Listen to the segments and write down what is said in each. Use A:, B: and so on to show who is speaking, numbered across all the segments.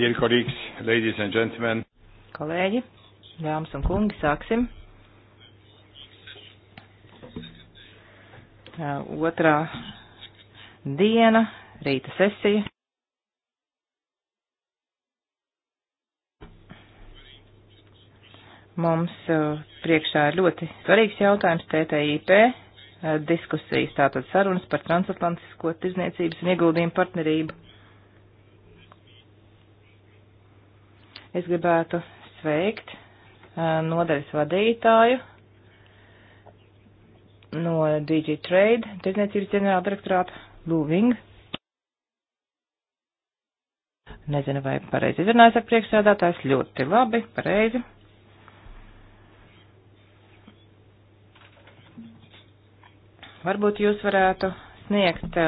A: Dear colleagues, ladies and gentlemen.
B: Kolēģi, dāmas un kungi, sāksim. Otrā diena, rīta sesija. Mums uh, priekšā ir ļoti svarīgs jautājums TTIP uh, diskusijas, tātad sarunas par transatlantisko tirzniecības un ieguldījumu partnerību. Es gribētu sveikt nodaļas vadītāju no DG Trade, tirdzniecības ģenerāla direktorāta Lūvinga. Nezinu, vai pareizi izrunājas ar priekšsēdātājs. Ļoti labi, pareizi. Varbūt jūs varētu sniegt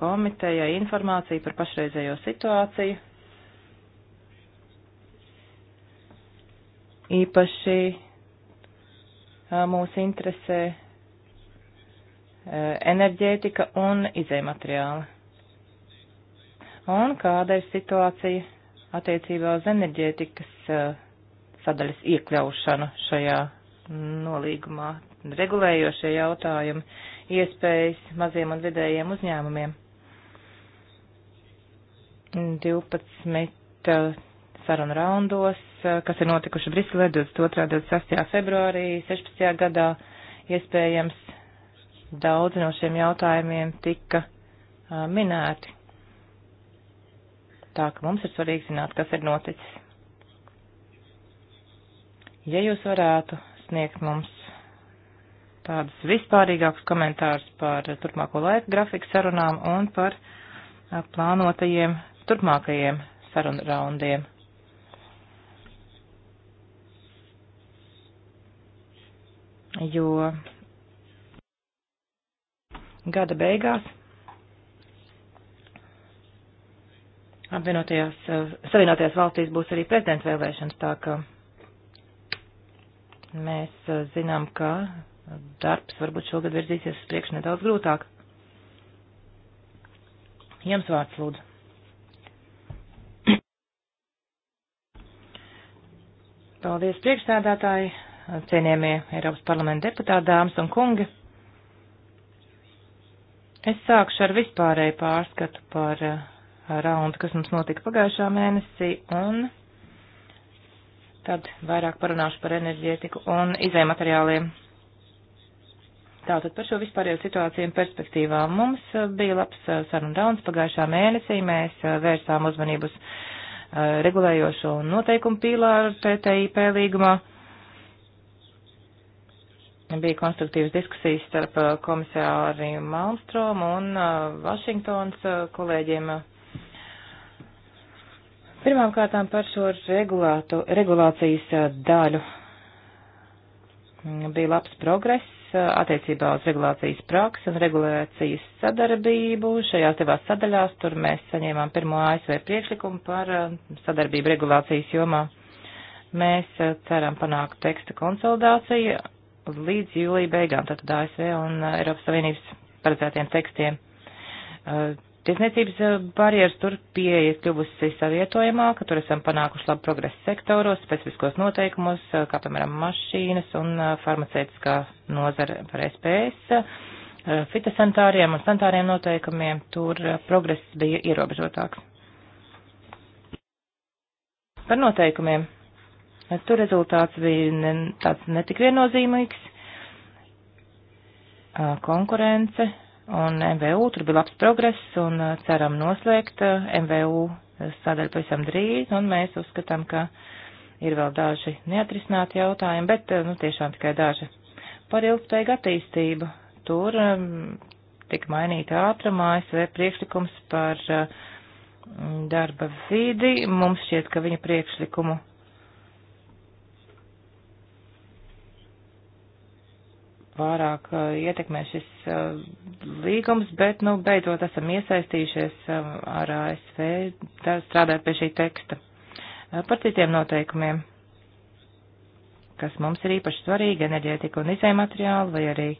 B: komitejai informāciju par pašreizējo situāciju īpaši mūs interesē enerģētika un izējumateriāli. Un kāda ir situācija attiecībā uz enerģētikas sadaļas iekļaušanu šajā nolīgumā, regulējošie jautājumi, iespējas maziem un vidējiem uzņēmumiem. 12 sarunu raundos Uh, kas ir notikuši Briselē 22. 26. februārī 16. gadā. Iespējams, daudz no šiem jautājumiem tika uh, minēti. Tā ka mums ir svarīgi zināt, kas ir noticis. Ja jūs varētu sniegt mums tādus vispārīgākus komentārus par turpmāko laika grafiku sarunām un par uh, plānotajiem turpmākajiem sarunu raundiem. jo gada beigās apvienotajās, savienotajās valstīs būs arī prezidenta vēlēšanas, tā ka mēs eh, zinām, ka darbs varbūt šogad virzīsies uz priekšu nedaudz grūtāk. Jums vārds lūdzu. Paldies priekšstādātāji, cienījamie Eiropas parlamenta deputāti, dāmas un kungi. Es sākšu ar vispārēju pārskatu par uh, raundu, kas mums notika pagājušā mēnesī, un tad vairāk parunāšu par enerģētiku un izējumateriāliem. Tātad par šo vispārējo situāciju un perspektīvām mums uh, bija labs uh, saruna rauns pagājušā mēnesī. Mēs vērsām uzmanību uz regulējošo un noteikumu pīlāru TTIP līgumā. Bija konstruktīvas diskusijas starp uh, komisāriem Malmstromu un uh, Vašingtons uh, kolēģiem. Pirmām kārtām par šo regulātu, regulācijas daļu. Mm, bija labs progress attiecībā uz regulācijas praksi un regulācijas sadarbību. Šajās divās sadaļās tur mēs saņēmām pirmo ASV priekšlikumu par sadarbību regulācijas jomā. Mēs ceram panākt teksta konsolidāciju līdz jūlija beigām, tātad ASV un uh, Eiropas Savienības paredzētiem tekstiem. Uh, tiesniecības uh, barjeras tur pieeja ir kļuvusi savietojamāka, tur esam panākuši labu progresu sektoros, specifiskos noteikumos, kā piemēram mašīnas un farmaceitiskā nozara par SPS, fitosantāriem un santāriem noteikumiem, tur progress bija ierobežotāks. Par noteikumiem Tur rezultāts bija ne, tāds netik viennozīmīgs. Konkurence un MVU, tur bija labs progress un ceram noslēgt MVU sadaļu pavisam drīz un mēs uzskatām, ka ir vēl daži neatrisināti jautājumi, bet nu, tiešām tikai daži. Par ilgspējīgu attīstību. Tur um, tika mainīta ātrumā ASV priekšlikums par uh, darba vidi. Mums šķiet, ka viņa priekšlikumu pārāk uh, ietekmē šis uh, līgums, bet, nu, beidzot esam iesaistījušies um, ar ASV strādāt pie šī teksta. Uh, par citiem noteikumiem, kas mums ir īpaši svarīgi, enerģētika un izējumateriāli vai arī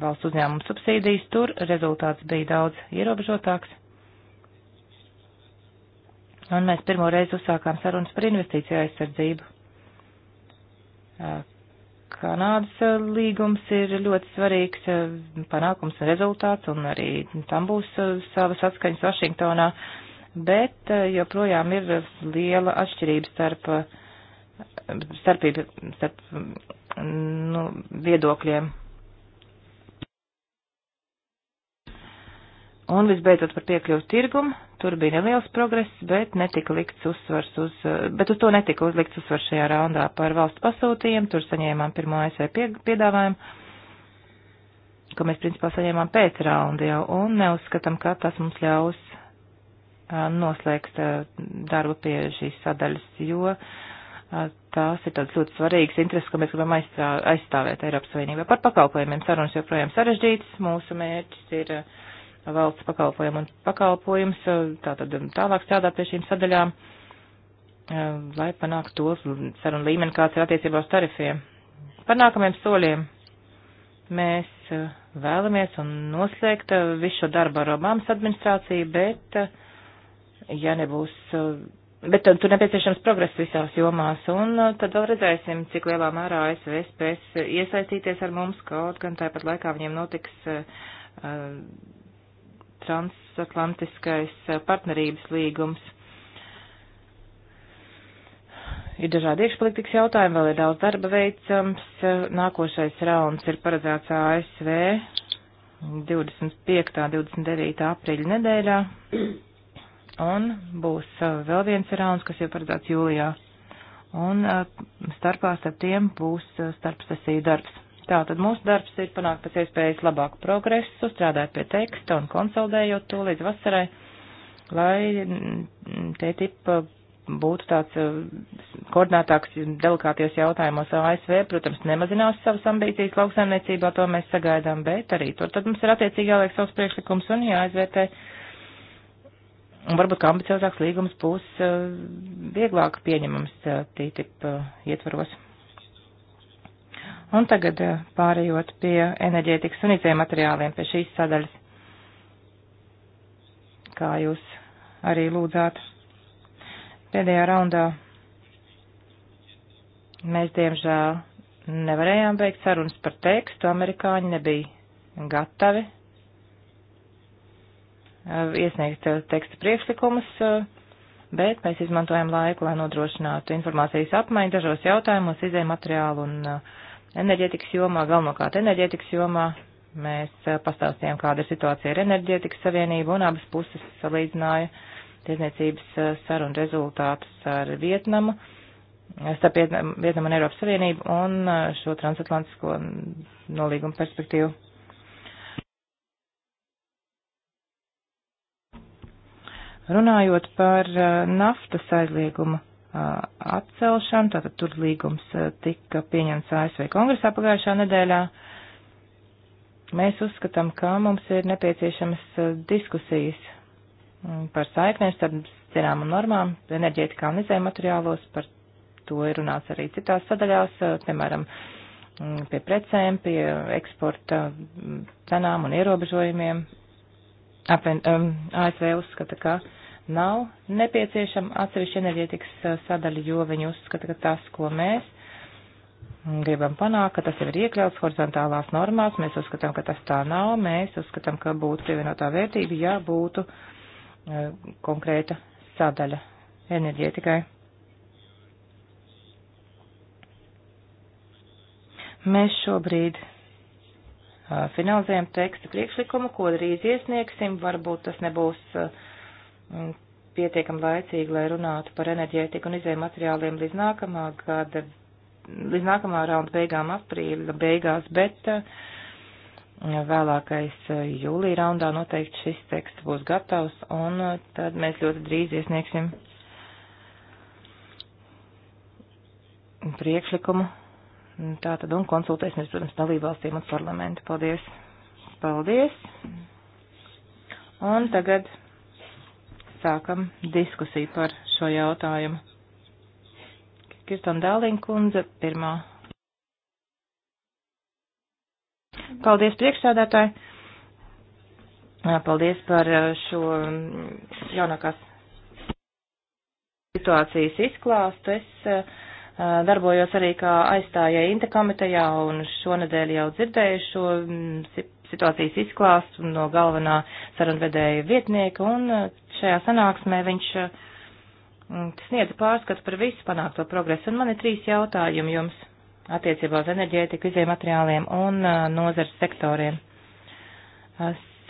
B: valsts uzņēmumu subsīdijas, tur rezultāts bija daudz ierobežotāks. Un mēs pirmo reizi uzsākām sarunas par investīciju aizsardzību Kanādas eh, līgums ir ļoti svarīgs eh, panākums un rezultāts, un arī tam būs eh, savas atskaņas Vašingtonā, bet joprojām ir liela atšķirība starp, starpība, starp mm, nu, viedokļiem. Un visbeidzot par piekļuvu tirgumu. Tur bija neliels progress, bet netika likts uzsvars uz, bet uz to netika uzlikts uzsvars šajā raundā par valstu pasūtījumu. Tur saņēmām pirmo ASV piedāvājumu, ko mēs principā saņēmām pēc raunda jau, un neuzskatām, ka tas mums ļaus noslēgt darbu pie šīs sadaļas, jo tās ir tādas ļoti svarīgas intereses, ko mēs gribam aizstāvēt Eiropas Savienībā. Par pakalpojumiem sarunas joprojām sarežģītas. Mūsu mērķis ir uh, valsts pakalpojumu un pakalpojums, eh, tātad um, tālāk strādāt pie šīm sadaļām, eh, lai panāktu to sarunu līmeni, kāds ir attiecībā uz tarifiem. Par nākamajiem soļiem mēs eh, vēlamies un noslēgt visu šo darbu ar Obamas administrāciju, bet, ja nebūs, bet tur nepieciešams progress visās jomās, un tad vēl redzēsim, cik lielā mērā ASV spēs iesaistīties ar mums, kaut gan tāpat laikā viņiem notiks transatlantiskais eh, partnerības līgums. Ir dažādi iekšpolitikas jautājumi, vēl ir daudz darba veicams. Nākošais rauns ir paredzēts ASV 25. un 29. aprīļa nedēļā. Un būs eh, vēl viens rauns, kas jau paredzēts jūlijā. Un eh, starpā starp tiem būs starpsesija darbs. Tātad mūsu darbs ir panākt pēc iespējas labāku progresu, strādāt pie teksta un konsolidējot to līdz vasarai, lai mm, TTIP uh, būtu tāds uh, koordinētāks delikāties jautājumos ASV, protams, nemazinās savas ambīcijas lauksaimniecībā, to mēs sagaidām, bet arī tur tad mums ir attiecīgi jāliek savs priekšlikums un jāizvērtē. Un varbūt kā ambiciozāks līgums būs uh, vieglāk pieņemams TTIP ietvaros. Un tagad eh, pārējot pie enerģētikas un izējiem materiāliem, pie šīs sadaļas, kā jūs arī lūdzāt. Pēdējā raundā mēs, diemžēl, nevarējām beigt sarunas par tekstu, amerikāņi nebija gatavi eh, iesniegt eh, teksta priekšlikumus, bet mēs izmantojam laiku, lai nodrošinātu informācijas apmaiņu dažos jautājumos, izējiem materiālu un uh, enerģētikas jomā, galvenokārt enerģētikas jomā. Mēs pastāstījām, kāda ir situācija ar enerģētikas savienību, un abas puses salīdzināja tiesniecības sarunu rezultātus ar Vietnamu, starp Vietnamu un Eiropas Savienību un šo transatlantisko nolīgumu perspektīvu. Runājot par naftas aizliegumu atcelšanu, tātad tur līgums tika pieņemts ASV kongresā pagājušā nedēļā. Mēs uzskatām, ka mums ir nepieciešamas diskusijas par saiknēm starp cenām un normām, enerģētikā un izējuma materiālos, par to ir runāts arī citās sadaļās, piemēram, pie precēm, pie eksporta cenām un ierobežojumiem. Apvien, um, ASV uzskata, ka uh, nav nepieciešama atsevišķa enerģētikas sadaļa, jo viņi uzskata, ka tas, ko mēs gribam panākt, ka tas jau ir iekļauts horizontālās normās, mēs uzskatām, ka tas tā nav, mēs uzskatām, ka būtu pievienotā vērtība, ja būtu uh, konkrēta sadaļa enerģētikai. Mēs šobrīd uh, finalizējam teksta priekšlikumu, ko drīz iesniegsim, varbūt tas nebūs uh, pietiekam laicīgi, lai runātu par enerģētiku un izēju materiāliem līdz nākamā gada, līdz nākamā raunda beigām aprīļa beigās, bet uh, vēlākais uh, jūlija raundā noteikti šis teksts būs gatavs un uh, tad mēs ļoti drīz iesniegsim priekšlikumu. Tā tad un konsultēsimies, protams, dalībvalstīm un parlamentu. Paldies! Paldies! Un tagad sākam diskusiju par šo jautājumu. Kirton Dālīna kundze pirmā. Paldies priekšsādātāji. Paldies par eh, šo mm, jaunākās situācijas izklāstu. Es eh, darbojos arī kā aizstājai Inte komitejā un šonadēļ jau dzirdēju šo mm, situācijas izklāstu no galvenā sarunvedēja vietnieka, un uh, šajā sanāksmē viņš uh, mm, sniedza pārskatu par visu panākto progresu, un man ir trīs jautājumi jums attiecībā uz enerģētiku, izējiem materiāliem un uh, nozars sektoriem.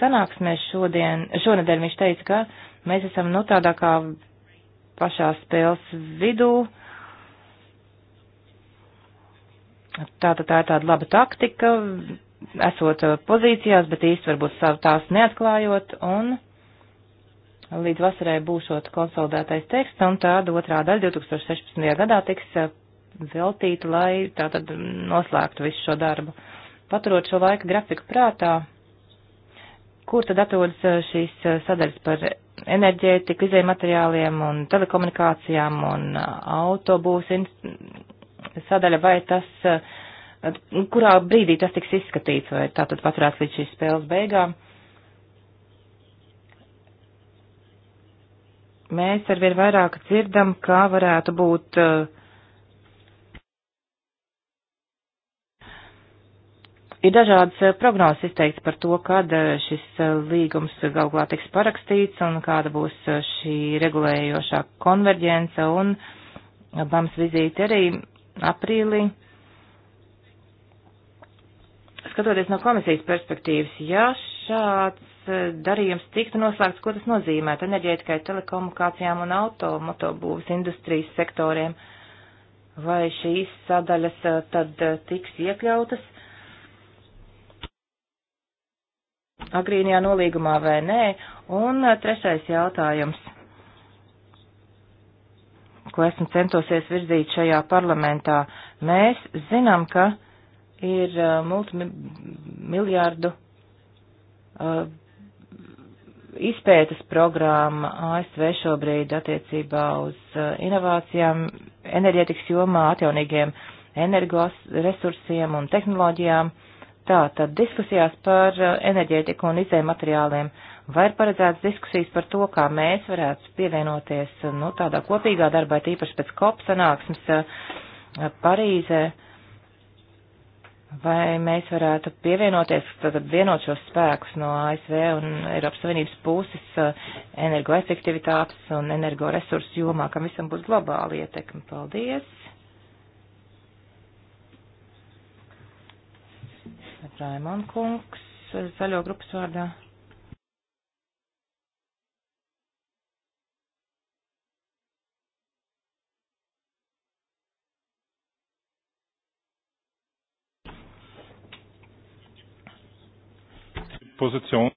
B: Sanāksmē šodien, šonadēļ viņš teica, ka mēs esam nu tādā kā pašā spēles vidū, Tā, tā, tā ir tāda laba taktika, esot uh, pozīcijās, bet īsti varbūt savu tās neatklājot, un līdz vasarai būšot konsolidētais teksts, un tāda otrā daļa 2016. gadā tiks uh, veltīta, lai tātad noslēgtu visu šo darbu. Paturot šo laika grafiku prātā, kur tad atrodas uh, šīs sadaļas par enerģētiku, izējumateriāliem un telekomunikācijām un autobūs sadaļa, vai tas uh, Nu, kurā brīdī tas tiks izskatīts, vai tā tad paturās līdz šīs spēles beigām. Mēs arvien vairāk dzirdam, kā varētu būt uh, Ir dažādas uh, prognozes izteikts par to, kad uh, šis līgums galu galā tiks parakstīts un kāda būs šī regulējošā konverģence un Bams vizīte arī aprīlī skatoties no komisijas perspektīvas, ja šāds eh, darījums tiktu noslēgts, ko tas nozīmē enerģētikai, telekomunikācijām un automotobūvas industrijas sektoriem, vai šīs sadaļas eh, tad eh, tiks iekļautas agrīnajā nolīgumā vai nē? Un trešais jautājums, ko esmu centosies virzīt šajā parlamentā. Mēs zinām, ka ir uh, multimiljārdu uh, izpētes programma ASV šobrīd attiecībā uz uh, inovācijām enerģētikas jomā, atjaunīgiem energoresursiem un tehnoloģijām. Tā tad diskusijās par enerģētiku un izējumateriāliem vai ir paredzēts diskusijas par to, kā mēs varētu pievienoties nu, tādā kopīgā darbā, tīpaši pēc COP sanāksmes Parīzē. Uh, Vai mēs varētu pievienoties, tad vienot šos spēkus no ASV un Eiropas Savienības puses eh, energoefektivitātes un energoresursu jomā, kam visam būs globāla ietekme? Paldies! Raimon Kungs, zaļo grupas vārdā. Position.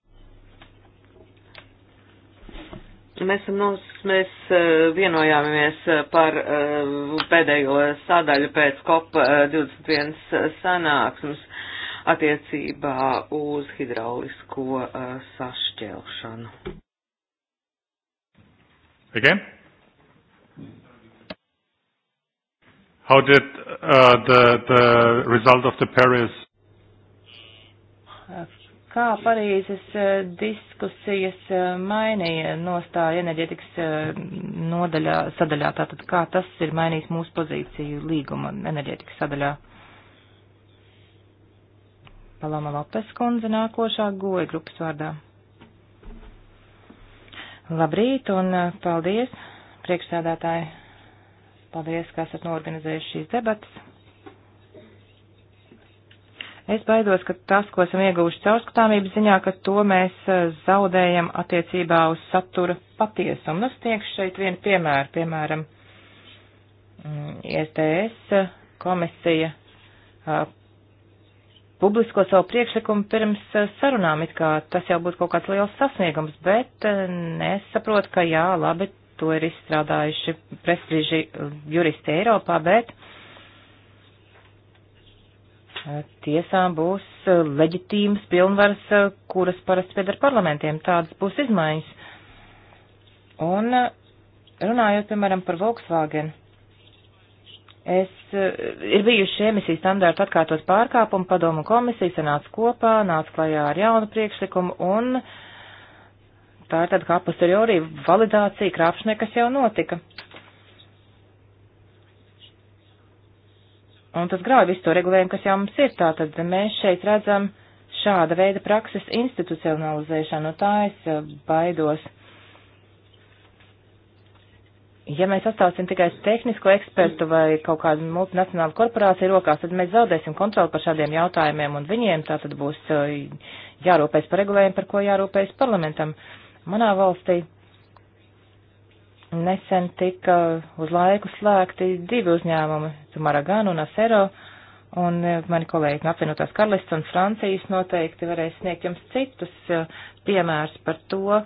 A: Mēs, nos, mēs eh, vienojāmies eh, par eh, pēdējo sadaļu pēc COP21 sanāksmes attiecībā uz hidraulisko sašķelšanu. Again? How did uh, the, the result of the Paris
B: uh, kā Parīzes eh, diskusijas eh, mainīja nostāju enerģetikas eh, nodaļā, sadaļā, tātad kā tas ir mainījis mūsu pozīciju līguma enerģetikas sadaļā. Paloma Lopes kundze nākošā goja grupas vārdā. Labrīt un paldies, priekšsēdētāji. Paldies, ka esat norganizējuši šīs debatas. Es baidos, ka tas, ko esam ieguvuši caurskatāmības ziņā, ka to mēs eh, zaudējam attiecībā uz satura patiesumu. Nu, sniegšu šeit vienu piemēru, piemēram, mm, ISDS eh, komisija eh, publisko savu priekšlikumu pirms sarunām, it kā tas jau būtu kaut kāds liels sasniegums, bet nesaprot, ka jā, labi, to ir izstrādājuši prestiži juristi Eiropā, bet uh, tiesām būs eh, leģitīmas pilnvaras, eh, kuras parasti piedara parlamentiem. Tādas būs izmaiņas. Un eh, runājot, piemēram, par Volkswagen, es, ir bijuši emisiju standārtu atkārtos pārkāpumu, padomu komisija sanāca kopā, nāca klajā ar jaunu priekšlikumu un tā ir tāda kā posteriori validācija krāpšanai, kas jau notika. un tas grauj visu to regulējumu, kas jau mums ir. Tātad mēs šeit redzam šāda veida prakses institucionalizēšanu, un tā es eh, baidos. Ja mēs atstāsim tikai tehnisko ekspertu vai kaut kādu multinacionālu korporāciju rokās, tad mēs zaudēsim kontroli par šādiem jautājumiem, un viņiem tā tad būs eh, jārūpēs par regulējumu, par ko jārūpēs parlamentam. Manā valstī nesen tika uz laiku slēgti divi uzņēmumi - Maragan un Asero, un e, mani kolēģi no apvienotās karalists un Francijas noteikti varēs sniegt jums citus e, piemērus par to,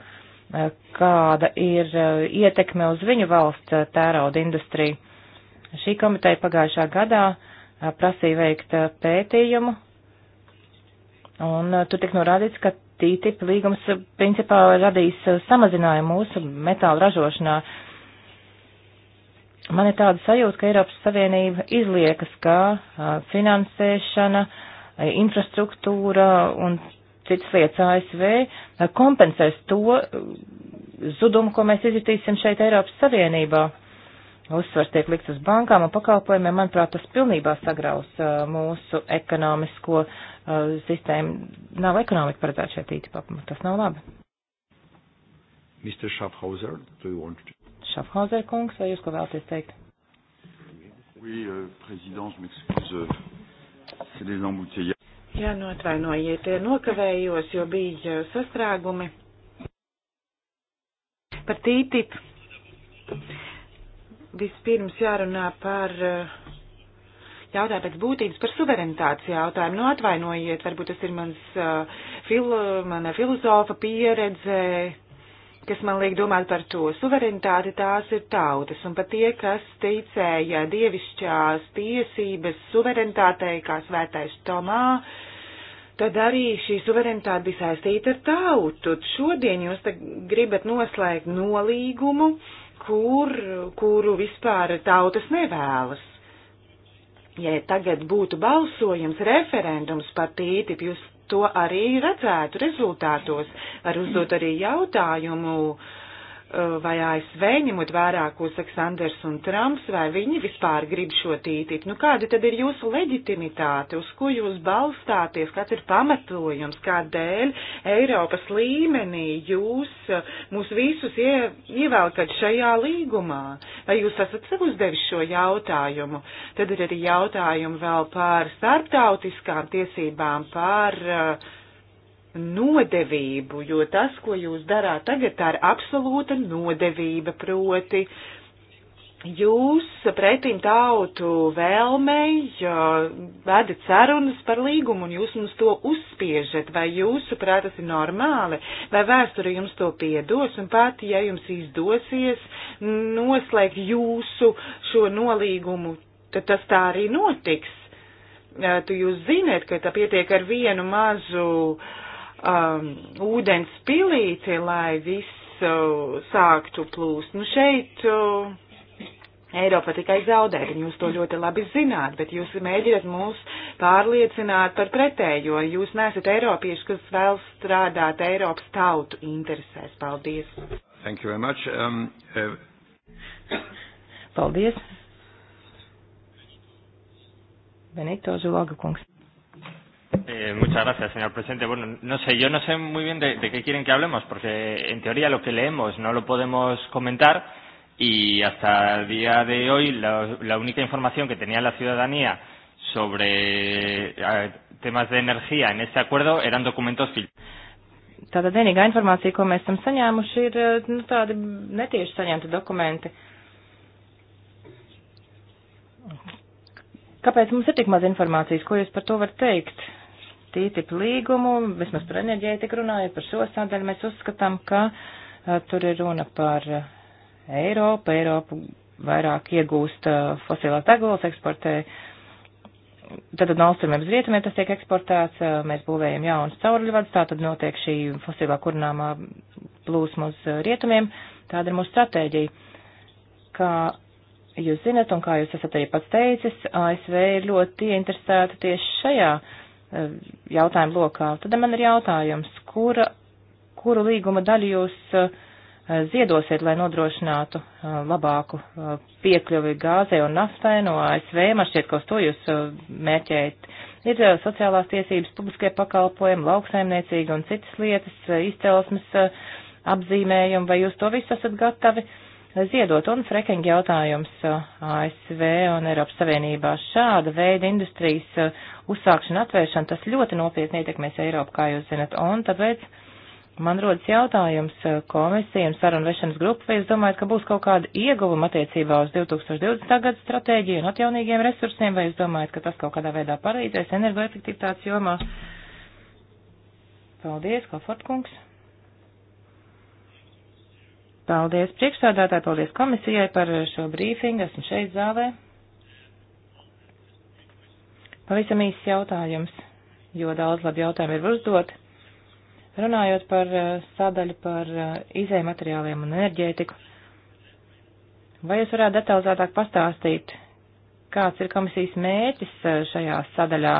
B: e, kāda ir ietekme uz viņu valsts tērauda industriju. Šī komiteja pagājušā gadā prasīja veikt pētījumu, un tur tik norādīts, ka TTIP līgums principā radīs samazinājumu mūsu metālu ražošanā. Man ir tāda sajūta, ka Eiropas Savienība izliekas, ka finansēšana, infrastruktūra un citas lietas ASV kompensēs to zudumu, ko mēs izjutīsim šeit Eiropas Savienībā uzsvars tiek likts uz bankām un pakalpojumiem, manuprāt, tas pilnībā sagraus uh, mūsu ekonomisko uh, sistēmu. Nav ekonomika paredzēta šeit tīpa, tas nav labi.
C: Mr. Schaffhauser, do you want to?
B: Schaffhauser kungs, vai jūs ko vēlaties teikt?
C: Oui, euh, président, je m'excuse, c'est les embouteillages. Jā, notvainojiet, nu, nokavējos, jo bija uh, sastrēgumi. Par tītipu. Vispirms jārunā par eh, jautājumu pēc būtības par suverenitātes jautājumu. Nu, atvainojiet, varbūt tas ir mans, uh, eh, filo, mana filozofa pieredze, kas man liek domāt par to. Suverenitāte tās ir tautas, un pat tie, kas ticēja dievišķās tiesības suverenitātei, kā svētais Tomā, uh, tad arī šī suverenitāte bija saistīta ar tautu. Šodien jūs gribat noslēgt nolīgumu kur, kuru vispār tautas nevēlas. Ja tagad būtu balsojums, referendums par tītip, jūs to arī redzētu rezultātos. Var uzdot arī jautājumu. Uh, Uh, vai ASV, ņemot vērā, ko saka Sanders un Trumps, vai viņi vispār grib šo tītību. Nu, kāda tad ir jūsu leģitimitāte, uz ko jūs balstāties, kāds ir pamatojums, kādēļ Eiropas līmenī jūs uh, mūs visus ie, ievelkat šajā līgumā? Vai jūs esat sev uzdevis šo jautājumu? Tad ir arī jautājumi vēl par starptautiskām tiesībām, par uh, nodevību, jo tas, ko jūs darāt tagad, tā ir absolūta nodevība, proti jūs pretīm tautu vēlmei vedat sarunas par līgumu un jūs mums to uzspiežat, vai jūsuprāt tas ir normāli, vai vēsture jums to piedos un pat, ja jums izdosies noslēgt jūsu šo nolīgumu, tad tas tā arī notiks. Tu jūs zināt, ka tā pietiek ar vienu mazu uh, um, ūdens pilīti, lai viss uh, sāktu plūst. Nu šeit uh, Eiropa tikai zaudē, un jūs to ļoti labi zināt, bet jūs mēģināt mūs pārliecināt par pretējo. Jūs nesat Eiropieši, kas vēl strādāt Eiropas tautu interesēs. Paldies! Thank you very much. Um, uh...
B: Paldies! Benito Zulaga kungs.
C: Eh, muchas gracias,
B: señor presidente. Bueno, no sé, yo no sé muy bien de, de qué quieren que hablemos, porque en teoría lo que leemos no lo podemos comentar y hasta el día de hoy la, la única información que tenía la ciudadanía sobre eh, temas de energía en este acuerdo eran documentos filtrados. Tātad vienīgā informācija, ko mēs esam saņēmuši, ir eh, nu, tādi netieši saņemti dokumenti. Kāpēc mums ir tik maz informācijas? Ko jūs par to varat teikt? TTIP līgumu, vismaz par enerģētiku runājot par šo sadaļu, mēs uzskatām, ka tur ir runa par Eiropu, Eiropu vairāk iegūst fosilās degvielas, eksportē tātad no austrumiem uz rietumiem tas tiek eksportēts, mēs būvējam jaunas cauruļvadus, tātad notiek šī fosilā kurināmā plūsma uz rietumiem, tāda ir mūsu stratēģija. Kā jūs zinat un kā jūs esat arī pats teicis, ASV ir ļoti ieinteresēta tieši šajā Eh, jautājumu lokā. Tad man ir jautājums, kura, kuru līguma daļu jūs eh, ziedosiet, lai nodrošinātu eh, labāku piekļuvi gāzei un naftai no ASV? Man šķiet, ka uz to jūs mērķējat. Ir sociālās tiesības, publiskie pakalpojumi, lauksaimniecība un citas lietas, izcelsmes apzīmējumi, vai jūs to visu esat gatavi uh, ziedot un freking jautājums uh, ASV un Eiropas Savienībā. Šāda veida industrijas uh, uzsākšana, atvēršana, tas ļoti nopietni ietekmēs Eiropu, kā jūs zinat, un tāpēc man rodas jautājums uh, komisijai un sarunvešanas grupai, vai jūs domājat, ka būs kaut kāda ieguvuma attiecībā uz 2020. gada stratēģiju un atjaunīgiem resursiem, vai jūs domājat, ka tas kaut kādā veidā palīdzēs energoefektivitātes jomā? Paldies, Kofortkungs. Paldies priekšsādātāji, paldies komisijai par šo brīfingu. Esmu šeit zālē. Pavisam īsts jautājums, jo daudz labi jautājumi ir uzdot. Runājot par eh, sadaļu par eh, izēju materiāliem un enerģētiku, vai jūs varētu detalizētāk pastāstīt, kāds ir komisijas mērķis eh, šajā sadaļā?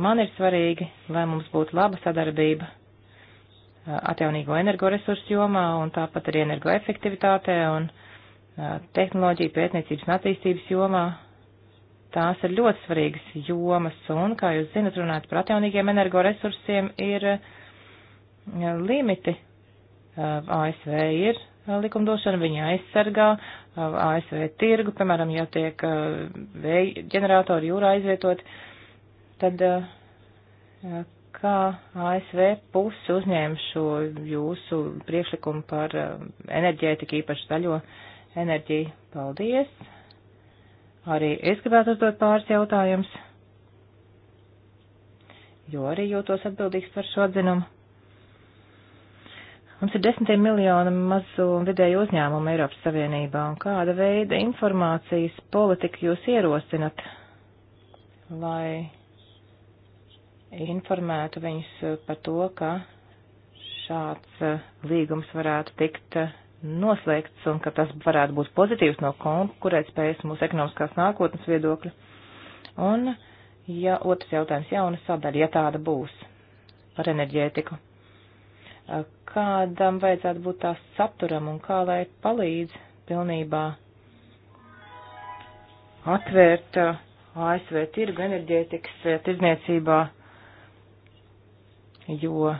B: Man ir svarīgi, lai mums būtu laba sadarbība atjaunīgo energoresursu jomā un tāpat arī energoefektivitātē un tehnoloģiju pētniecības un attīstības jomā. Tās ir ļoti svarīgas jomas un, kā jūs zinat, runāt par atjaunīgiem energoresursiem ir limiti. ASV ir likumdošana, viņa aizsargā ASV tirgu, piemēram, ja tiek vēja ģeneratori jūrā izvietot, tad ka ASV pusi uzņēma šo jūsu priekšlikumu par eh, enerģētiku, īpaši zaļo enerģiju. Paldies! Arī es gribētu uzdot pāris jautājumus, jo arī jūtos atbildīgs par šo atzinumu. Mums ir desmitiem miljoni mazu un vidēju uzņēmumu Eiropas Savienībā, un kāda veida informācijas politika jūs ierosinat, lai informētu viņus eh, par to, ka šāds eh, līgums varētu tikt eh, noslēgts un ka tas varētu būt pozitīvs no konkurētspējas mūsu ekonomiskās nākotnes viedokļa. Un, ja otrs jautājums jauna sadaļa, ja tāda būs par enerģētiku, kādam vajadzētu būt tās saturam un kā lai palīdz pilnībā atvērt ASV tirgu enerģētikas tirzniecībā jo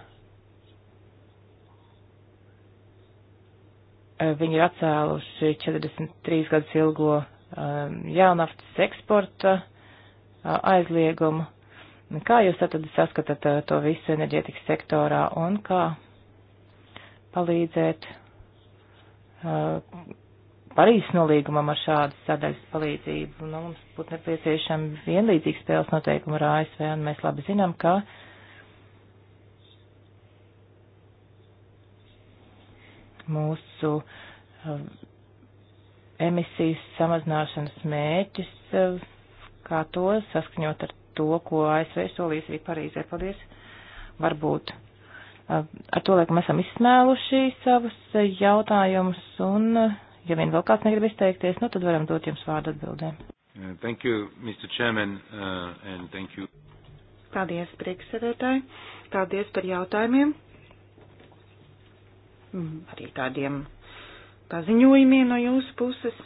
B: eh, viņi ir atcēluši 43 gadus ilgo eh, jaunaftas eksporta eh, aizliegumu. Kā jūs tad saskatāt to visu enerģētikas sektorā un kā palīdzēt Parīzes nolīgumam ar šādas sadaļas palīdzību? Nu, mums būtu nepieciešami vienlīdzīgi spēles noteikumi ar ASV, un mēs labi zinām, ka uh, mūsu um, emisijas samazināšanas mēķis, um, kā to saskaņot ar to, ko ASV solīs arī Parīzē. Paldies! Varbūt um, ar to laikam esam izsmēluši savus uh, jautājumus, un, uh, ja vien vēl kāds negrib izteikties, nu tad varam dot jums vārdu atbildēm.
A: Uh,
C: thank you, Mr. Chairman, uh, and thank you. Paldies, priekšsēdētāji. Paldies par jautājumiem. Mhm. arī tādiem paziņojumiem no jūsu puses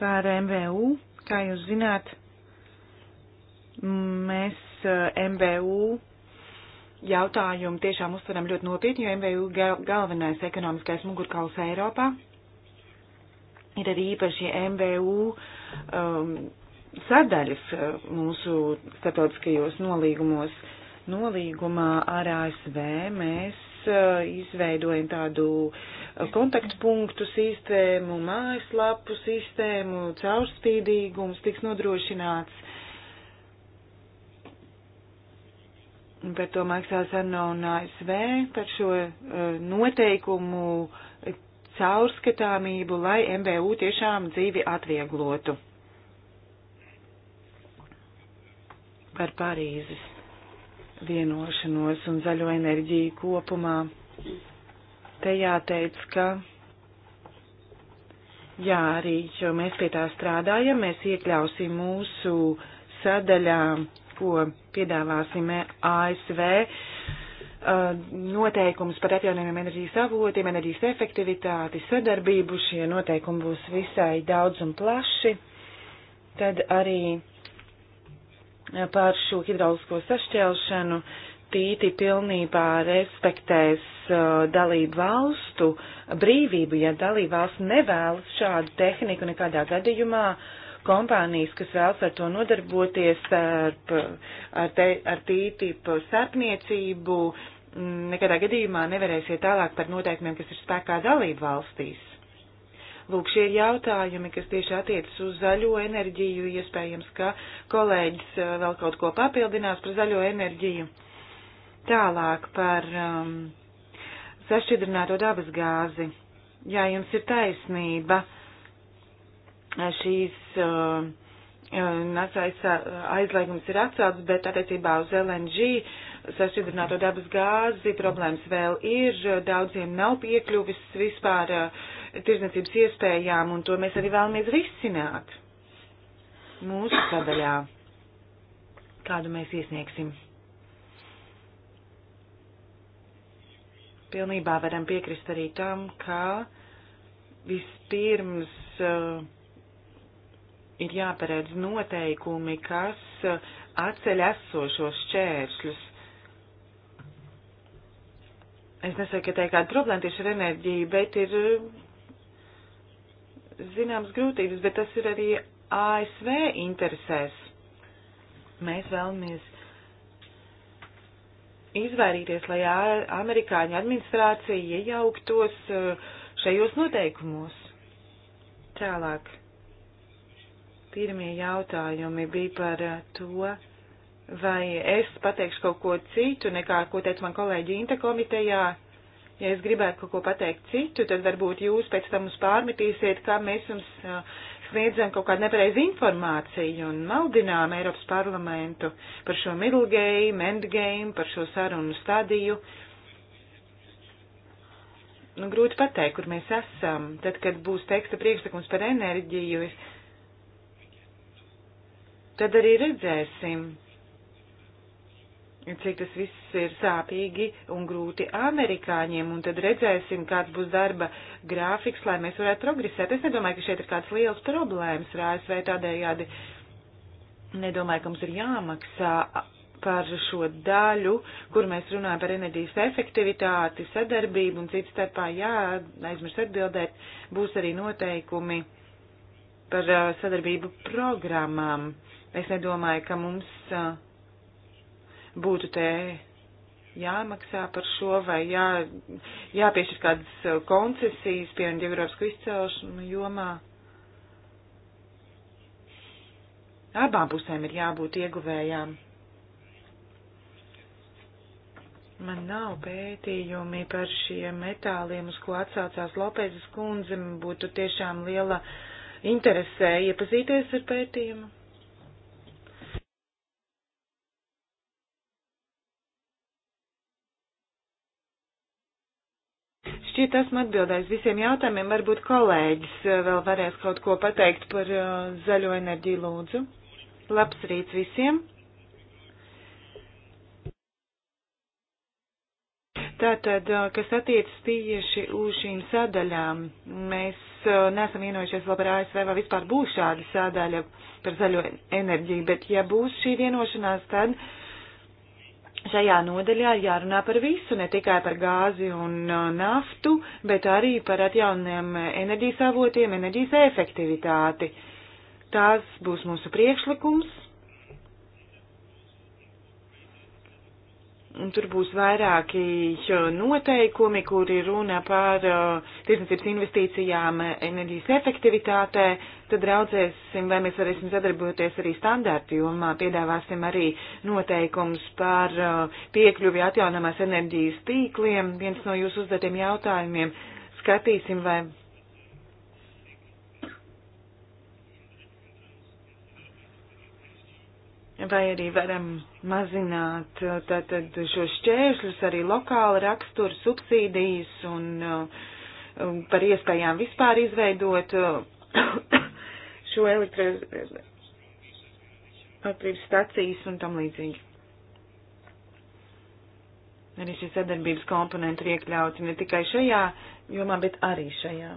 C: par MVU. Kā jūs zināt, mēs eh, MVU jautājumu tiešām uztveram ļoti nopietni, jo MVU galvenais ekonomiskais mugurkauls Eiropā ir arī īpaši MVU um, sadaļas uh, mūsu statotiskajos nolīgumos. Uh, nolīgumā ar ASV mēs uh, izveidojam tādu uh, kontaktpunktu sistēmu, mājaslapu sistēmu, caurspīdīgums tiks nodrošināts. Par to maksās ANO un ASV, par šo uh, noteikumu caurskatāmību, lai MBU tiešām dzīvi atvieglotu. Par Parīzes vienošanos un zaļo enerģiju kopumā. Te jāteic, ka jā, arī jo mēs pie tā strādājam, mēs iekļausim mūsu sadaļā, ko piedāvāsim ASV, uh, noteikums par atjaunojumiem enerģijas avotiem, enerģijas efektivitāti, sadarbību. Šie noteikumi būs visai daudz un plaši. Tad arī par šo hidraulisko sašķelšanu. Tīti pilnībā respektēs uh, dalību valstu brīvību, ja dalību valsts nevēlas šādu tehniku nekādā gadījumā uh, kompānijas, kas vēlas ar to nodarboties, ar, ar, te, ar tītību starpniecību, mm, nekādā gadījumā nevarēsiet tālāk par noteikumiem, kas ir spēkā dalību valstīs. Lūk, šie ir jautājumi, kas tieši attiecas uz zaļo enerģiju. Iespējams, ka kolēģis eh, vēl kaut ko papildinās par zaļo enerģiju. Tālāk par um, sašķidrināto dabas gāzi. Jā, jums ir taisnība. Eh, šīs. Uh, um, eh, Nācais aizliegums ir atcelts, bet attiecībā uz LNG sašķidrināto dabas gāzi problēmas vēl ir. Daudziem nav piekļuvis vispār tirdzniecības iespējām, un to mēs arī vēlamies risināt mūsu sadaļā, kādu mēs iesniegsim. Pilnībā varam piekrist arī tam, ka vispirms uh, ir jāparedz noteikumi, kas uh, atceļ esošos šķēršļus. Es nesaku, ka tā ir kāda problēma tieši ar enerģiju, bet ir uh, zināmas grūtības, bet tas ir arī ASV interesēs. Mēs vēlamies izvairīties, lai amerikāņu administrācija iejauktos uh, šajos noteikumos. Tālāk. Pirmie jautājumi bija par uh, to, vai es pateikšu kaut ko citu, nekā ko teica man kolēģi Inta komitejā Ja es gribētu kaut ko pateikt citu, tad varbūt jūs pēc tam mums pārmetīsiet, kā mēs jums sniedzam kaut kādu nepareizu informāciju un maldinām Eiropas parlamentu par šo middle game, end game, par šo sarunu stadiju. Nu, grūti pateikt, kur mēs esam. Tad, kad būs teksta priekšlikums par enerģiju, tad arī redzēsim cik tas viss ir sāpīgi un grūti amerikāņiem, un tad redzēsim, kāds būs darba grāfiks, lai mēs varētu progresēt. Es nedomāju, ka šeit ir kāds liels problēmas ar ASV tādējādi. Nedomāju, ka mums ir jāmaksā par šo daļu, kur mēs runājam par enerģijas efektivitāti, sadarbību un citu starpā, jā, aizmirst atbildēt, būs arī noteikumi par sadarbību programmām. Es nedomāju, ka mums uh, būtu te jāmaksā par šo vai jā, jāpiešķir kādas uh, koncesijas, piemēram, geogrāfisku izcelšanu jomā. Abām pusēm ir jābūt ieguvējām. Man nav pētījumi par šiem metāliem, uz ko atsaucās Lopezes kundze. Man būtu tiešām liela interesē iepazīties ar pētījumu. Šķiet, esmu atbildējis visiem jautājumiem. Varbūt kolēģis eh, vēl varēs kaut ko pateikt par eh, zaļo enerģiju lūdzu. Labs rīts visiem! Tātad, eh, kas attiecas tieši uz šīm sadaļām, mēs neesam vienojušies, labi, ar ASV vai vispār būs šāda sadaļa par zaļo enerģiju, bet ja būs šī vienošanās, tad uh, Šajā nodaļā jārunā par visu, ne tikai par gāzi un uh, naftu, bet arī par atjauniem enerģijas avotiem, enerģijas efektivitāti. Tās būs mūsu priekšlikums Tur būs vairāki noteikumi, kur ir runa par uh, tirsniecības investīcijām uh, enerģijas efektivitātē. Tad raudzēsim, vai mēs varēsim sadarboties arī standārtu jomā. Piedāvāsim arī noteikums par uh, piekļuvi atjaunamās enerģijas tīkliem. Viens no jūsu uzdotiem jautājumiem skatīsim, vai vai arī varam mazināt uh, tātad šos šķēršļus, arī lokāla rakstura subsīdijas un uh, par iespējām vispār izveidot uh, šo elektroatrības stacijas un tam līdzīgi. Arī šie sadarbības komponenti ir iekļauti ne tikai šajā jomā, bet arī šajā.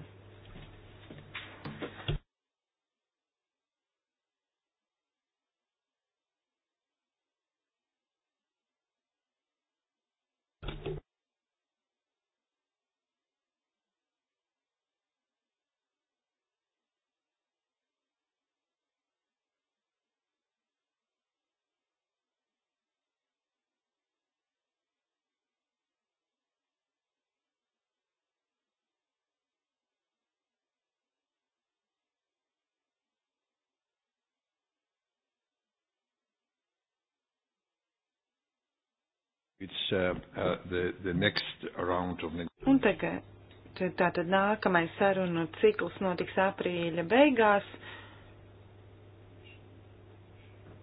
C: It's, uh, uh, the, the next round of... Un tagad tātad nākamais sarunu cikls notiks aprīļa beigās.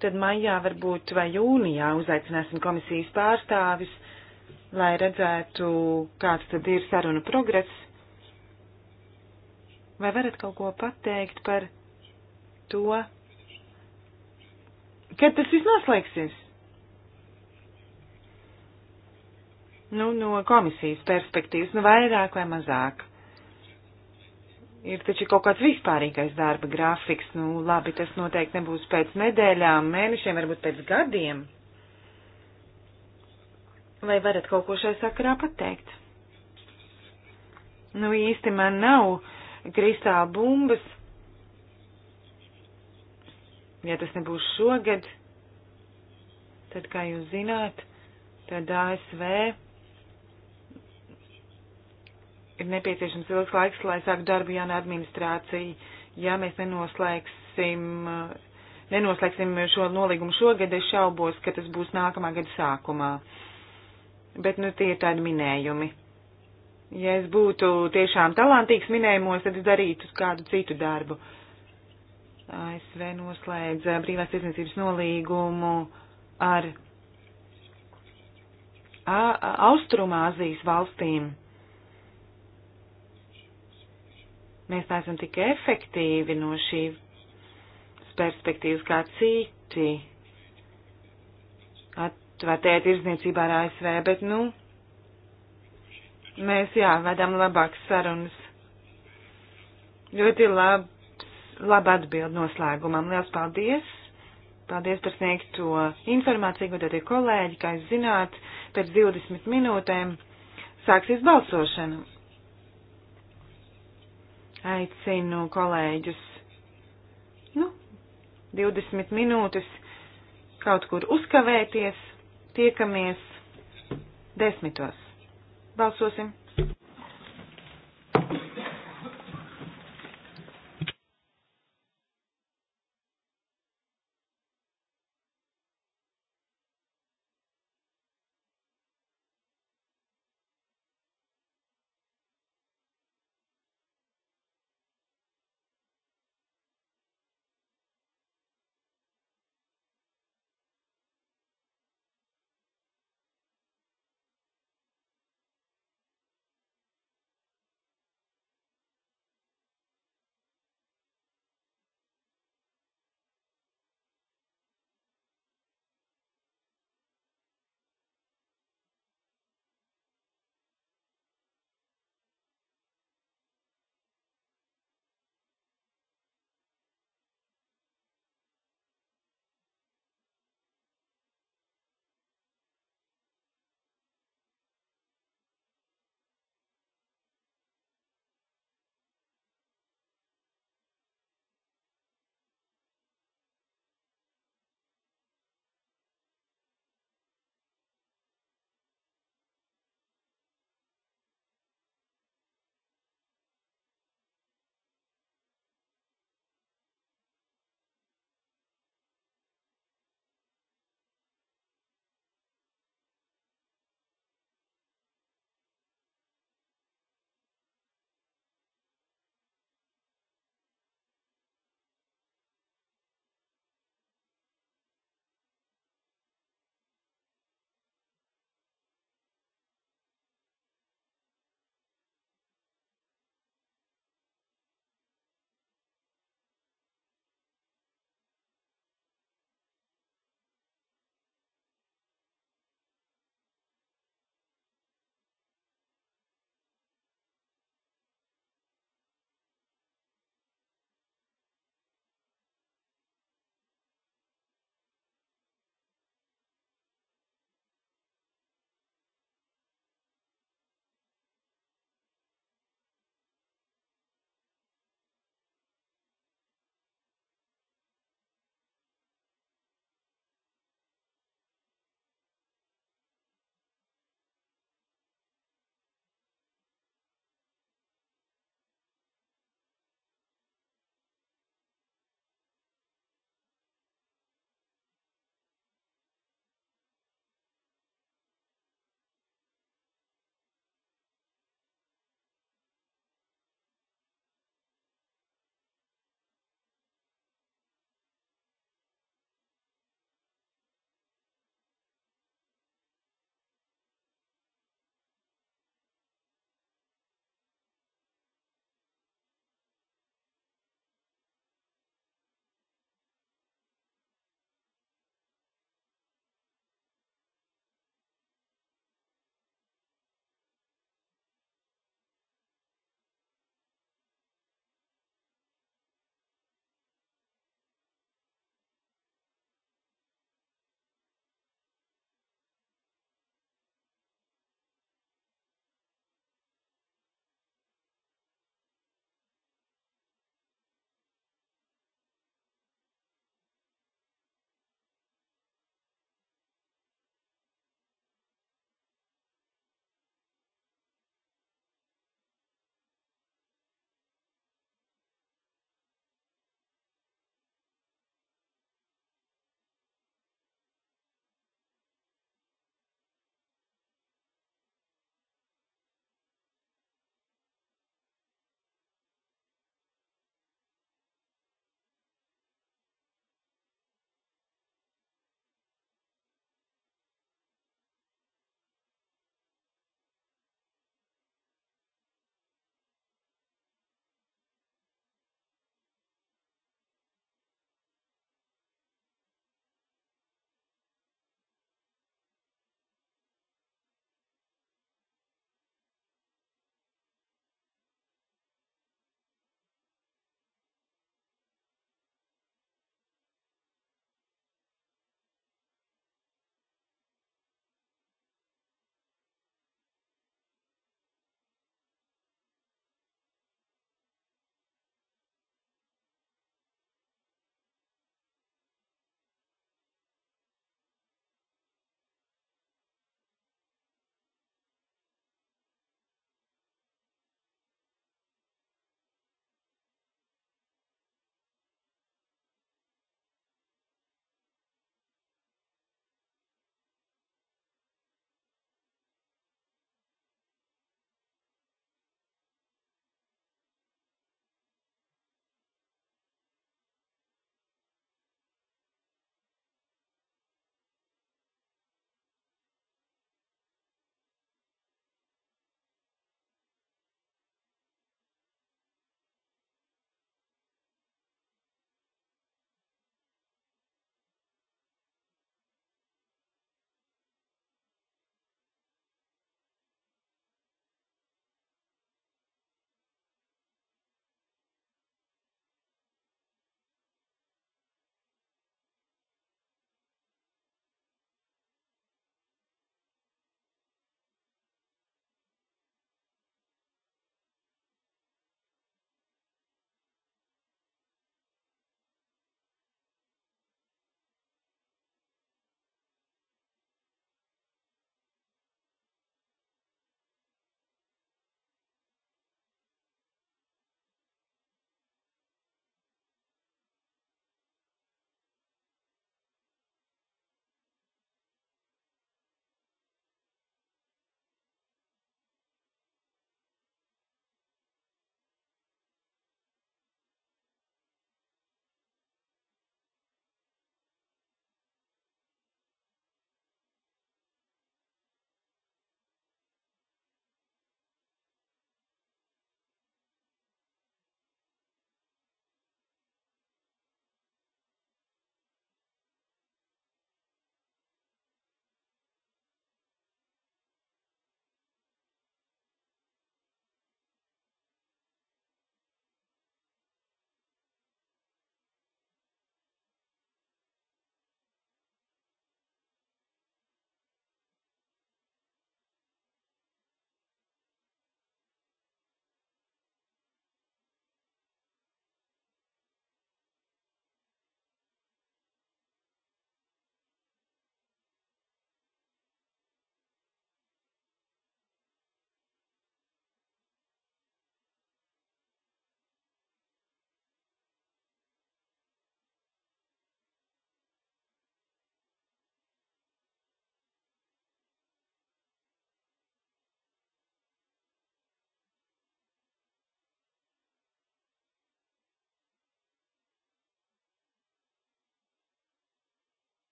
C: Tad maijā varbūt vai jūnijā uzaicināsim komisijas pārstāvis, lai redzētu, kāds tad ir sarunu progress. Vai varat kaut ko pateikt par to, kad tas viss noslēgsies? nu, no komisijas perspektīvas, nu vairāk vai mazāk. Ir taču kaut kāds vispārīgais darba grafiks, nu labi, tas noteikti nebūs pēc nedēļām, mēnešiem, varbūt pēc gadiem. Vai varat kaut ko šai sakarā pateikt? Nu īsti man nav kristāla bumbas. Ja tas nebūs šogad, tad, kā jūs zināt, tad ASV ir nepieciešams ilgs laiks, lai sāktu darbu jauna administrācija. Ja mēs nenoslēgsim, nenoslēgsim šo nolīgumu šogad, es šaubos, ka tas būs nākamā gada sākumā. Bet, nu, tie ir tādi minējumi. Ja es būtu tiešām talantīgs minējumos, tad es darītu kādu citu darbu. ASV noslēdza brīvās tirdzniecības nolīgumu ar Austrumāzijas valstīm mēs neesam tik efektīvi no šīs perspektīvas kā citi atvērtajā tirzniecībā ar ASV, bet, nu, mēs, jā, vedam labākas sarunas. Ļoti lab, laba atbild noslēgumam. Liels paldies! Paldies par sniegto informāciju, godētie kolēģi, kā jūs zināt, pēc 20 minūtēm sāksies balsošana. Aicinu kolēģus, nu, 20 minūtes kaut kur uzkavēties, tiekamies desmitos. Balsosim!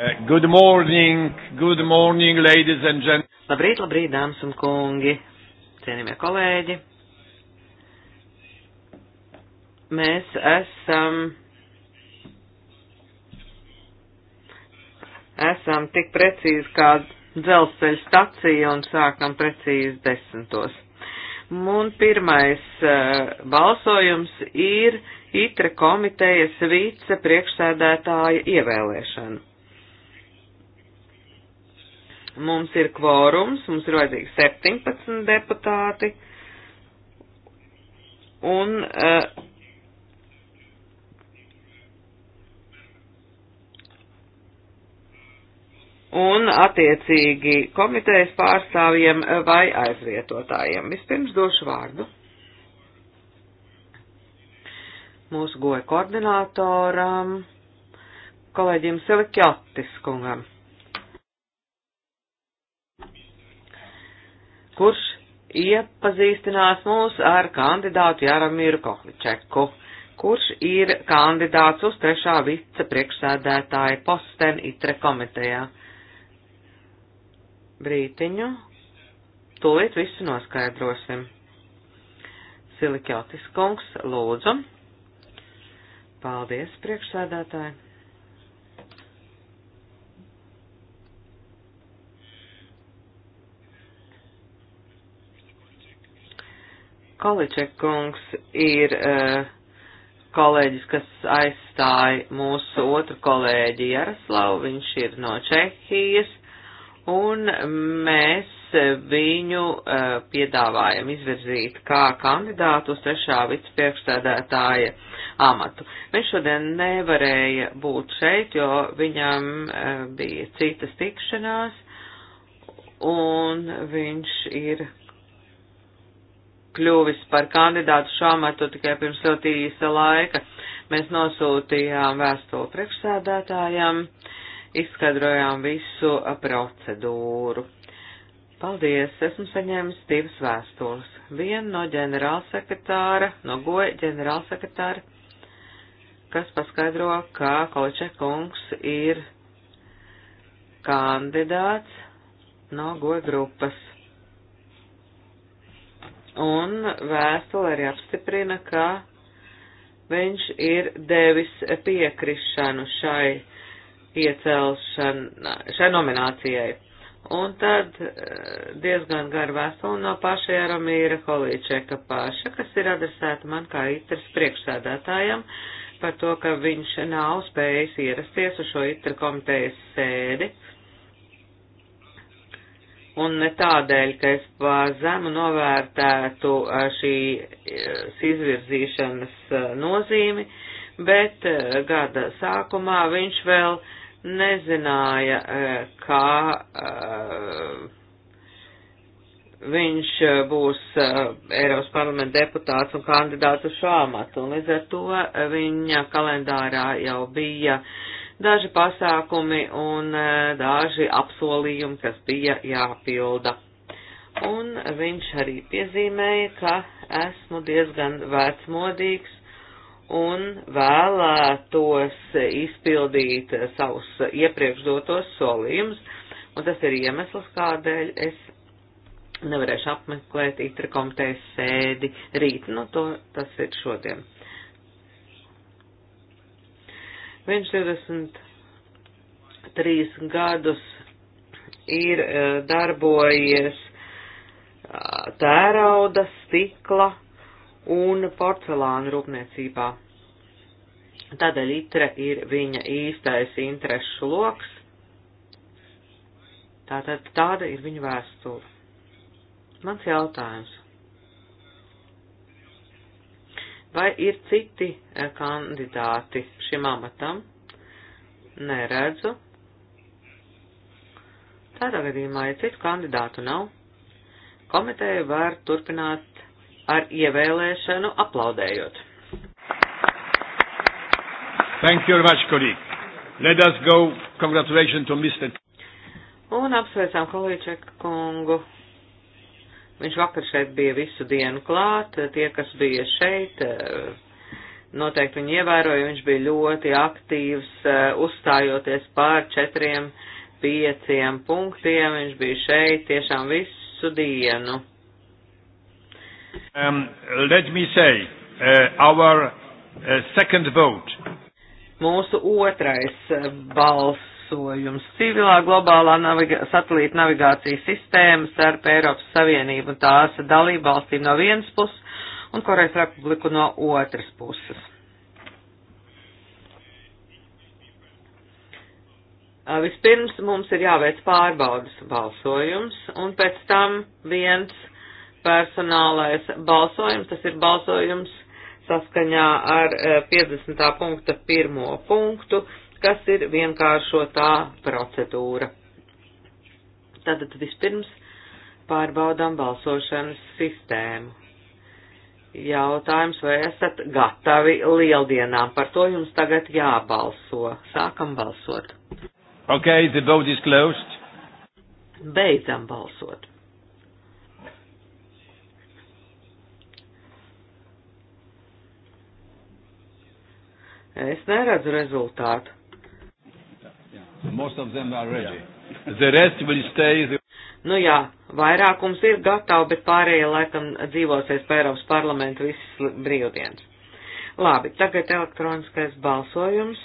A: Uh, good morning, good morning, ladies and gentlemen. Labrīt, labrīt, dāmas un kungi, cienījamie kolēģi. Mēs esam, esam tik precīzi kā dzelzceļa stacija un sākam precīzi desmitos. Un pirmais uh, balsojums ir ITRE komitejas vice priekšsēdētāja ievēlēšana. Mums ir kvorums, mums ir vajadzīgi 17 deputāti. Un uh, un attiecīgi komitejas pārstāvjiem vai aizvietotājiem. Vispirms došu vārdu mūsu goja koordinātoram, kolēģim Selikjotis kungam. kurš iepazīstinās mūs ar kandidātu Jaramiru Kohličeku, kurš ir kandidāts uz trešā vice priekšsēdētāja posteni ITRE komitejā. Brītiņu, tūlīt visu noskaidrosim. Silikjotis kungs, lūdzu. Paldies, priekšsēdētāji. Kaliček kungs ir uh, kolēģis, kas aizstāja mūsu otru kolēģi Jaroslavu, viņš ir no Čehijas, un mēs viņu uh, piedāvājam izvirzīt kā kandidātu uz trešā vicepriekšstādātāja amatu. Viņš šodien nevarēja būt šeit, jo viņam uh, bija citas tikšanās, un viņš ir kļuvis par kandidātu šo amatu tikai pirms ļoti īsa laika. Mēs nosūtījām vēstuli priekšsēdētājām, izskaidrojām visu procedūru. Paldies, esmu saņēmis divas vēstules. Vienu no ģenerālsekretāra, no goja ģenerālsekretāra, kas paskaidro, ka Kolčekungs ir kandidāts no goja grupas Un vēstule arī apstiprina, ka viņš ir devis piekrišanu šai iecelšanai, šai nominācijai. Un tad eh, diezgan gara vēstule no paša Jaromīra Holīčeka paša, kas ir adresēta man kā itras priekšsēdētājam par to, ka viņš nav spējis ierasties uz šo itra komitejas sēdi. Uh, un ne tādēļ, ka es pār zemu novērtētu šīs izvirzīšanas nozīmi, bet gada sākumā viņš vēl nezināja, kā viņš būs Eiropas parlamenta deputāts un kandidāts uz šo amatu, un līdz ar to viņa kalendārā jau bija uh, daži pasākumi un e, daži apsolījumi, kas bija jāpilda. Un viņš arī piezīmēja, ka esmu diezgan vecmodīgs un vēlētos izpildīt savus iepriekš dotos solījumus, un tas ir iemesls, kādēļ es nevarēšu apmeklēt itra komitejas sēdi rīt, nu to tas ir šodien. Viņš 23 gadus ir e, darbojies tērauda, stikla un porcelāna rūpniecībā. Tādēļ itre ir viņa īstais interešu loks. Tātad tāda ir viņa vēstule. Mans jautājums. Vai ir citi eh, kandidāti šim amatam? Neredzu. Tādā gadījumā, ja citu kandidātu nav, komiteja var turpināt ar ievēlēšanu aplaudējot.
C: Thank you very much, colleague. Let us go. Congratulations to Mr.
A: Un apsveicam kolēģi kungu. Viņš vakar šeit bija visu dienu klāt, tie, kas bija šeit, eh, noteikti viņu ievēroja, viņš bija ļoti aktīvs, eh, uzstājoties pār četriem, pieciem punktiem, viņš bija šeit tiešām visu dienu.
C: Um, let me say, uh, our uh, second vote.
A: Mūsu otrais eh, balss finansojums civilā globālā naviga satelīta navigācijas sistēma starp Eiropas Savienību un tās dalību valstīm no vienas puses un Korejas Republiku no otras puses. Vispirms mums ir jāveic pārbaudas balsojums un pēc tam viens personālais balsojums, tas ir balsojums saskaņā ar 50. punkta pirmo punktu, kas ir vienkāršotā procedūra. Tātad vispirms pārbaudām balsošanas sistēmu. Jautājums, vai esat gatavi lieldienām? Par to jums tagad jābalso. Sākam balsot. Ok, the vote is closed. Beidzam balsot. Es neredzu rezultātu. Most of them are ready.
C: The rest will stay. The...
A: Nu jā, vairākums ir gatavi, bet pārējie laikam dzīvosies pa Eiropas parlamentu visas brīvdienas. Labi, tagad elektroniskais balsojums.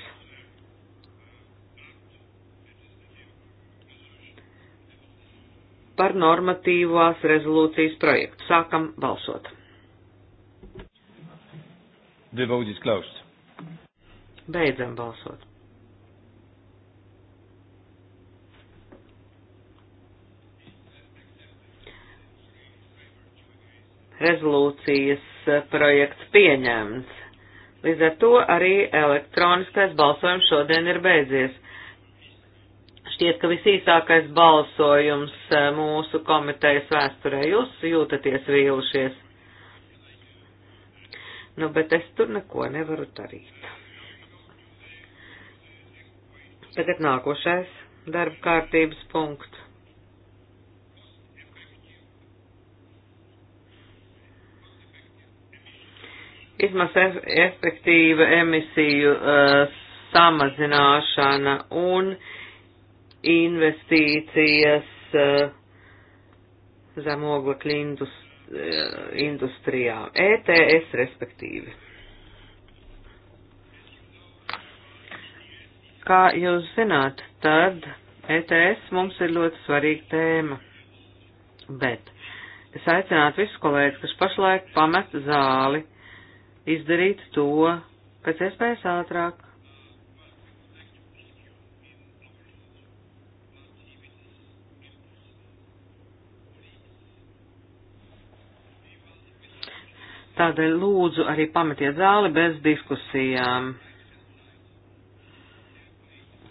A: Par normatīvās rezolūcijas projektu. Sākam balsot.
B: The vote is closed.
A: Beidzam balsot. rezolūcijas eh, projekts pieņemts. Līdz ar to arī elektroniskais balsojums šodien ir beidzies. Šķiet, ka visīsākais balsojums eh, mūsu komitejas vēsturē. Jūs jūtaties vīlušies. Nu, bet es tur neko nevaru darīt. Tagad nākošais darba kārtības punkts. izmas efektīva emisiju uh, samazināšana un investīcijas uh, zem oglekļa indust, uh, industrijā, ETS respektīvi. Kā jūs zināt, tad ETS mums ir ļoti svarīga tēma, bet es aicinātu visus kolēģus, kas pašlaik pamet zāli izdarīt to pēc iespējas ātrāk. Tādēļ lūdzu arī pametiet zāli bez diskusijām.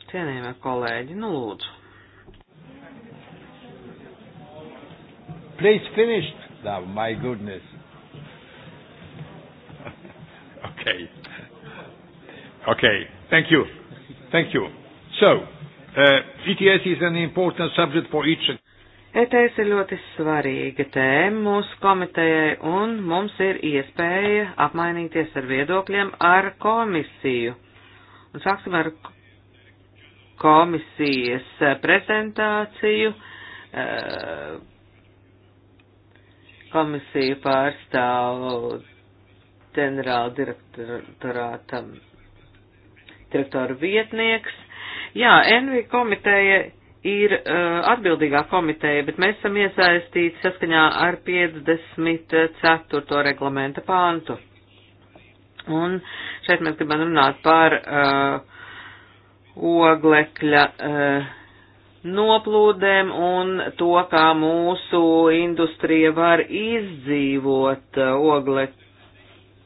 A: Cienījamie kolēģi, nu lūdzu. Please finish. Oh, my goodness. Okay.
C: Okay. Thank you. Thank you. So, uh, ETS is an important subject for each.
A: ETS ir ļoti svarīga tēma mūsu komitejai, un mums ir iespēja apmainīties ar viedokļiem ar komisiju. Un sāksim ar komisijas prezentāciju. Uh, komisiju pārstāv ģenerāla direktorātam direktora vietnieks. Jā, Envi komiteja ir uh, atbildīgā komiteja, bet mēs esam iesaistīti saskaņā ar 54. reglamenta pāntu. Un šeit mēs gribam runāt par uh, oglekļa uh, noplūdēm un to, kā mūsu industrija var izdzīvot uh, oglekļa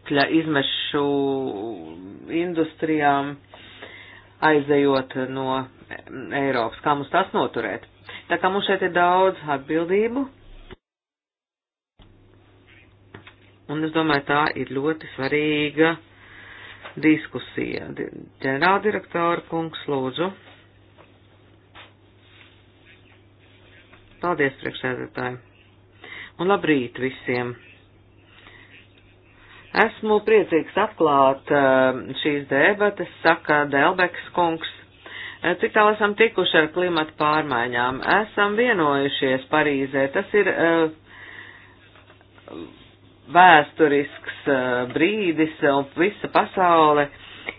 A: oglekļa izmešu industrijām aizejot no Eiropas. Kā mums tas noturēt? Tā kā mums šeit ir daudz atbildību, un es domāju, tā ir ļoti svarīga diskusija. Ģenerāldirektora kungs, lūdzu. Paldies, priekšsēdētāji. Un labrīt visiem! Esmu priecīgs atklāt eh, šīs debates, saka Delbeks kungs. Eh, cik tālu esam tikuši ar klimatu pārmaiņām? Esam vienojušies Parīzē. Tas ir eh, vēsturisks brīdis, un visa pasaule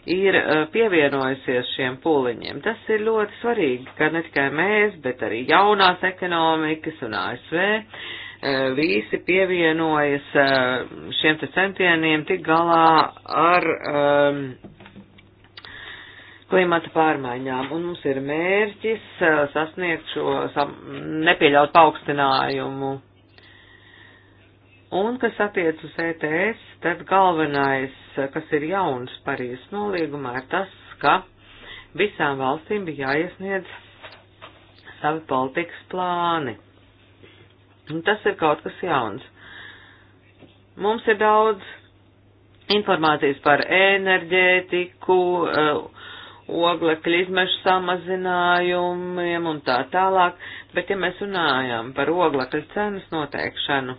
A: ir pievienojusies šiem pūliņiem. Tas ir ļoti svarīgi, ka ne tikai mēs, bet arī jaunās ekonomikas un ASV Eh, visi pievienojas eh, šiem te centieniem tik galā ar um, klimata pārmaiņām. Un mums ir mērķis eh, sasniegt šo sam, nepieļaut paaugstinājumu. Un, kas attiec uz ETS, tad galvenais, kas ir jauns Parīzes nolīgumā, ir tas, ka visām valstīm bija jāiesniedz savi politikas plāni Un nu, tas ir kaut kas jauns. Mums ir daudz informācijas par enerģētiku, eh, oglekļa izmešu samazinājumiem un tā tālāk, bet ja mēs runājam par oglekļa cenas noteikšanu,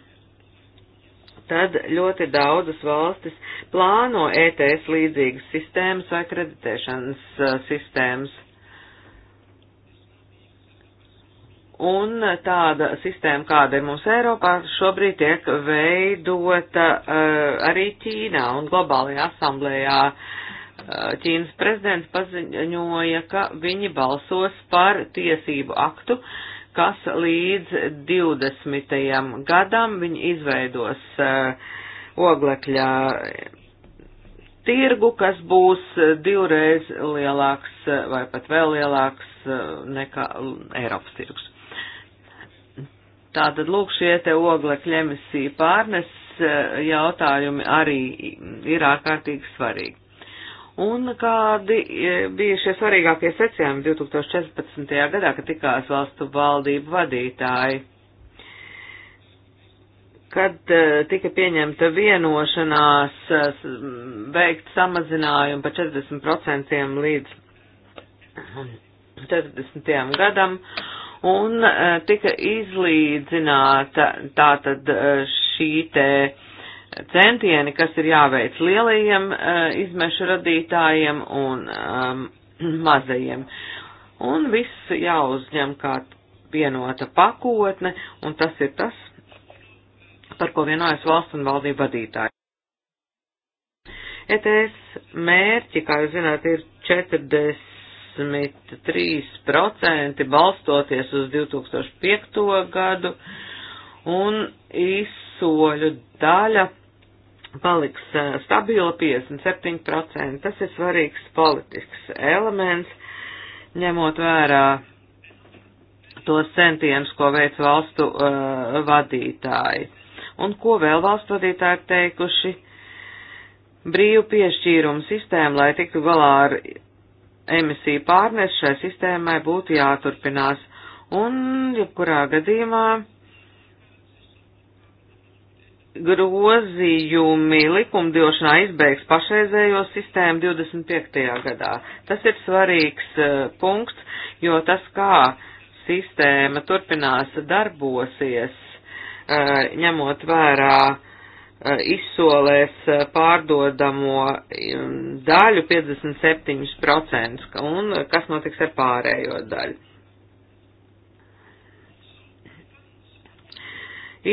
A: tad ļoti daudzas valstis plāno ETS līdzīgas sistēmas vai kreditēšanas eh, sistēmas. Un tāda sistēma, kāda ir mums Eiropā, šobrīd tiek veidota uh, arī Ķīnā un globālajā asamblējā. Uh, Ķīnas prezidents paziņoja, ka viņi balsos par tiesību aktu, kas līdz 20. gadam viņi izveidos uh, oglekļa tirgu, kas būs divreiz lielāks vai pat vēl lielāks nekā Eiropas tirgus. Tātad, lūk, šie te oglekļa emisiju pārnes eh, jautājumi arī ir ārkārtīgi svarīgi. Un kādi eh, bija šie svarīgākie secinājumi 2014. gadā, kad tikās valstu valdību vadītāji? Kad eh, tika pieņemta vienošanās veikt samazinājumu pa 40% līdz 40. gadam, un e, tika izlīdzināta tātad e, šī te centieni, kas ir jāveic lielajiem e, izmešu radītājiem un um, mazajiem. Un viss jāuzņem kā vienota pakotne, un tas ir tas, par ko vienojas valsts un valdību vadītāji. ETS mērķi, kā jūs zināt, ir 40 12,3% balstoties uz 2005. gadu, un izsoļu daļa paliks stabila 57%. Tas ir svarīgs politikas elements, ņemot vērā tos centienus, ko veic valstu uh, vadītāji. Un ko vēl valstu vadītāji teikuši? Brīvu piešķīrumu sistēmu, lai tiktu galā ar emisiju pārnes šai sistēmai būtu jāturpinās. Un, jebkurā gadījumā, grozījumi likumdošanā izbeigs pašreizējo sistēmu 25. gadā. Tas ir svarīgs uh, punkts, jo tas, kā sistēma turpinās darbosies, uh, ņemot vērā uh, Eh, izsolēs eh, pārdodamo mm, daļu 57% un eh, kas notiks ar pārējo daļu.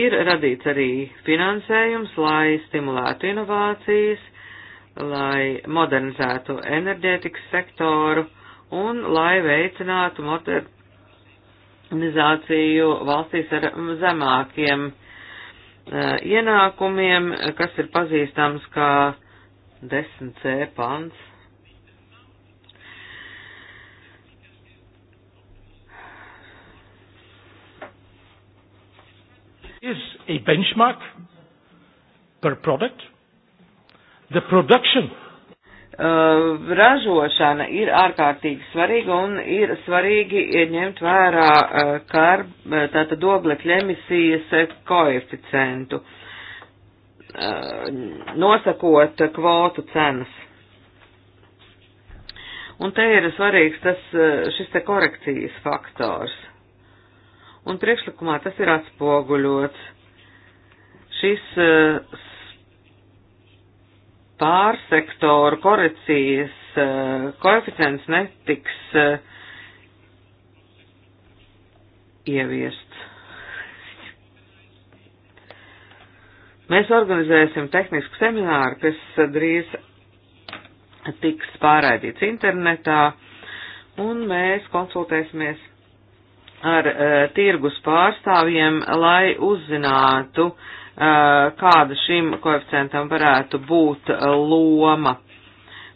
A: Ir radīts arī finansējums, lai stimulētu inovācijas, lai modernizētu enerģētikas sektoru un lai veicinātu modernizāciju valstīs ar mm, zemākiem uh, Eh, ienākumiem, eh, kas ir pazīstams kā 10C pants.
C: Is a benchmark per product. The production
A: Uh, ražošana ir ārkārtīgi svarīga un ir svarīgi ieņemt vērā uh, karb, uh, tātad oglekļa emisijas koeficientu, nosakot kvotu cenas. Un te ir svarīgs tas, šis te korekcijas faktors. Un priekšlikumā tas ir atspoguļots. Šis pārsektoru korekcijas eh, koeficients netiks eh, ieviests. Mēs organizēsim tehnisku semināru, kas drīz tiks pārraidīts internetā, un mēs konsultēsimies ar uh, tirgus pārstāvjiem, lai uzzinātu, uh, Eh, kāda šim koeficientam varētu būt loma.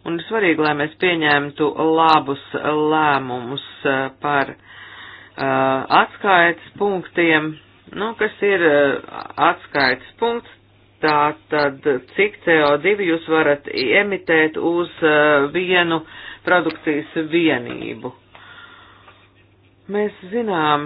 A: Un ir svarīgi, lai mēs pieņemtu labus lēmumus eh, par eh, atskaites punktiem. Nu, kas ir atskaites punkts? Tā tad, cik CO2 jūs varat emitēt uz vienu produkcijas vienību. Mēs zinām,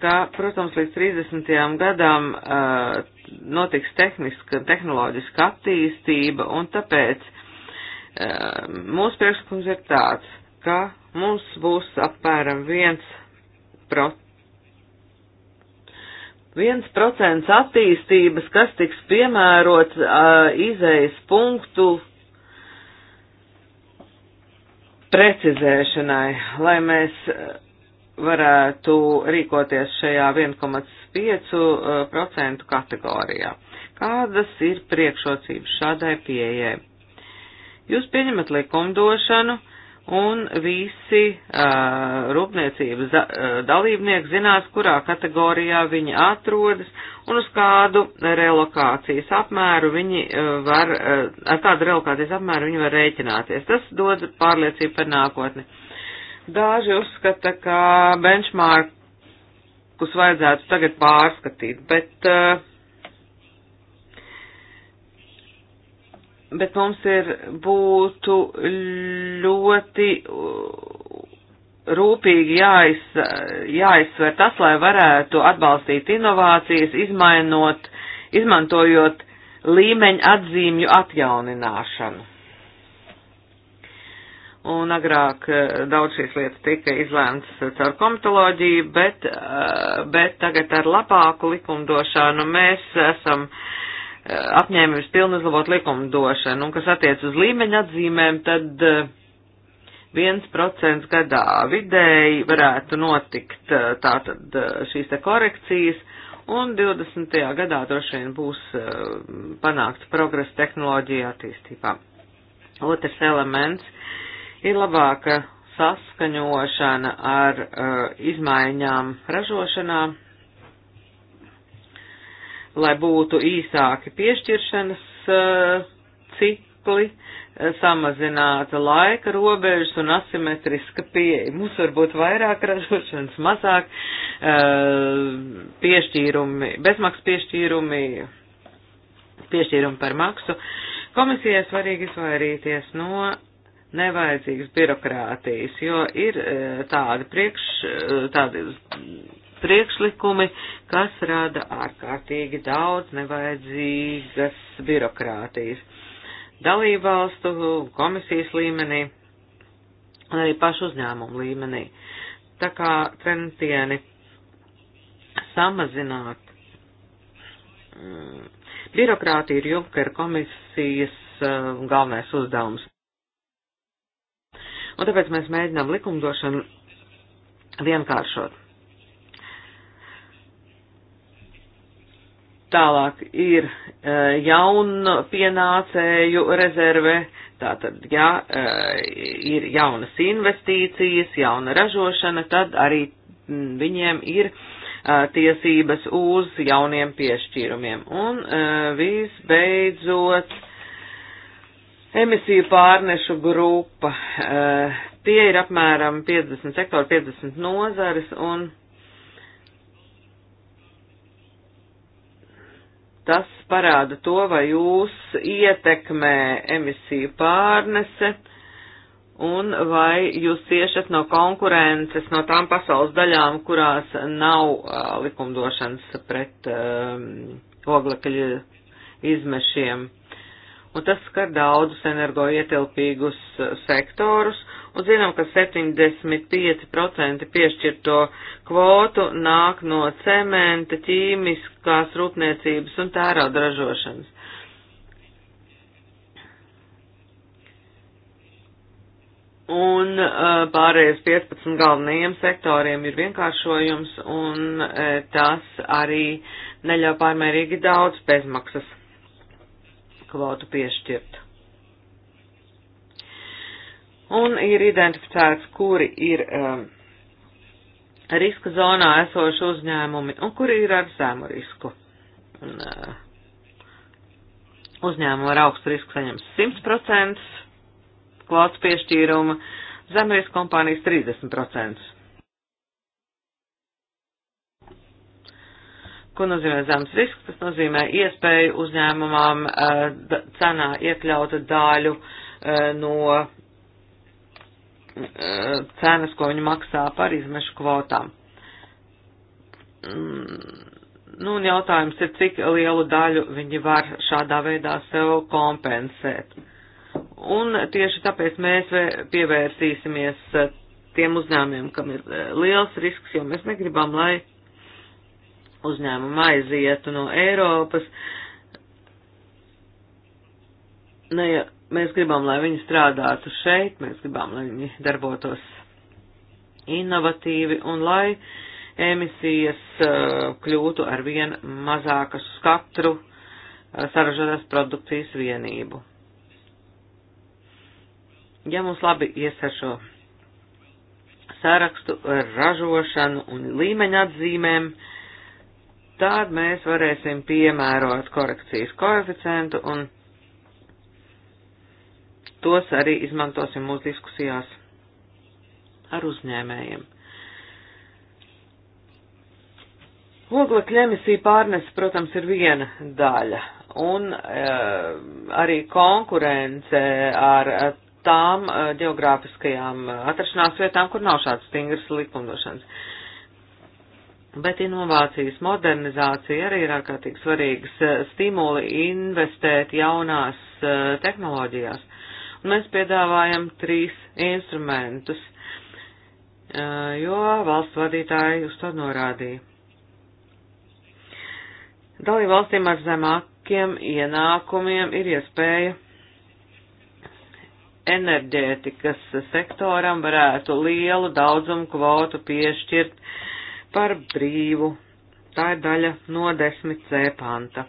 A: ka, protams, līdz 30. gadam uh, notiks tehniska, tehnoloģiska attīstība, un tāpēc uh, mūsu priekšlikums ir tāds, ka mums būs apmēram 1%, 1 attīstības, kas tiks piemērots uh, eh, izējas punktu precizēšanai, lai mēs uh, varētu rīkoties šajā 1,5% eh, kategorijā. Kādas ir priekšrocības šādai pieejai? Jūs pieņemat likumdošanu un visi uh, rūpniecības da, uh, dalībnieki zinās, kurā kategorijā viņi atrodas un uz kādu relokācijas apmēru viņi uh, var, uh, ar kādu relokācijas apmēru viņi var rēķināties. Tas dod pārliecību par nākotni. Uh, Daži uzskata, ka benchmarkus vajadzētu tagad pārskatīt, bet, eh, bet mums ir būtu ļoti rūpīgi jāiz, jāizsver tas, lai varētu atbalstīt inovācijas, izmainot, izmantojot līmeņa atzīmju atjaunināšanu un agrāk eh, daudz šīs lietas tika izlēmts caur komitoloģiju, bet, eh, bet tagad ar labāku likumdošanu mēs esam eh, apņēmības pilni uzlabot likumdošanu, un kas attiec uz līmeņa atzīmēm, tad 1% gadā vidēji varētu notikt tātad šīs te korekcijas, un 20. gadā droši vien būs panākts progress tehnoloģija attīstībā. Otrs elements ir labāka saskaņošana ar uh, izmaiņām ražošanā, lai būtu īsāki piešķiršanas uh, cikli, uh, samazināta laika robežas un asimetriska pieeja. Mums var būt vairāk ražošanas, mazāk uh, piešķīrumi, bezmaksas piešķīrumi, piešķīrumi par maksu. Komisijai svarīgi izvairīties no nevajadzīgas birokrātijas, jo ir e, tādi, priekš, e, tādi priekšlikumi, kas rada ārkārtīgi daudz nevajadzīgas birokrātijas. Dalībvalstu komisijas līmenī, arī pašu uzņēmumu līmenī. Tā kā centieni samazināt mm, birokrātija ir Junkera komisijas e, galvenais uzdevums un tāpēc mēs mēģinām likumdošanu vienkāršot. Tālāk ir e, jaunu pienācēju rezerve, tātad, ja e, ir jaunas investīcijas, jauna ražošana, tad arī viņiem ir e, tiesības uz jauniem piešķīrumiem. Un visbeidzot, Emisiju pārnešu grupa. Uh, tie ir apmēram 50 sektori, 50 nozares un tas parāda to, vai jūs ietekmē emisiju pārnese un vai jūs ciešat no konkurences no tām pasaules daļām, kurās nav uh, likumdošanas pret um, oglekļa izmešiem un tas skar daudzus energoietilpīgus uh, sektorus, un zinām, ka 75% piešķirto kvotu nāk no cementa, ķīmiskās rūpniecības un tērauda ražošanas. Un uh, pārējais 15 galvenajiem sektoriem ir vienkāršojums, un uh, tas arī neļauj pārmērīgi daudz bezmaksas kvotu piešķirtu. Un ir identificēts, kuri ir um, riska zonā esoši uzņēmumi un kuri ir ar zemu risku. Un, uh, uzņēmumi ar augstu risku saņems 100% kvotu piešķīrumu, zemriska kompānijas 30%. ko nozīmē zemes risks, tas nozīmē iespēju uzņēmumam uh, cenā iekļaut daļu uh, no uh, cenas, ko viņi maksā par izmešu kvotām. Mm, nu, un jautājums ir, cik lielu daļu viņi var šādā veidā sev kompensēt. Un tieši tāpēc mēs pievērsīsimies tiem uzņēmumiem, kam ir liels risks, jo mēs negribam, lai uzņēmumu aizietu no Eiropas. Ne, ja mēs gribam, lai viņi strādātu šeit, mēs gribam, lai viņi darbotos inovatīvi un lai emisijas uh, kļūtu arvien mazākas uz katru uh, saražotās produkcijas vienību. Ja mums labi ies ar šo sarakstu, ražošanu un līmeņa atzīmēm, uh, tad mēs varēsim piemērot korekcijas koeficientu un tos arī izmantosim mūsu diskusijās ar uzņēmējiem. Oglekļa emisija pārnese, protams, ir viena daļa, un e, arī konkurence ar tām e, geogrāfiskajām atrašanās vietām, kur nav šāds stingrs likumdošanas bet inovācijas modernizācija arī ir ārkārtīgi svarīgs eh, stimuli investēt jaunās eh, tehnoloģijās. Un mēs piedāvājam trīs instrumentus, eh, jo valsts vadītāji uz to norādīja. Dalību valstīm ar zemākiem ienākumiem ir iespēja enerģētikas sektoram varētu lielu daudzumu kvotu piešķirt uh, par brīvu. Tā ir daļa no 10C panta.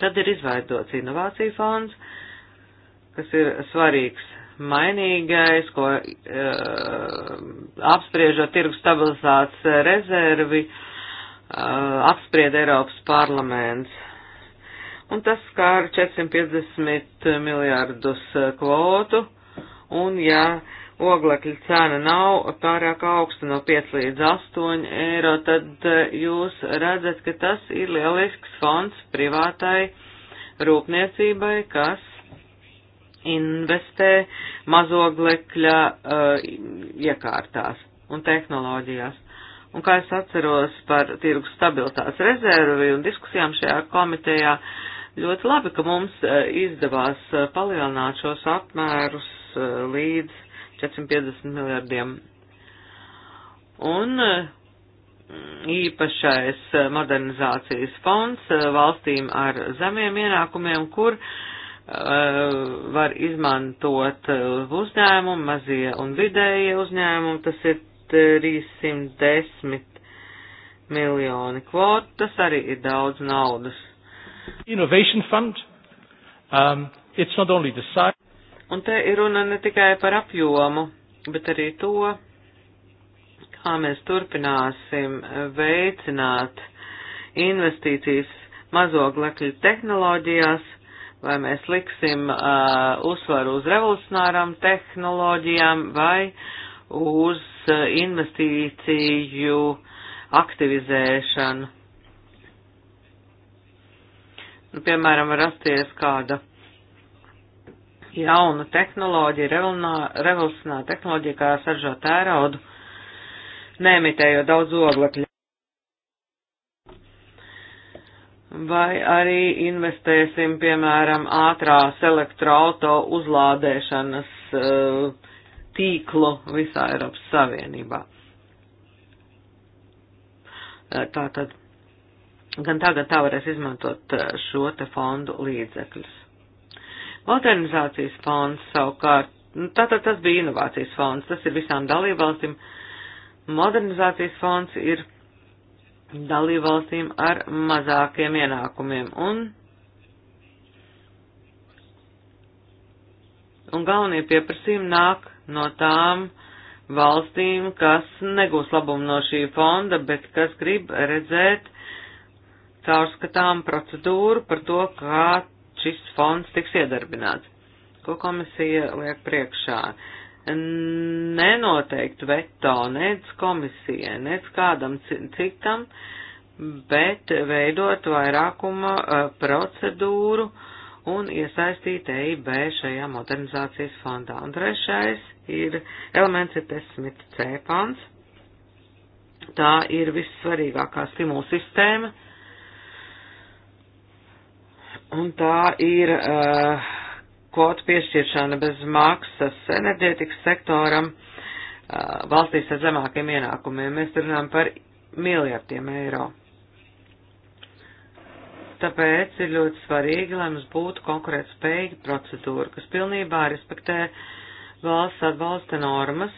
A: Tad ir izveidots inovāciju fonds, kas ir svarīgs mainīgais, ko uh, apspriežot tirgus stabilizācijas rezervi, uh, apspried Eiropas parlaments. Un tas skār 450 miljārdus kvotu, un ja uh, oglekļa cena nav pārāk augsta no 5 līdz 8 eiro, tad eh, jūs redzat, ka tas ir lielisks fonds privātai rūpniecībai, kas investē mazoglekļa uh, iekārtās un tehnoloģijās. Un kā es atceros par tirgus stabilitātes rezervi un diskusijām šajā komitejā, ļoti labi, ka mums eh, izdevās palielināt šos apmērus līdz 450 miljardiem. Un mm, īpašais eh, modernizācijas fonds eh, valstīm ar zemiem ienākumiem, kur uh, var izmantot uzņēmumu, mazie un vidējie uzņēmumi, tas ir 310 miljoni kvotas, arī ir daudz naudas. Innovation Fund, um, it's not only the size. Un te ir runa ne tikai par apjomu, bet arī to, kā mēs turpināsim veicināt investīcijas mazoglekļu tehnoloģijās, vai mēs liksim uh, uzsvaru uz revolucionārām tehnoloģijām vai uz uh, investīciju aktivizēšanu. Nu, piemēram, var rasties kāda jaunu tehnoloģiju, revolucionāru tehnoloģiju, kā saržot tēraudu, nemitējot daudz oglekļa. Vai arī investēsim, piemēram, ātrās elektroauto uzlādēšanas uh, tīklu visā Eiropas Savienībā. Eh, tātad gan tā, gan tā varēs izmantot eh, šo te fondu līdzekļus. Modernizācijas fonds savukārt, nu, tātad tas bija inovācijas fonds, tas ir visām dalībvalstīm. Modernizācijas fonds ir dalībvalstīm ar mazākiem ienākumiem un un galvenie pieprasījumi nāk no tām valstīm, kas negūs labumu no šī fonda, bet kas grib redzēt caurskatām procedūru par to, kā šis fonds tiks iedarbināts. Ko komisija liek priekšā? Nenoteiktu veto nec komisijai, nec kādam citam, bet veidot vairākuma procedūru un iesaistīt EIB šajā modernizācijas fondā. Un trešais ir elements ir desmit cēpāns. Tā ir vissvarīgākā stimulu sistēma Un tā ir uh, kvotu piešķiršana bez maksas enerģētikas sektoram uh, valstīs ar zemākiem ienākumiem. Mēs runājam par miljardiem eiro. Tāpēc ir ļoti svarīgi, lai mums būtu konkurētspējīga procedūra, kas pilnībā respektē valsts atbalsta normas.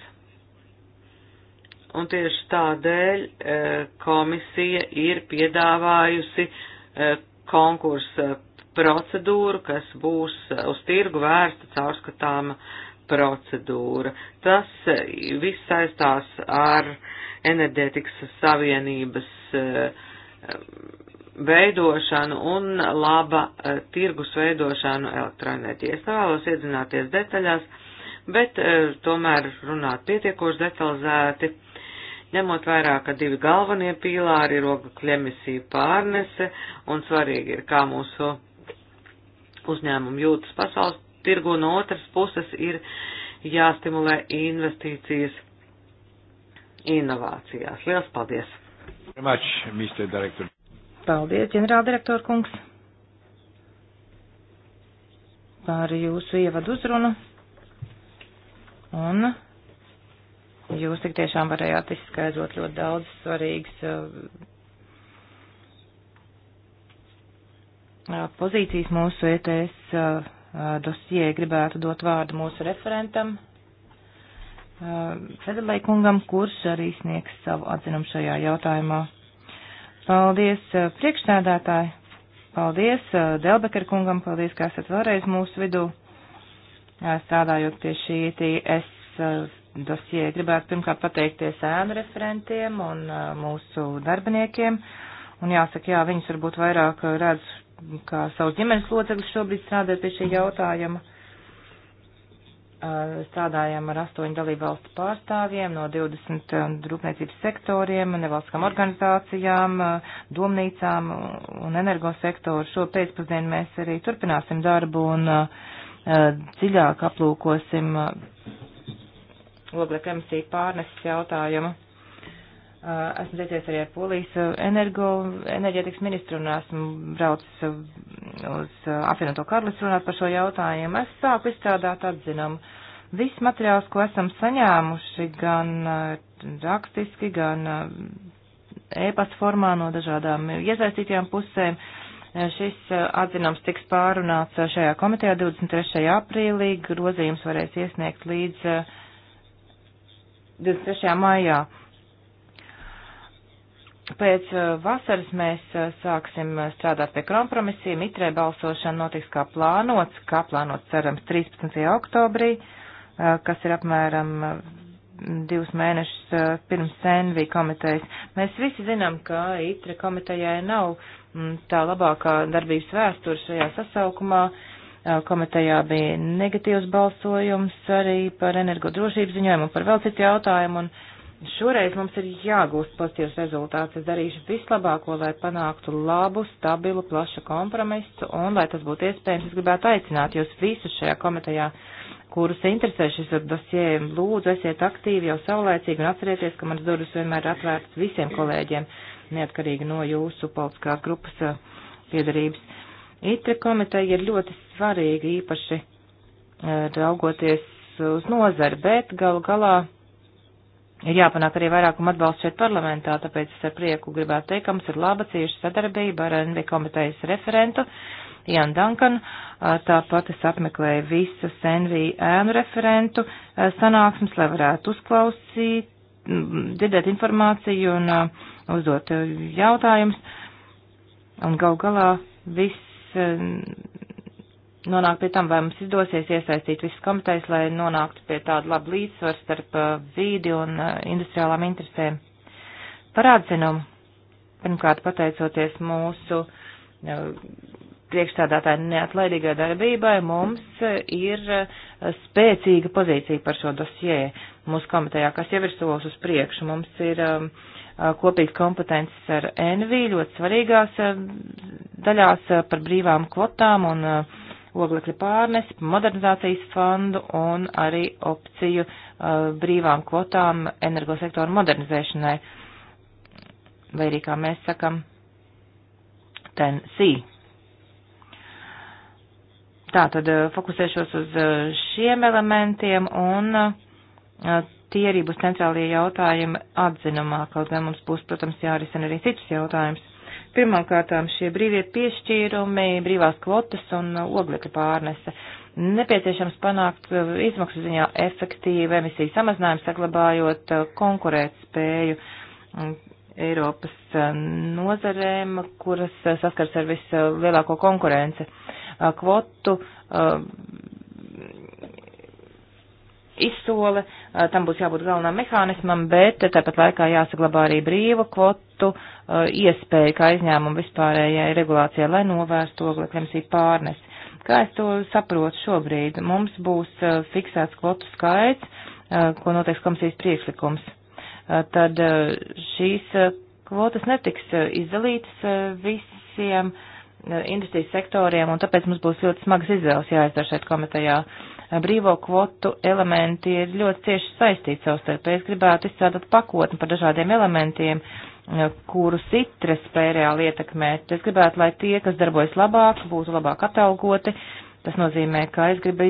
A: Un tieši tādēļ uh, komisija ir piedāvājusi uh, konkursa procedūru, kas būs uz tirgu vērsta caurskatāma procedūra. Tas viss saistās ar enerģētikas savienības eh, veidošanu un laba eh, tirgus veidošanu elektroenerģijas. Vēlos iedzināties detaļās, bet eh, tomēr runāt pietiekoši detalizēti ņemot vērā, ka divi galvenie pīlāri ir ogļu emisiju pārnese, un svarīgi ir, kā mūsu uzņēmumu jūtas pasaules tirgu, no otras puses ir jāstimulē investīcijas inovācijās. Lielas paldies!
B: Much, paldies, ģenerāldirektor kungs, par jūsu ievadu uzrunu. Un jūs tik tiešām varējāt izskaidrot ļoti daudz svarīgas uh, pozīcijas mūsu ETS dosijai gribētu dot vārdu mūsu referentam Federlai kungam, kurš arī sniegs savu atzinumu šajā jautājumā. Paldies priekšsēdētāji, paldies Delbeker kungam, paldies, ka esat vēlreiz mūsu vidū. Strādājot pie šī ETS dosie, gribētu pirmkārt pateikties ēnu referentiem un mūsu darbiniekiem. Un jāsaka, jā, viņus varbūt vairāk redz kā savus ģimenes locekļus šobrīd strādājot pie šī jautājuma. Strādājam ar astoņu dalību valstu pārstāvjiem no 20 um, rūpniecības sektoriem, nevalstiskām organizācijām, domnīcām un energosektoru. Šo pēcpusdienu mēs arī turpināsim darbu un dziļāk aplūkosim oglekļa emisiju pārneses jautājumu. Uh, esmu teicies arī ar Polijas uh, energo, enerģētikas ministru un esmu braucis uh, uz apvienoto karalistu runāt par šo jautājumu. Es sāku izstrādāt atzinumu. Viss materiāls, ko esam saņēmuši, gan rakstiski, gan e-pasta formā no dažādām iesaistītajām pusēm, Šis atzinums tiks pārunāts šajā komitejā 23. aprīlī. Grozījums varēs iesniegt līdz 23. maijā. Pēc eh, vasaras mēs eh, sāksim eh, strādāt pie kompromisiem. Itrē balsošana notiks kā plānots, kā plānots cerams 13. oktobrī, kas ir apmēram divus mēnešus pirms Senvī komitejas. Mēs visi zinām, ka Itre komitejai nav mm, tā labākā darbības vēsture šajā sasaukumā. Komitejā bija negatīvs balsojums arī par energodrošības ziņojumu un par vēl citu jautājumu. Un, uh, Šoreiz mums ir jāgūst pozitīvs rezultāts. Es darīšu vislabāko, lai panāktu labu, stabilu, plašu kompromisu un, lai tas būtu iespējams, es gribētu aicināt jūs visus šajā komitejā, kurus interesē šis dosie, lūdzu, esiet aktīvi jau saulēcīgi un atcerieties, ka manas durvis vienmēr ir atvērtas visiem kolēģiem, neatkarīgi no jūsu politiskās grupas eh, piedarības. ITRE komiteja ir ļoti svarīga, īpaši eh, raugoties uz nozari, bet galu galā ir jāpanāk arī vairākuma atbalsts šeit parlamentā, tāpēc es ar prieku gribētu teikt, ka mums ir laba cieša sadarbība ar NV komitejas referentu Ian Duncan. Tāpat es apmeklēju visas NV ēnu referentu sanāksmes, lai varētu uzklausīt, dzirdēt informāciju un uzdot e, jautājumus. Un gal galā viss e, nonākt pie tam, vai mums izdosies iesaistīt visas komitejas, lai nonāktu pie tāda laba līdzsvara starp uh, vīdi un uh, industriālām interesēm. Par atzinumu. Pirmkārt, pateicoties mūsu uh, priekšstādātāju neatlaidīgai darbībai, mums ir spēcīga pozīcija par šo dosjē mūsu komitejā, kas jau ir solis uz priekšu. Mums ir um, kopīgas kompetences ar NV ļoti svarīgās daļās par brīvām kvotām un uh, oglekļa pārnesi, modernizācijas fondu un arī opciju uh, brīvām kvotām energosektoru modernizēšanai, vai arī, kā mēs sakam, TEN-C. Tā tad uh, fokusēšos uz uh, šiem elementiem un uh, uh, tie arī būs centrālie jautājumi atzinumā, kaut gan mums būs, protams, jārisina arī citus jautājumus. Pirmkārtām šie brīvie piešķīrumi, brīvās kvotas un uh, oglekļa pārnese. Nepieciešams panākt uh, izmaksu ziņā efektīvu emisiju samazinājumu, saglabājot uh, konkurēt spēju um, Eiropas nozarēm, kuras saskars ar vislielāko konkurenci. Kvotu izsole, tam būs jābūt galvenam mehānismam, bet tāpat laikā jāsaglabā arī brīva kvotu iespēja kā aizņēmuma vispārējai regulācijai, lai novērstu ogleklemsību pārnes. Kā es to saprotu šobrīd? Mums būs fiksēts kvotu skaits, ko noteiks komisijas priekšlikums. Tad šīs kvotas netiks izdalītas visiem industrijas sektoriem, un tāpēc mums būs ļoti smagas izvēles jāizdara šeit komitejā. Uh, brīvo kvotu elementi ir ļoti cieši saistīti savstarpēji. Es gribētu izstrādāt pakotni par dažādiem elementiem, eh, kuru sitre spēja reāli ietekmēt. Es gribētu, lai tie, kas darbojas labāk, būtu labāk atalgoti. Tas nozīmē, ka es gribu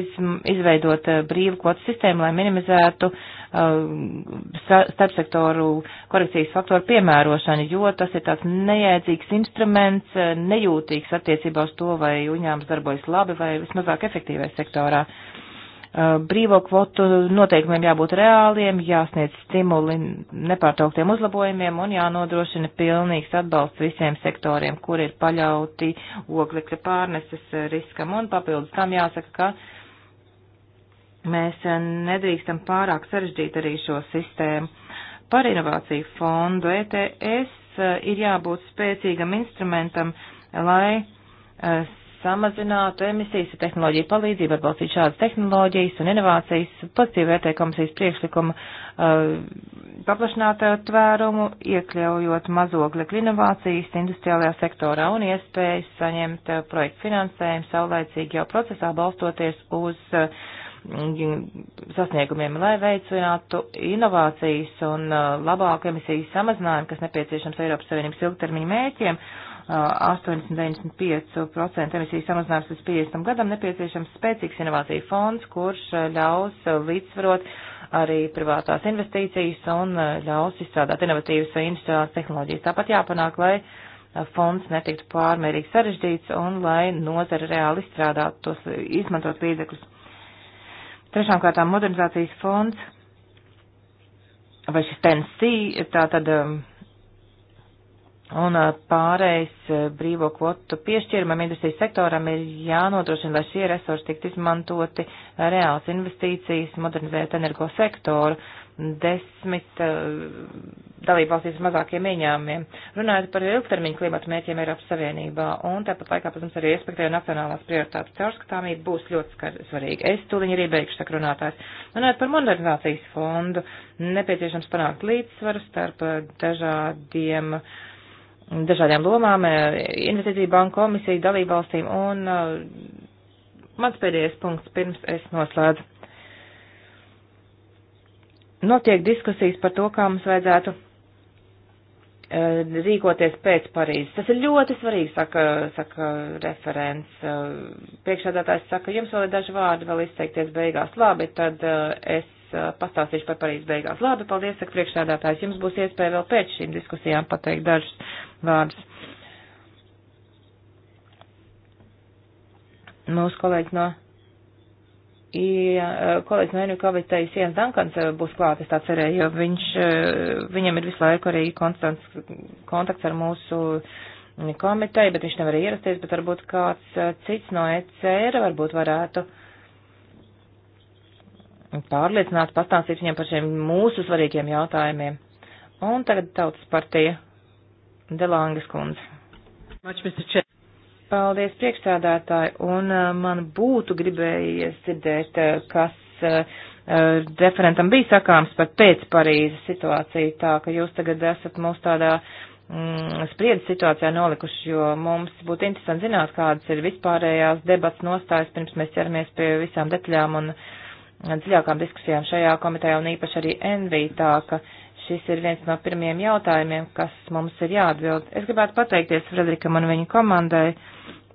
B: izveidot eh, brīvu kvotu sistēmu, lai minimizētu eh, starpsektoru korekcijas faktoru piemērošanu, jo tas ir tāds nejēdzīgs instruments, nejūtīgs attiecībā uz to, vai uņēmums darbojas labi vai vismazāk efektīvai sektorā. Uh, Eh, brīvo kvotu noteikumiem jābūt reāliem, jāsniedz stimuli nepārtrauktiem uzlabojumiem un jānodrošina pilnīgs atbalsts visiem sektoriem, kur ir paļauti oglekļa pārneses eh, riskam. Un papildus tam jāsaka, ka mēs eh, nedrīkstam pārāk sarežģīt arī šo sistēmu. Par inovāciju fondu ETS ir jābūt spēcīgam instrumentam, lai samazinātu emisijas, ja tehnoloģija palīdzība atbalstīt šādas tehnoloģijas un inovācijas, pozitīvi vērtē komisijas priekšlikuma uh, paplašināt uh, tvērumu, iekļaujot mazogļu inovācijas industriālajā sektorā un iespējas saņemt uh, projektu finansējumu saulēcīgi jau procesā balstoties uz uh, sasniegumiem, lai veicinātu inovācijas un uh, labāku emisiju samazinājumu, kas nepieciešams Eiropas Savienības ilgtermiņa mēķiem 80-95% emisiju samazinājums līdz 50 gadam, nepieciešams spēcīgs inovāciju fonds, kurš eh, ļaus līdzsvarot arī privātās investīcijas un eh, ļaus izstrādāt inovatīvas vai industriālās tehnoloģijas. Tāpat jāpanāk, lai eh, fonds netiktu pārmērīgi sarežģīts un lai nozara reāli izstrādātu tos izmantot līdzekļus. Trešām kārtām modernizācijas fonds vai šis TNC, tā tad um, Un pārējais brīvo kvotu piešķirumam industrijas sektoram ir jānodrošina, lai šie resursi tiktu izmantoti reāls investīcijas, modernizēt energo sektoru, desmit dalībvalstīs mazākiem ieņēmumiem. Runājot par ilgtermiņu klimatu mērķiem Eiropas Savienībā un tāpat laikā, protams, arī respektēju nacionālās prioritātes caurskatāmību būs ļoti svarīga. Es tūliņ arī beigšu sakrunātājs. Runājot par modernizācijas fondu, nepieciešams panākt līdzsvaru starp dažādiem uh, dažādām lomām, eh, investīciju banku komisiju, dalībvalstīm un eh, mans pēdējais punkts pirms es noslēdzu. Notiek diskusijas par to, kā mums vajadzētu eh, rīkoties pēc Parīzes. Tas ir ļoti svarīgi, saka, saka referents. Priekšādātājs saka, jums vēl ir daži vārdi vēl izteikties beigās. Labi, tad es pastāstīšu par Parīzes beigās. Labi, paldies, saka priekšsēdētājs. Jums būs iespēja vēl pēc šīm diskusijām pateikt dažus vārdus. Mūsu kolēģis no, kolēģis no Enu komitejas Jens Dankans būs klāt, es tā cerēju, jo viņš, viņam ir visu laiku arī konstants kontakts ar mūsu komiteju, bet viņš nevar ierasties, bet varbūt kāds cits no ECR varbūt varētu. Uh, pārliecināti pastāstīt viņiem par šiem mūsu svarīgiem jautājumiem. Un tagad tautas partija Delāngas kundze. Paldies priekšsādātāji, un uh, man būtu gribējies dzirdēt, uh, kas uh, uh, referentam bija sakāms par pēc Parīzes situāciju, tā ka jūs tagad esat mūs tādā mm, spriedzes situācijā nolikuši, jo mums būtu interesanti zināt, kādas ir vispārējās debats nostājas, pirms mēs ķeramies pie visām detaļām un uh, dziļākām diskusijām šajā komitejā un īpaši arī NV, tā ka šis ir viens no pirmiem jautājumiem, kas mums ir jāatbild. Es gribētu pateikties Frederikam un viņa komandai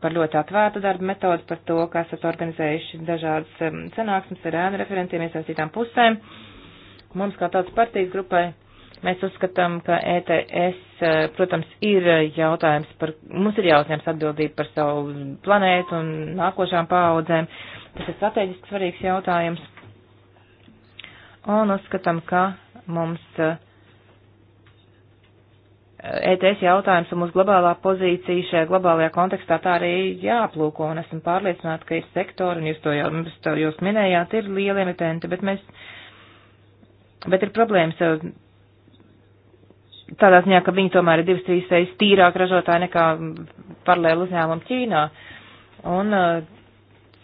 B: par ļoti atvērtu darbu metodu, par to, ka esat organizējuši dažādas um, sanāksmes ar ēnu referentiem iesaistītām pusēm. Mums kā tāds partijas grupai mēs uzskatām, ka ETS, uh, protams, ir jautājums par, mums ir jāuzņems atbildība par savu planētu un nākošām paaudzēm. Tas ir strateģiski svarīgs jautājums un uzskatām, ka mums ETS eh, e jautājums un mūsu globālā pozīcija šajā globālajā kontekstā tā arī jāaplūko, un esam pārliecināti, ka ir sektori, un jūs to jau, to jūs minējāt, ir lieli emitenti, bet mēs, bet ir problēmas jau tādā ziņā, ka viņi tomēr ir divas, trīs reizes tīrāk ražotāji nekā paralēli uzņēmumi Ķīnā. Un uh,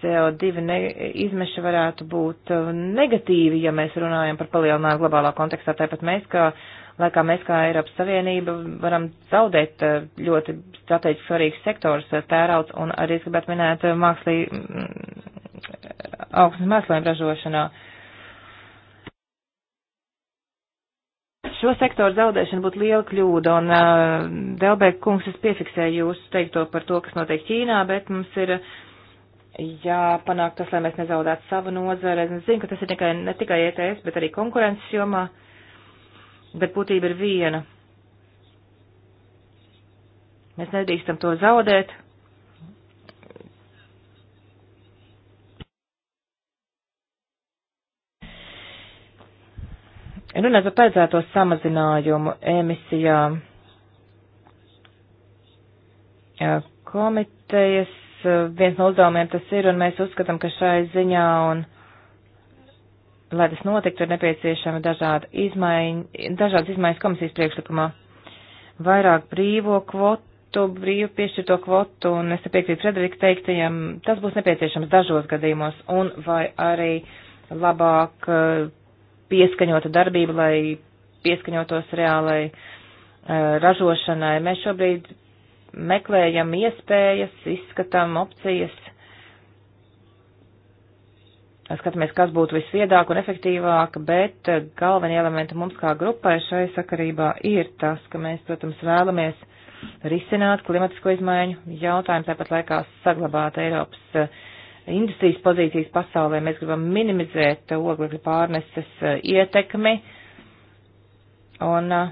B: CO2 ne, izmeša varētu būt uh, negatīvi, ja mēs runājam par palielinājumu globālā kontekstā. Tāpat mēs, kā, lai kā mēs kā Eiropas Savienība, varam zaudēt uh, ļoti strateģiski svarīgs sektors uh, tērauds un arī es gribētu minēt mākslī, mm, augstnes mēslēm ražošanā. Šo sektoru zaudēšana būtu liela kļūda, un uh, Delbēk kungs, es piefiksēju jūsu teikto par to, kas notiek Ķīnā, bet mums ir uh, jāpanāk tas, lai mēs nezaudētu savu nozari. Es zinu, ka tas ir tikai, ne tikai ETS, bet arī konkurences jomā, bet būtība ir viena. Mēs nedrīkstam to zaudēt. Runājot par paredzēto samazinājumu emisijām, komitejas Eh, viens no uzdevumiem tas ir, un mēs uzskatām, ka šai ziņā un, lai tas notiktu, ir nepieciešama dažāda izmaiņa, dažādas izmaiņas komisijas priekšlikumā. Vairāk brīvo kvotu, brīvu piešķirto kvotu, un es te piekrītu Frederika teiktajam, tas būs nepieciešams dažos gadījumos, un vai arī labāk eh, pieskaņota darbība, lai pieskaņotos reālai eh, ražošanai. Mēs šobrīd meklējam iespējas, izskatām opcijas, skatāmies, kas būtu visviedāk un efektīvāk, bet galvenie elementi mums kā grupai šai sakarībā ir tas, ka mēs, protams, vēlamies risināt klimatisko izmaiņu jautājumu, tāpat laikā saglabāt Eiropas eh, industrijas pozīcijas pasaulē. Mēs gribam minimizēt oglekļa pārneses eh, ietekmi un eh,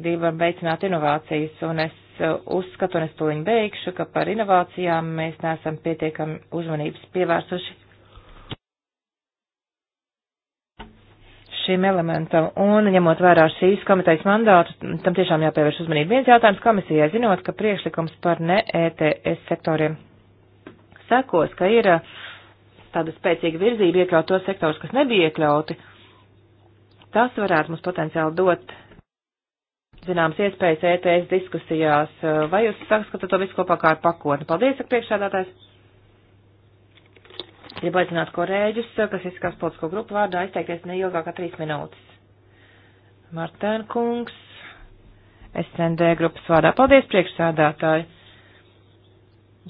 B: gribam veicināt inovācijas, un es uzskatu, un es to viņu beigšu, ka par inovācijām mēs neesam pietiekami uzmanības pievērsuši šim elementam. Un, ņemot vērā šīs komitejas mandātu, tam tiešām jāpievērš uzmanība. Viens jautājums komisijai, zinot, ka priekšlikums par ne ETS sektoriem sekos, ka ir uh, tāda spēcīga virzība iekļaut tos sektorus, kas nebija iekļauti. Tas varētu mums potenciāli dot zināmas iespējas ETS diskusijās. Eh, vai jūs saskatāt to visu kopā kā ar pakotni? Paldies, ak priekšādātājs. Gribu aicināt korēģus, eh, kas izskatās politisko grupu vārdā, izteikties neilgāk kā trīs minūtes. Martēn kungs, SND grupas vārdā. Paldies, priekšsādātāji.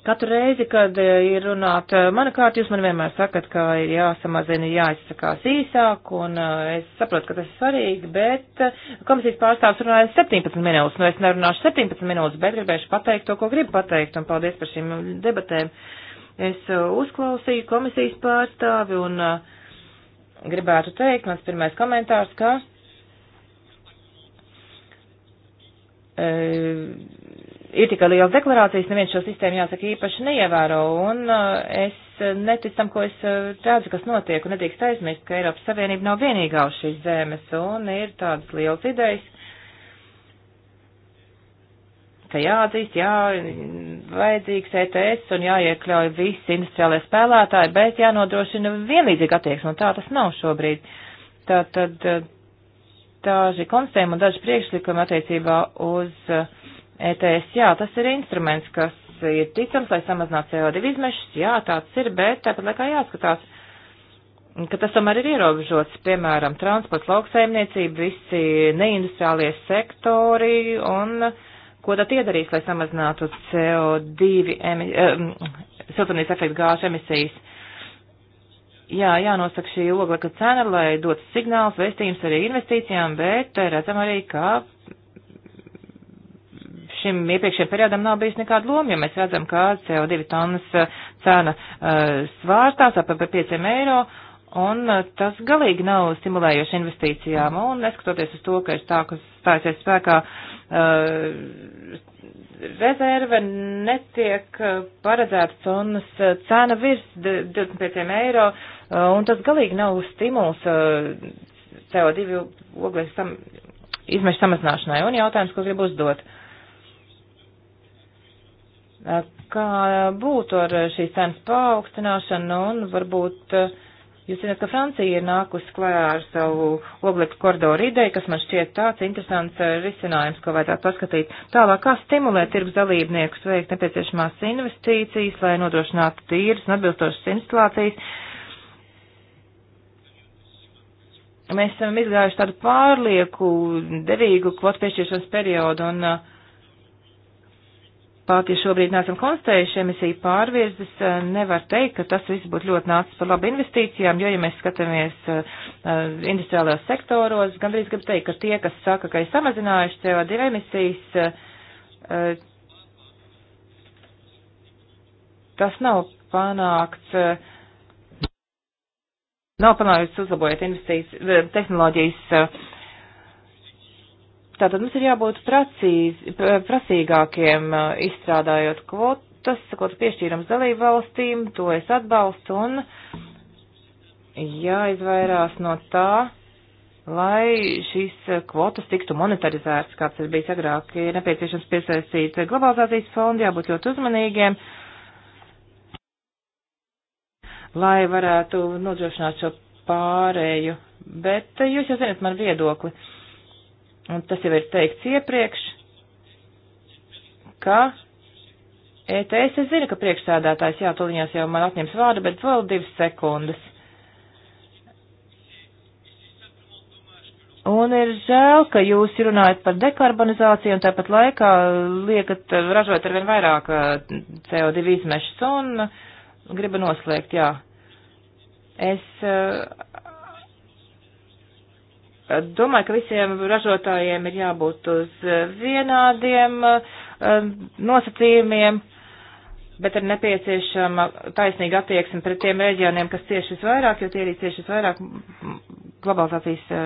B: Katru reizi, kad e, ir runāt e, mana kārta, jūs man vienmēr sakat, ka ir jāsamazina, jāizsakās īsāk, un e, es saprotu, ka tas ir svarīgi, bet komisijas pārstāvs runāja 17 minūtes, nu es nerunāšu 17 minūtes, bet gribēšu pateikt to, ko gribu pateikt, un paldies par šīm debatēm. Es uzklausīju komisijas pārstāvi un gribētu teikt, mans pirmais komentārs, ka. E, ir tikai liels deklarācijas, neviens šo sistēmu jāsaka īpaši neievēro, un eh, es eh, neticu tam, ko es eh, redzu, kas notiek, un nedrīkst aizmirst, ka Eiropas Savienība nav vienīgā uz šīs zemes, un ir tādas lielas idejas, ka jāatzīst, jā, vajadzīgs ETS un jāiekļauj visi industriālie spēlētāji, bet jānodrošina vienlīdzīga attieksme, un tā tas nav šobrīd. Tātad daži konstatējumi un daži priekšlikumi attiecībā uz uh, ETS, jā, tas ir instruments, kas ir ticams, lai samazinātu CO2 izmešus, jā, tāds ir, bet tāpat laikā jāskatās, ka tas tomēr ir ierobežots, piemēram, transports, lauksaimniecība, visi neindustriālie sektori un ko tad iedarīs, lai samazinātu CO2 emi, um, siltumnīca efektu gāžu emisijas. Jā, jānosaka šī oglekļa cena, lai dotu signāls, vēstījums arī investīcijām, bet redzam arī, ka šim iepriekšējiem periodam nav bijis nekāda loma, jo mēs redzam, ka CO2 tonnas uh, cena uh, svārstās ap 5 eiro. Un uh, tas galīgi nav stimulējoši investīcijām, un neskatoties uz to, ka ir tā, kas stājusies spēkā, uh, rezerve netiek uh, paredzētas un cena virs 25 eiro, uh, un tas galīgi nav stimuls uh, CO2 oglekļa sam izmešu samazināšanai. Un jautājums, ko gribu uzdot. Uh, Kā būtu ar šīs cenas paaugstināšanu nu, un varbūt eh, jūs zināt, ka Francija ir nākusi klajā ar savu obliku koridoru ideju, kas man šķiet tāds interesants eh, risinājums, ko vajadzētu paskatīt. Tālāk, kā stimulēt tirgus dalībniekus veikt nepieciešamās investīcijas, lai nodrošinātu tīras un atbilstošas instalācijas. Mēs esam izgājuši tādu pārlieku, derīgu kvotu piešķiršanas periodu un uh, Pat ja šobrīd neesam konstatējuši emisiju pārvirzes, eh, nevar teikt, ka tas viss būtu ļoti nācis par labu investīcijām, jo, ja mēs skatāmies eh, eh, industriālajos sektoros, gandrīz gribu teikt, ka tie, kas saka, ka ir samazinājuši CO2 emisijas, tas nav panākts. Nav panākts uzlabojot investīcijas, tehnoloģijas Tātad mums ir jābūt pracīz, prasīgākiem izstrādājot kvotas, kvotas piešķīrams dalību valstīm, to es atbalstu un jāizvairās no tā, lai šīs kvotas tiktu monetarizētas, kāds ir bijis agrāk, ir nepieciešams piesaistīt globalizācijas fondu, jābūt ļoti uzmanīgiem, lai varētu nodrošināt šo pārēju. Bet jūs jau zinat man viedokli. Uh, un tas jau ir teikts iepriekš, ka ETS, es zinu, ka priekšsēdētājs, jā, tuliņās jau man atņems vārdu, bet vēl divas sekundes. Un ir žēl, ka jūs runājat par dekarbonizāciju un tāpat laikā liekat ražot arvien vairāk eh, CO2 izmešas un gribu noslēgt, jā. Es eh, Domāju, ka visiem ražotājiem ir jābūt uz vienādiem eh, nosacījumiem, bet ir nepieciešama taisnīga attieksme pret tiem reģioniem, kas cieši visvairāk, jo tie arī cieši visvairāk globalizācijas eh,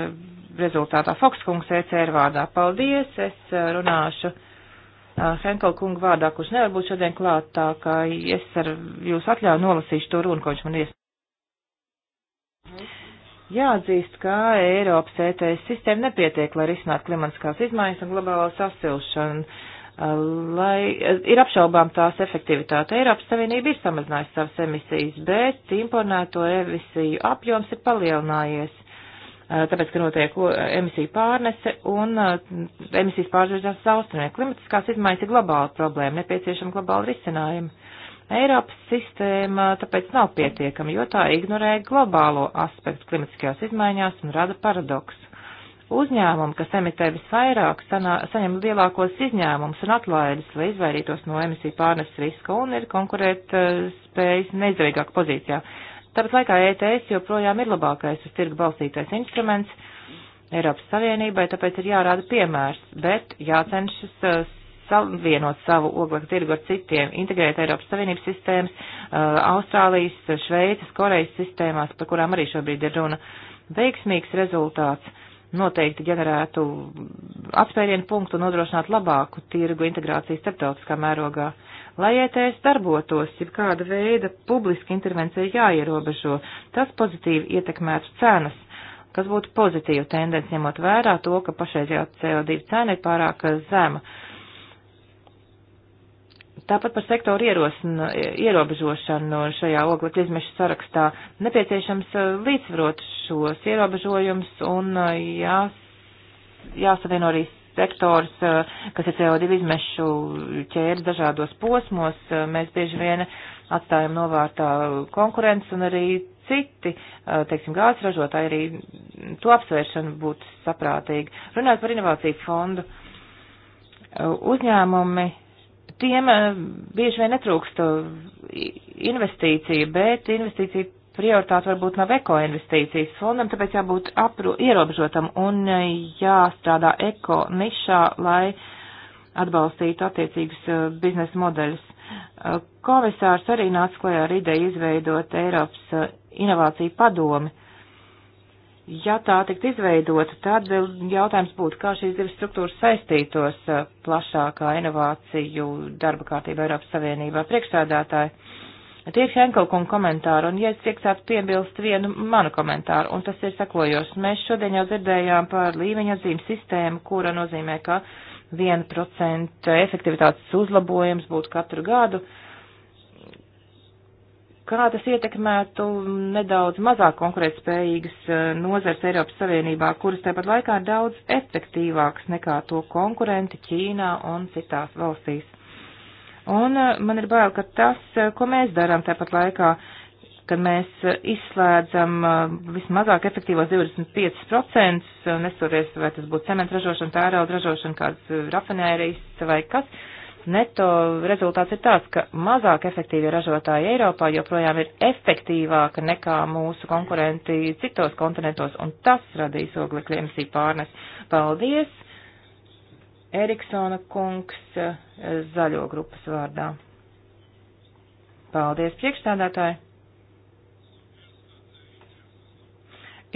B: rezultātā. Fokskungs ECR vārdā. Paldies, es eh, runāšu. Henkela kunga vārdā, kurš nevar būt šodien klāt, tā kā es ar jūs atļauju nolasīšu to runu, ko viņš man ies. Jāatzīst, ka Eiropas ETS sistēma nepietiek, lai risinātu klimatiskās izmaiņas un globālo sasilšanu, uh, lai uh, ir apšaubām tās efektivitāte. Eiropas Savienība ir samazinājusi savas emisijas, bet importēto emisiju apjoms ir palielinājies, uh, tāpēc, ka notiek emisiju pārnese un emisijas pārzvežās uz austrumiem. Klimatiskās izmaiņas ir globāla problēma, nepieciešama globāla risinājuma. Eiropas sistēma tāpēc nav pietiekama, jo tā ignorē globālo aspektu klimatiskajās izmaiņās un rada paradoksu. Uzņēmumi, kas emitē visvairāk, sanā, saņem lielākos izņēmumus un atlaides, lai izvairītos no emisiju pārnes riska un ir konkurēt uh, spējas neizdevīgāk pozīcijā. Tāpat laikā ETS joprojām ir labākais uz tirgu balstītais instruments Eiropas Savienībai, tāpēc ir jārāda piemērs, bet jācenšas uh, savienot savu oglekļu tirgu ar citiem, integrēt Eiropas Savienības sistēmas, uh, Austrālijas, Šveices, Korejas sistēmās, par kurām arī šobrīd ir runa. Veiksmīgs rezultāts noteikti ģenerētu atspērienu punktu un nodrošinātu labāku tirgu integrāciju starptautiskā mērogā. Lai ETS darbotos, ir kāda veida publiska intervencija jāierobežo, tas pozitīvi ietekmētu cenas, kas būtu pozitīva tendence, ņemot vērā to, ka pašreizējā CO2 cena ir pārāk zema. Uh, Tāpat par sektoru ierosina, ierobežošanu šajā oglekļa izmešu sarakstā nepieciešams uh, līdzsvarot šos ierobežojumus un uh, jās, jāsavieno arī sektors, uh, kas ir CO2 izmešu ķēdes dažādos posmos. Mēs bieži vien atstājam novārtā konkurences un arī citi, teiksim, gāzes ražotāji arī to apsvēršanu būtu saprātīgi. Runājot par inovāciju fondu, uzņēmumi tiem eh, bieži vien netrūkst eh, investīciju, bet investīcija prioritāte varbūt nav ekoinvestīcijas fondam, tāpēc jābūt apro, ierobežotam un eh, jāstrādā eko nišā, lai atbalstītu attiecīgus biznesa modeļus. Komisārs arī nāca klajā ar ideju izveidot Eiropas inovāciju padomi, Ja tā tiktu izveidota, tad jautājums būtu, kā šīs divas struktūras saistītos plašākā inovāciju darba kārtība Eiropas Savienībā priekšsādātāji. Tie ir Henkelkunga komentāri, un ja es priekšsātu piebilst vienu manu komentāru, un tas ir sekojošs. Mēs šodien jau dzirdējām par līmeņa zīmu sistēmu, kura nozīmē, ka 1% efektivitātes uzlabojums būtu katru gadu. Uh, kā tas ietekmētu nedaudz mazāk konkurētspējīgas e, nozars Eiropas Savienībā, kuras tāpat laikā ir daudz efektīvākas nekā to konkurenti Ķīnā un citās valstīs. Un e, man ir bail, ka tas, e, ko mēs darām tāpat laikā, kad mēs izslēdzam vismazāk efektīvos 25%, nesoties, vai tas būtu cementražošana, tērauda ražošana, kādas rafinērijas vai kas, Neto rezultāts ir tāds, ka mazāk efektīvie ražotāji Eiropā joprojām ir efektīvāka nekā mūsu konkurenti citos kontinentos, un tas radīs oglekļa emisiju pārnes. Paldies! Eriksona kungs zaļo grupas vārdā. Paldies priekšstādātāji!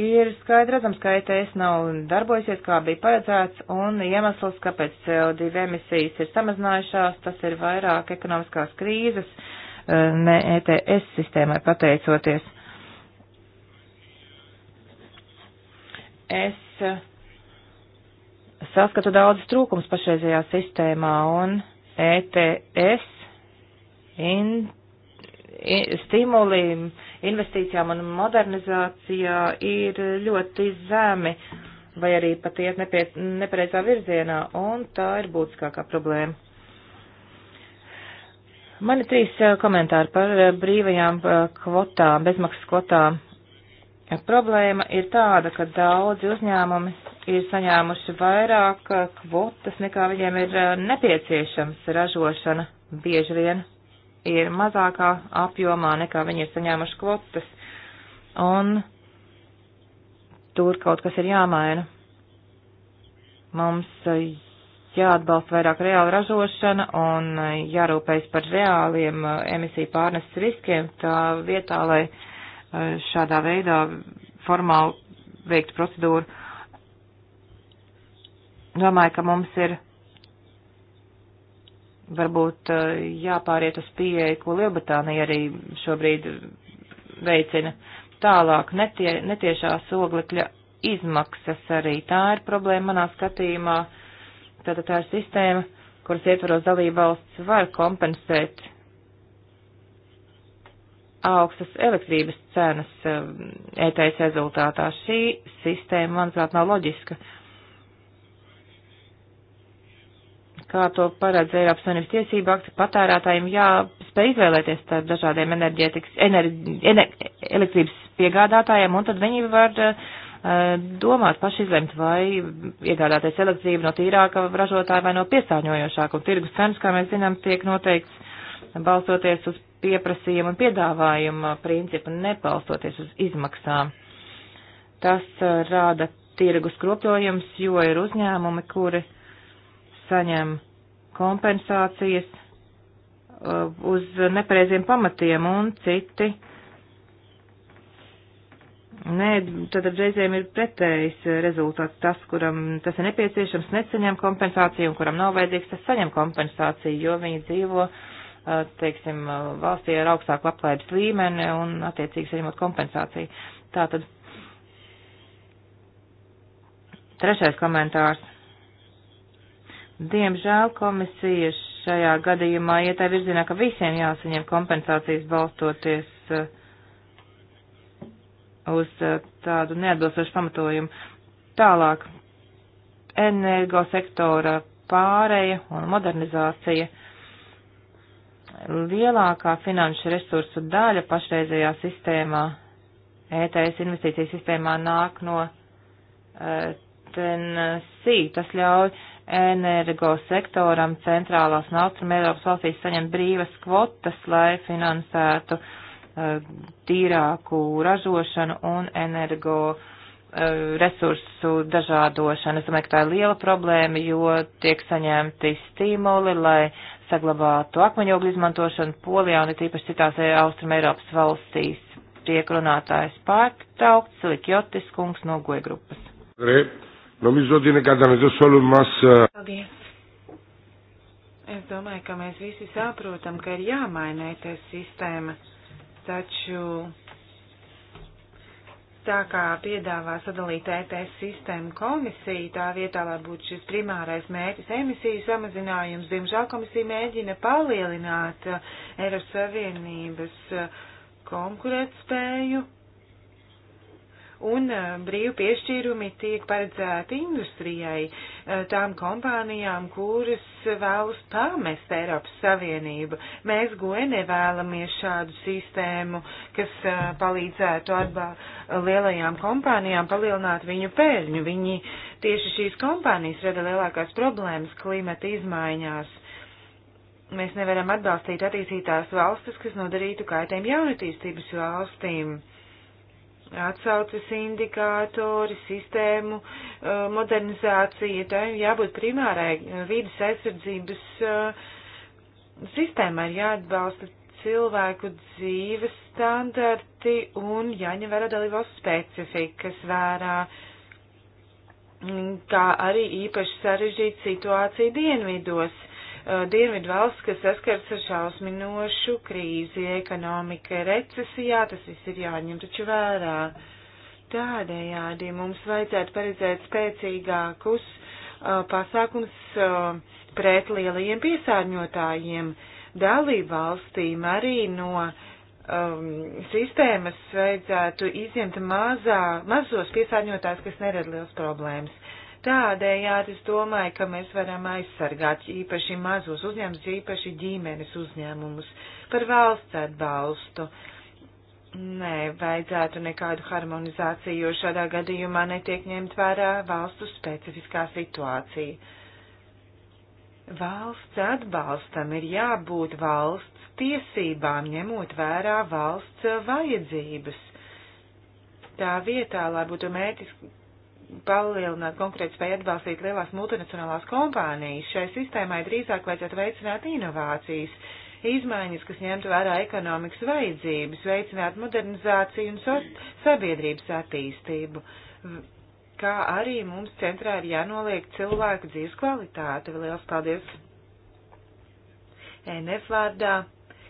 B: ir skaidri redzams, ka ETS nav darbojusies, kā bija paredzēts, un iemesls, kāpēc CO2 emisijas ir samazinājušās, tas ir vairāk ekonomiskās krīzes, eh, ne ETS sistēmai pateicoties. Es eh, saskatu daudz trūkums pašreizajā sistēmā, un ETS in stimuli investīcijām un modernizācijā ir ļoti zemi vai arī pat iet nepareizā virzienā, un tā ir būtiskākā problēma. Man ir trīs eh, komentāri par eh, brīvajām eh, kvotām, bezmaksas kvotām. Problēma ir tāda, ka daudzi uzņēmumi ir saņēmuši vairāk kvotas, nekā viņiem ir nepieciešams ražošana bieži vien ir mazākā apjomā nekā viņi ir saņēmuši kvotas, un tur kaut kas ir jāmaina. Mums eh, jāatbalsta vairāk reāla ražošana un eh, jārūpējas par reāliem eh, emisiju pārneses riskiem, tā vietā, lai šādā veidā formāli veiktu procedūru. Domāju, ka mums ir varbūt eh, jāpāriet uz pieeju, ko Lielbritānija arī šobrīd veicina. Tālāk netie, netiešās oglekļa izmaksas arī tā ir problēma manā skatījumā. Tātad tā ir sistēma, kuras ietvaros dalībvalsts var kompensēt augstas elektrības cenas ETS eh, e rezultātā. Šī sistēma, manuprāt, nav loģiska. Uh, kā to paredz Eiropas Savienības tiesība akti, patērētājiem jāspēj izvēlēties starp dažādiem enerģētikas, enerģi, ener, elektrības piegādātājiem, un tad viņi var uh, domāt, paši izlemt, vai iegādāties elektrību no tīrāka ražotāja vai no piesārņojošāka, un tirgus cenas, kā mēs zinām, tiek noteikts balstoties uz pieprasījuma un piedāvājuma principu, nepalstoties uz izmaksām. Tas eh, rāda tirgus kropļojums, jo ir uzņēmumi, kuri saņem kompensācijas uh, uz nepareiziem pamatiem un citi. Nē, tad reizēm ir pretējs rezultāts. Tas, kuram tas ir nepieciešams, neceņem kompensāciju, un kuram nav vajadzīgs, tas saņem kompensāciju, jo viņi dzīvo, uh, teiksim, uh, valstī ar augstāku labklājības līmeni un, attiecīgi, saņemot kompensāciju. Tātad Trešais komentārs. Diemžēl komisija šajā gadījumā iet tā virzienā, ka visiem jāsaņem kompensācijas balstoties eh, uz eh, tādu neatbilstošu pamatojumu. Tālāk, energosektora pāreja un modernizācija. Lielākā finanšu resursu daļa pašreizējā sistēmā, ETS investīciju sistēmā, nāk no eh, TNC. Tas ļauj uh, energosektoram centrālās un austruma Eiropas valstīs saņem brīvas kvotas, lai finansētu uh, tīrāku ražošanu un energo uh, resursu dažādošanu. Es domāju, ka tā ir liela problēma, jo tiek saņemti stimuli, lai saglabātu akmeņogļu izmantošanu Polijā un ir tīpaši citās e, Austrum Eiropas valstīs. Tiek runātājs pārtraukts, Likjotis kungs no goja grupas. Grib. Νομίζω ότι είναι κατανοητός όλων μας. Paldies.
C: Es domāju, ka mēs visi saprotam, ka ir jāmaina tā sistēma, taču tā kā piedāvā sadalīt ETS sistēmu komisija, tā vietā, lai būtu šis primārais mērķis emisiju samazinājums, diemžēl komisija mēģina palielināt Eiropas Savienības konkurētspēju un eh, brīvi piešķīrumi tiek paredzēti industrijai, eh, tām kompānijām, kuras vēlas pamest Eiropas Savienību. Mēs goe nevēlamies šādu sistēmu, kas eh, palīdzētu atbā lielajām kompānijām palielināt viņu pēļņu. Viņi tieši šīs kompānijas rada lielākās problēmas klimata izmaiņās mēs nevaram atbalstīt attīstītās valstis, kas nodarītu kaitējumu jaunatīstības valstīm atsaucas indikātori, sistēmu eh, modernizācija, tā jābūt primārai eh, vidas aizsardzības eh, sistēmai, ir jāatbalsta cilvēku dzīves standarti un jāņem vērā dalībvalstu specifikas vērā, mm, kā arī īpaši sarežģīta situācija dienvidos Eh, dienvidu valsts, kas saskars ar šausminošu krīzi, ekonomika recesijā, tas viss ir jāņem taču vērā. Tādējādi mums vajadzētu paredzēt spēcīgākus uh, pasākums uh, pret lielajiem piesārņotājiem. Dalību valstīm arī no um, sistēmas vajadzētu izņemt mazā, mazos piesārņotājs, kas nerada liels problēmas. Tādējādi es domāju, ka mēs varam aizsargāt īpaši mazus uzņēmumus, īpaši ģimenes uzņēmumus par valsts atbalstu. Nē, vajadzētu nekādu harmonizāciju, jo šādā gadījumā netiek ņemt vērā valstu specifiskā situācija. Valsts atbalstam ir jābūt valsts tiesībām, ņemot vērā valsts vajadzības. Tā vietā, lai būtu mētiski palielināt konkurētspēju atbalstīt lielās multinacionālās kompānijas. Šai sistēmai drīzāk vajadzētu veicināt inovācijas, izmaiņas, kas ņemtu vērā ekonomikas vajadzības, veicināt modernizāciju un so sabiedrības attīstību, kā arī mums centrā ir jānoliek cilvēku dzīves kvalitāte. Liels paldies! NF vārdā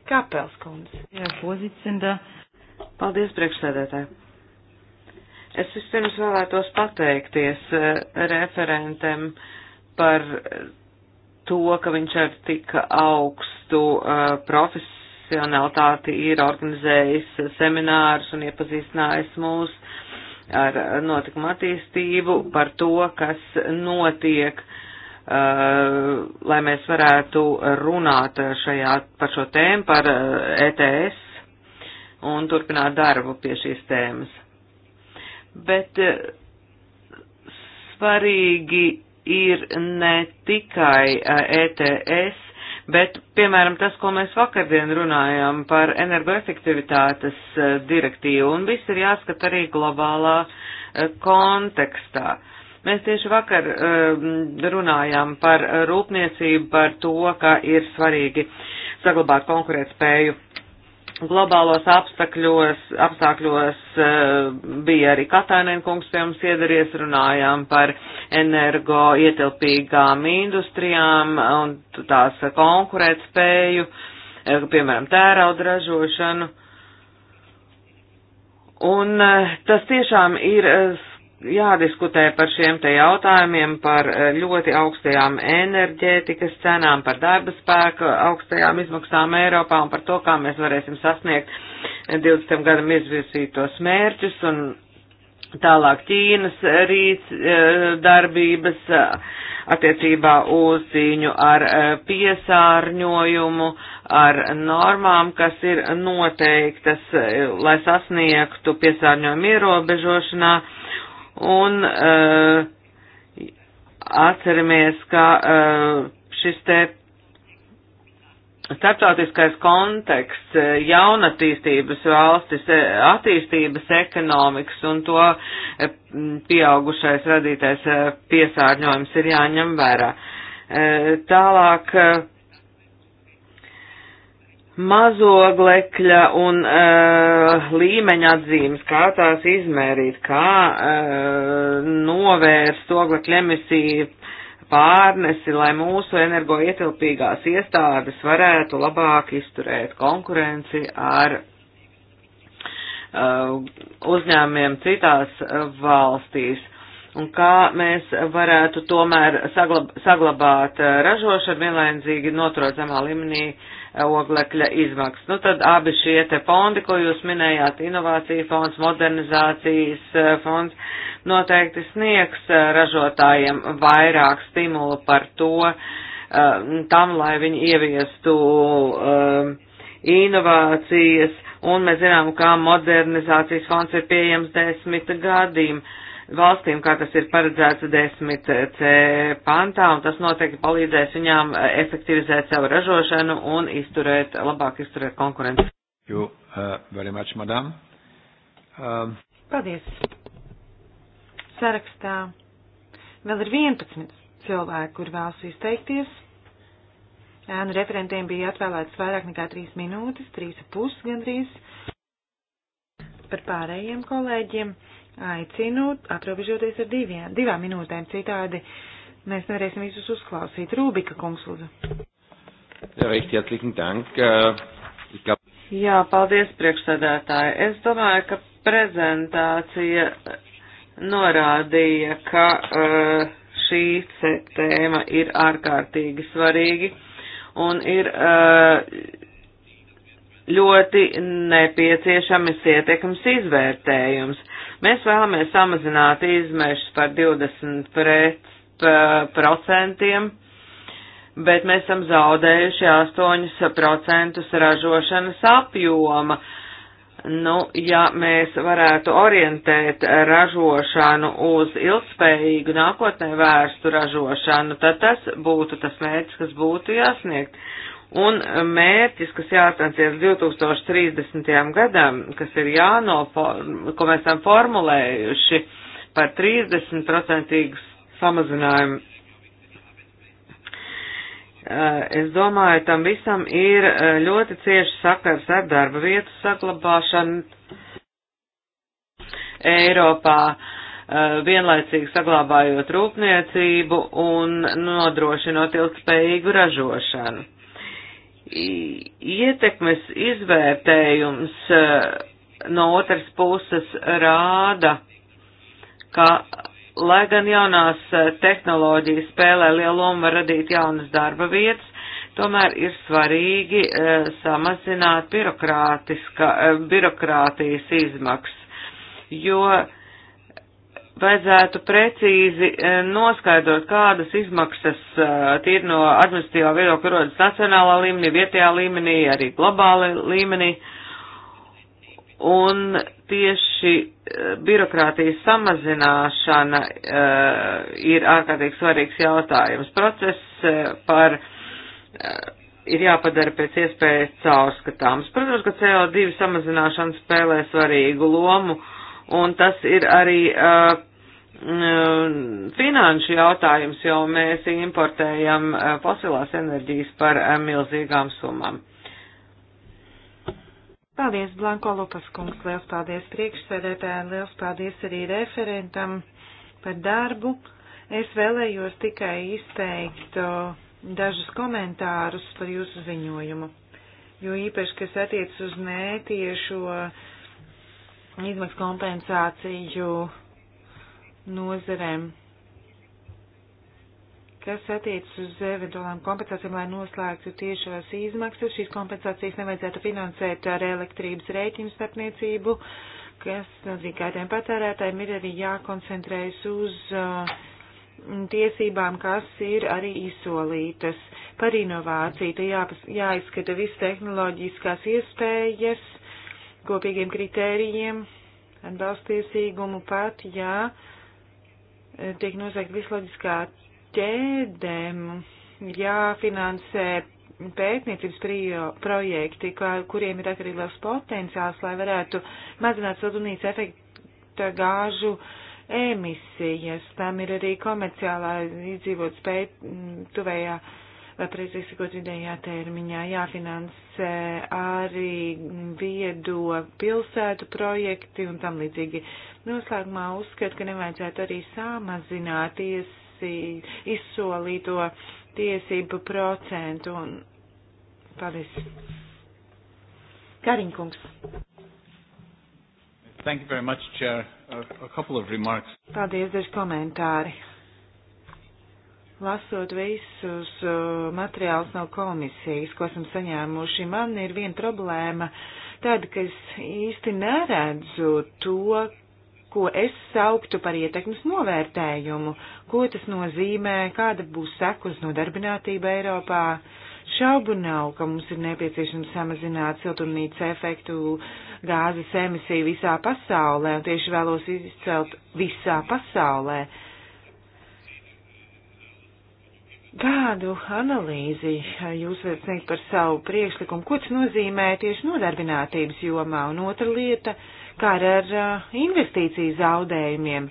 A: Kapelskundze. Jā, pozicinda. Paldies, priekšsēdētāji. Es vispirms vēlētos pateikties eh, referentam par eh, to, ka viņš ar tik augstu eh, profesionalitāti ir organizējis seminārus un iepazīstinājis mūs ar notikumu attīstību, par to, kas notiek, lai mēs varētu runāt šajā, par šo tēmu, par ETS e un turpināt darbu pie šīs tēmas bet eh, svarīgi ir ne tikai ETS, eh, e bet, piemēram, tas, ko mēs vakardien runājām par energoefektivitātes eh, direktīvu, un viss ir jāskat arī globālā kontekstā. Mēs tieši vakar runājām par rūpniecību, par to, ka ir svarīgi saglabāt konkurētspēju globālos apstākļos, apstākļos eh, bija arī Katainenkungs pie mums iedaries, runājām par energo ietilpīgām industrijām un tās konkurētspēju, eh, piemēram, tērauda ražošanu. Un eh, tas tiešām ir jādiskutē par šiem te jautājumiem, par eh, ļoti augstajām enerģētikas cenām, par darba spēku augstajām izmaksām Eiropā un par to, kā mēs varēsim sasniegt 20. Eh, gadam izvirzītos mērķus un tālāk Ķīnas rīts eh, darbības attiecībā uz cīņu ar piesārņojumu, ar normām, kas ir noteiktas, lai sasniegtu piesārņojumu ierobežošanā Un uh, atceramies, ka uh, šis te starptautiskais konteksts, eh, jaunatīstības valstis, attīstības ekonomikas un to pieaugušais radītais piesārņojums ir jāņem vērā. Tālāk mazoglekļa un uh, līmeņa atzīmes, kā tās izmērīt, kā uh, novērst oglekļa emisiju pārnesi, lai mūsu energoietilpīgās iestādes varētu labāk izturēt konkurenci ar uh, uzņēmiem citās valstīs un kā mēs varētu tomēr saglab saglabāt ražošanu vienlaicīgi noturot zemā līmenī uh, oglekļa izmaksas. Nu tad abi šie te fondi, ko jūs minējāt, inovācija fonds, modernizācijas eh, fonds, noteikti sniegs eh, ražotājiem vairāk stimulu par to, eh, tam, lai viņi ieviestu inovācijas, un mēs zinām, kā modernizācijas fonds ir pieejams desmit gadiem valstīm, kā tas ir paredzēts 10C pantā, un tas noteikti palīdzēs viņām efektivizēt savu ražošanu un izturēt, labāk izturēt konkurenci. You, uh, very much, madam. Um.
C: Paldies. Sarakstā vēl ir 11 cilvēku, kur vēlas izteikties. Ēnu referentiem bija atvēlēts vairāk nekā 3 minūtes, 3,5 gandrīz. Par pārējiem kolēģiem. Uh, Aicinu aprobežoties ar diviem, divām minūtēm, citādi mēs nevarēsim visus
A: uzklausīt. Rūbika kungs, lūdzu. Ja, recht herzlichen Dank. Äh, ich glaub... Jā, paldies priekšsēdētāji. Es domāju, ka prezentācija norādīja, ka uh, šī tēma ir ārkārtīgi svarīgi un ir uh, ļoti nepieciešams ietekmes izvērtējums. Mēs vēlamies samazināt izmešus par 20 pret, procentiem, bet mēs esam zaudējuši 8% ražošanas apjoma. Nu, ja mēs varētu orientēt ražošanu uz ilgspējīgu nākotnē vērstu ražošanu, tad tas būtu tas mērķis, kas būtu jāsniegt. Un mērķis, kas jāsniedz ir 2030. gadam, kas ir jānoform, ko mēs esam formulējuši par 30% samazinājumu. Eh, es domāju, tam visam ir eh, ļoti cieši sakars ar darba vietu saglabāšanu Eiropā. Uh, vienlaicīgi saglabājot rūpniecību un nodrošinot ilgspējīgu ražošanu. Ietekmes izvērtējums eh, no otras puses rāda, ka, lai gan jaunās eh, tehnoloģijas spēlē lielu lomu var radīt jaunas darba vietas, tomēr ir svarīgi uh, samazināt birokrātiskā, uh, birokrātijas izmaksas, jo uh, vajadzētu precīzi e, noskaidrot, kādas izmaksas e, tīri no administratīvā viedokļa rodas nacionālā līmenī, vietējā līmenī, arī globāla līmenī. Un tieši e, birokrātijas samazināšana ir ārkārtīgi svarīgs jautājums. Process par ir jāpadara pēc iespējas caurskatāms. Protams, ka CO2 samazināšana spēlē svarīgu lomu, un tas ir arī uh, Mm, finanšu jautājums, jo mēs importējam eh, fosilās enerģijas par eh, milzīgām summām.
C: Paldies, Blanko Lupas kungs, liels paldies priekšsēdētājiem, liels paldies arī referentam par darbu. Es vēlējos tikai izteikt dažus komentārus par jūsu ziņojumu, jo īpaši, kas attiec uz nētiešo izmaksu kompensāciju nozerēm, kas attiecas uz eventuālām kompensācijām, lai noslēgtu tiešās izmaksas. Šīs kompensācijas nevajadzētu finansēt ar elektrības rēķinu starpniecību, kas nozīmīgākiem nu, patērētājiem ir arī jākoncentrējas uz uh, tiesībām, kas ir arī izsolītas. Par inovāciju te jā, jāizskata viss tehnoloģiskās iespējas, kopīgiem kritērijiem, atbalstiesīgumu pat, jā. Ja E, tiek noteikti visloģiskā ķēdēm jāfinansē pētniecības projekti, kā, kuriem ir arī liels potenciāls, lai varētu mazināt siltumnīca efekta gāžu emisijas. Tam ir arī komerciālā izdzīvot spēj tuvējā vai precīzi sakot vidējā termiņā jāfinansē arī viedo pilsētu projekti un tam līdzīgi Noslēgumā uzskatu, ka nevajadzētu arī samazināt tiesi, izsolīto tiesību procentu. Un... Paldies. Kariņkungs. Thank you very much, Chair. A, a couple of remarks. Paldies, daži komentāri. Lasot visus uh, materiālus no komisijas, ko esam saņēmuši, man ir viena problēma tāda, ka es īsti neredzu to, ko es sauktu par ietekmes novērtējumu, ko tas nozīmē, kāda būs sekus nodarbinātība Eiropā. Šaubu nav, ka mums ir nepieciešams samazināt siltumnīca efektu gāzes emisiju visā pasaulē, un tieši vēlos izcelt visā pasaulē. Kādu analīzi jūs varat sniegt par savu priekšlikumu, ko tas nozīmē tieši nodarbinātības jomā? Un otra lieta kā ar investīciju zaudējumiem.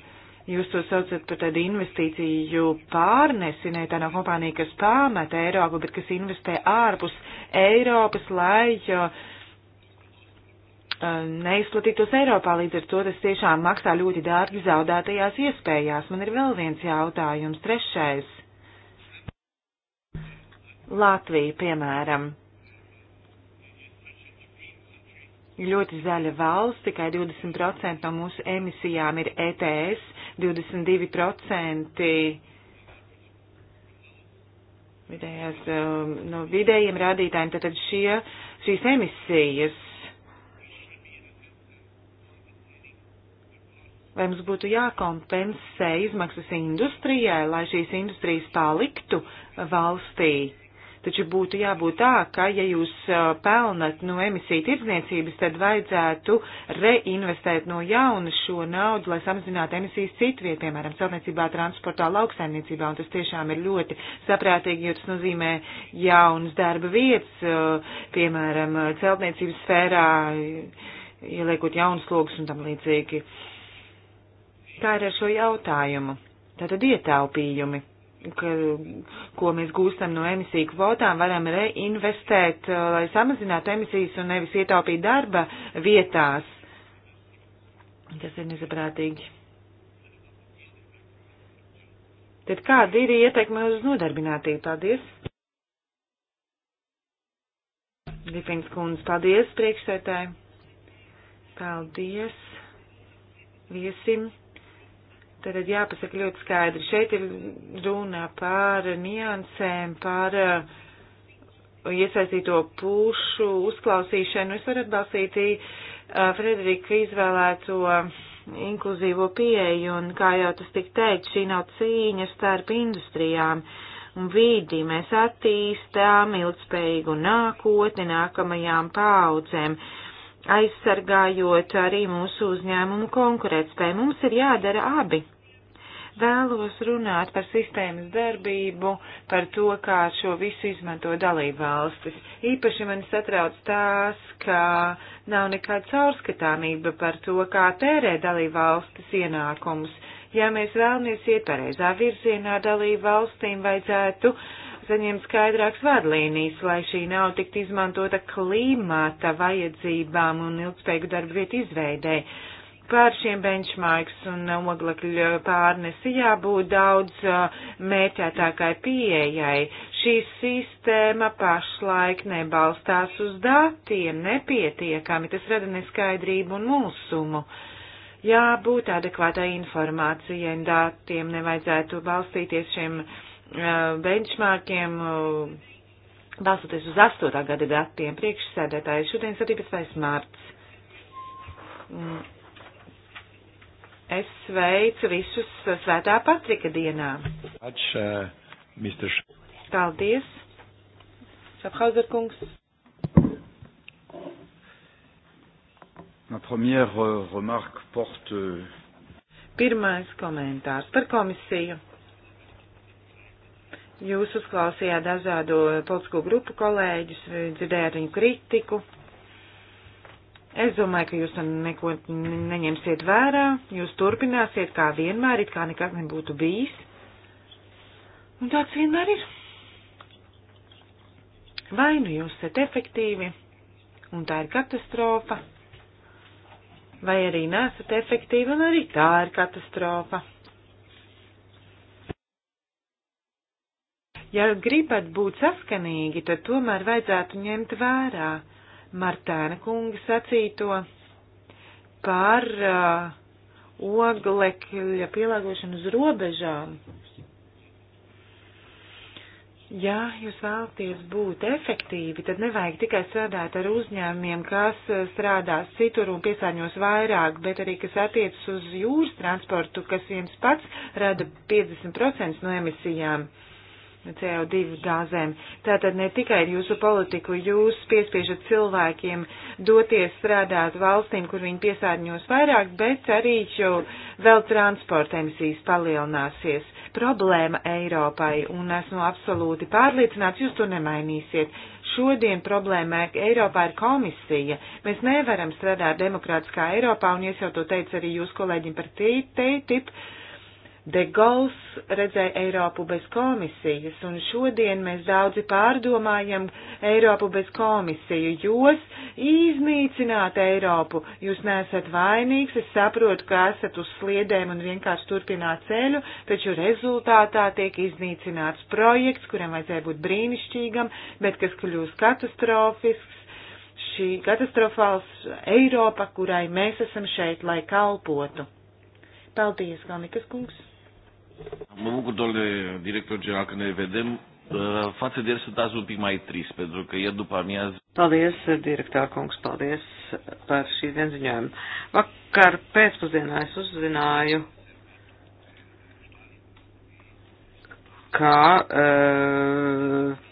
C: Jūs to saucat par tādu investīciju pārnesi, ne tā nav kompānija, kas pārmet Eiropu, bet kas investē ārpus Eiropas, lai neizplatītos Eiropā. Līdz ar to tas tiešām maksā ļoti dārgi zaudētajās iespējās. Man ir vēl viens jautājums, trešais. Latvija, piemēram. ļoti zaļa valsts, tikai 20% no mūsu emisijām ir ETS, 22% vidējās, um, no vidējiem rādītājiem, tātad šie, šīs emisijas. Vai mums būtu jākompensē izmaksas industrijai, lai šīs industrijas paliktu valstī? Taču būtu jābūt tā, ka, ja jūs pelnat no emisiju tirdzniecības, tad vajadzētu reinvestēt no jauna šo naudu, lai samazinātu emisijas citviet, piemēram, celtniecībā, transportā, lauksaimniecībā. Un tas tiešām ir ļoti saprātīgi, jo tas nozīmē jaunas darba vietas, piemēram, celtniecības sfērā, ieliekot jaunas logus un tam līdzīgi. Kā ir ar šo jautājumu? Tātad ietaupījumi ka, ko mēs gūstam no emisiju kvotām, varam reinvestēt, uh, lai samazinātu emisijas un nevis ietaupīt darba vietās. Tas ir nesaprātīgi. Tad kāda ir ietekme uz nodarbinātību? Paldies! Grifins kundze, paldies priekšsētāji! Paldies viesim! Tad jāpasaka ļoti skaidri. Šeit ir runa par niansēm, par uh, iesaistīto pušu uzklausīšanu. Es varu atbalstīt uh, Frederika izvēlēto inkluzīvo pieeju, un kā jau tas tika teikt, šī nav cīņa starp industrijām un vidi. Mēs attīstām ilgspējīgu nākotni nākamajām paudzēm aizsargājot arī mūsu uzņēmumu konkurētspēju. Mums ir jādara abi. Vēlos runāt par sistēmas darbību, par to, kā šo visu izmanto dalību valstis. Īpaši man satrauc tās, ka nav nekāda caurskatāmība par to, kā tērē dalību valstis ienākumus. Ja mēs vēlamies iet pareizā virzienā dalību valstīm, vajadzētu saņemt skaidrāks vadlīnijas, lai šī nav tikt izmantota klimata vajadzībām un ilgspējīgu darbu vietu izveidēji par šiem benchmarks un oglekļu pārnesi jābūt daudz mērķētākai pieejai. Šī sistēma pašlaik nebalstās uz datiem nepietiekami, tas rada neskaidrību un mūsumu. Jābūt adekvātai informācijai un datiem, nevajadzētu balstīties šiem benchmarkiem balstoties uz 8. gada datiem priekšsēdētāji šodien 17. mārts. Mm. Es sveicu visus svētā Patrika dienā. Atš, uh, eh, Mr. Š... Paldies. Šafhauser kungs. Ma première euh, remarque porte. Euh, Pirmais komentārs par komisiju. Jūs uzklausījāt dažādo politisko grupu kolēģus, dzirdējāt viņu kritiku. Es domāju, ka jūs neko neņemsiet vērā, jūs turpināsiet kā vienmēr, it kā nekas nebūtu bijis. Un tāds vienmēr ir. Vai nu jūs esat efektīvi, un tā ir katastrofa, vai arī nesat efektīvi, un arī tā ir katastrofa. Ja gribat būt saskanīgi, tad tomēr vajadzētu ņemt vērā Martēna kunga sacīto par uh, oglekļa pielāgošanu uz robežām. Ja jūs vēlaties būt efektīvi, tad nevajag tikai strādāt ar uzņēmumiem, kas uh, strādās citur un piesāņos vairāk, bet arī, kas attiecas uz jūras transportu, kas viens pats rada 50% no emisijām. Uh, CO2 gāzēm. Tātad ne tikai ar jūsu politiku jūs piespiežat cilvēkiem doties strādāt valstīm, kur viņi piesārņos vairāk, bet arī jau vēl transporta emisijas palielināsies. Problēma Eiropai, un esmu absolūti pārliecināts, jūs to nemainīsiet. Šodien problēma Eiropā ir komisija. Mēs nevaram strādāt demokrātiskā Eiropā, un es jau to teicu arī jūs kolēģim par TTIP. Tī, De Gauls redzēja Eiropu bez komisijas, un šodien mēs daudzi pārdomājam Eiropu bez komisiju. Jūs iznīcināt Eiropu, jūs neesat vainīgs, es saprotu, ka esat uz sliedēm un vienkārši turpināt ceļu, taču rezultātā tiek iznīcināts projekts, kuram vajadzēja būt brīnišķīgam, bet kas kļūst katastrofisks. Šī katastrofāls Eiropa, kurai mēs esam šeit, lai kalpotu.
A: Paldies, Galnikas kungs!
C: Mă bucur, domnule director general, că ne vedem. Față de ieri sunt azi un pic mai trist, pentru că ieri după amiază...
A: Paldies, direktor kungs, paldies par šī dienas ziņojumu. Vakar pēcpusdienā es uzzināju, ka uh,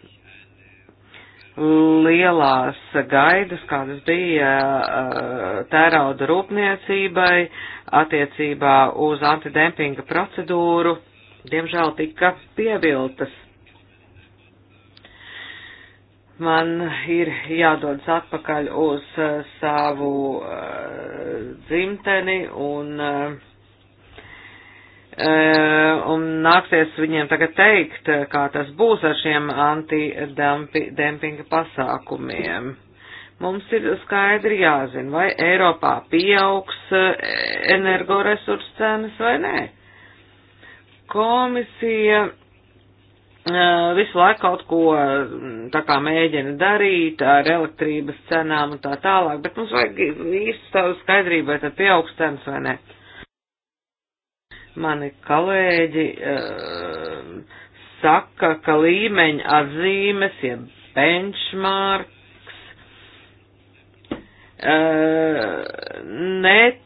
A: lielās gaidas, kādas bija eh, tērauda rūpniecībai attiecībā uz antidempinga procedūru, diemžēl tika pieviltas. Man ir jādodas atpakaļ uz eh, savu eh, dzimteni un uh, Eh, un nāksies viņiem tagad teikt, eh, kā tas būs ar šiem antidempinga pasākumiem. Mums ir skaidri jāzina, vai Eiropā pieaugs eh, energoresursu cenas vai nē. Komisija visu laiku kaut ko mm, tā kā mēģina darīt ar elektrības cenām un tā tālāk, bet mums vajag īstu savu skaidrību, vai tad pieaugs cenas vai nē. Mani kolēģi uh, saka, ka līmeņa atzīmes, ja benchmarks, uh, eh, net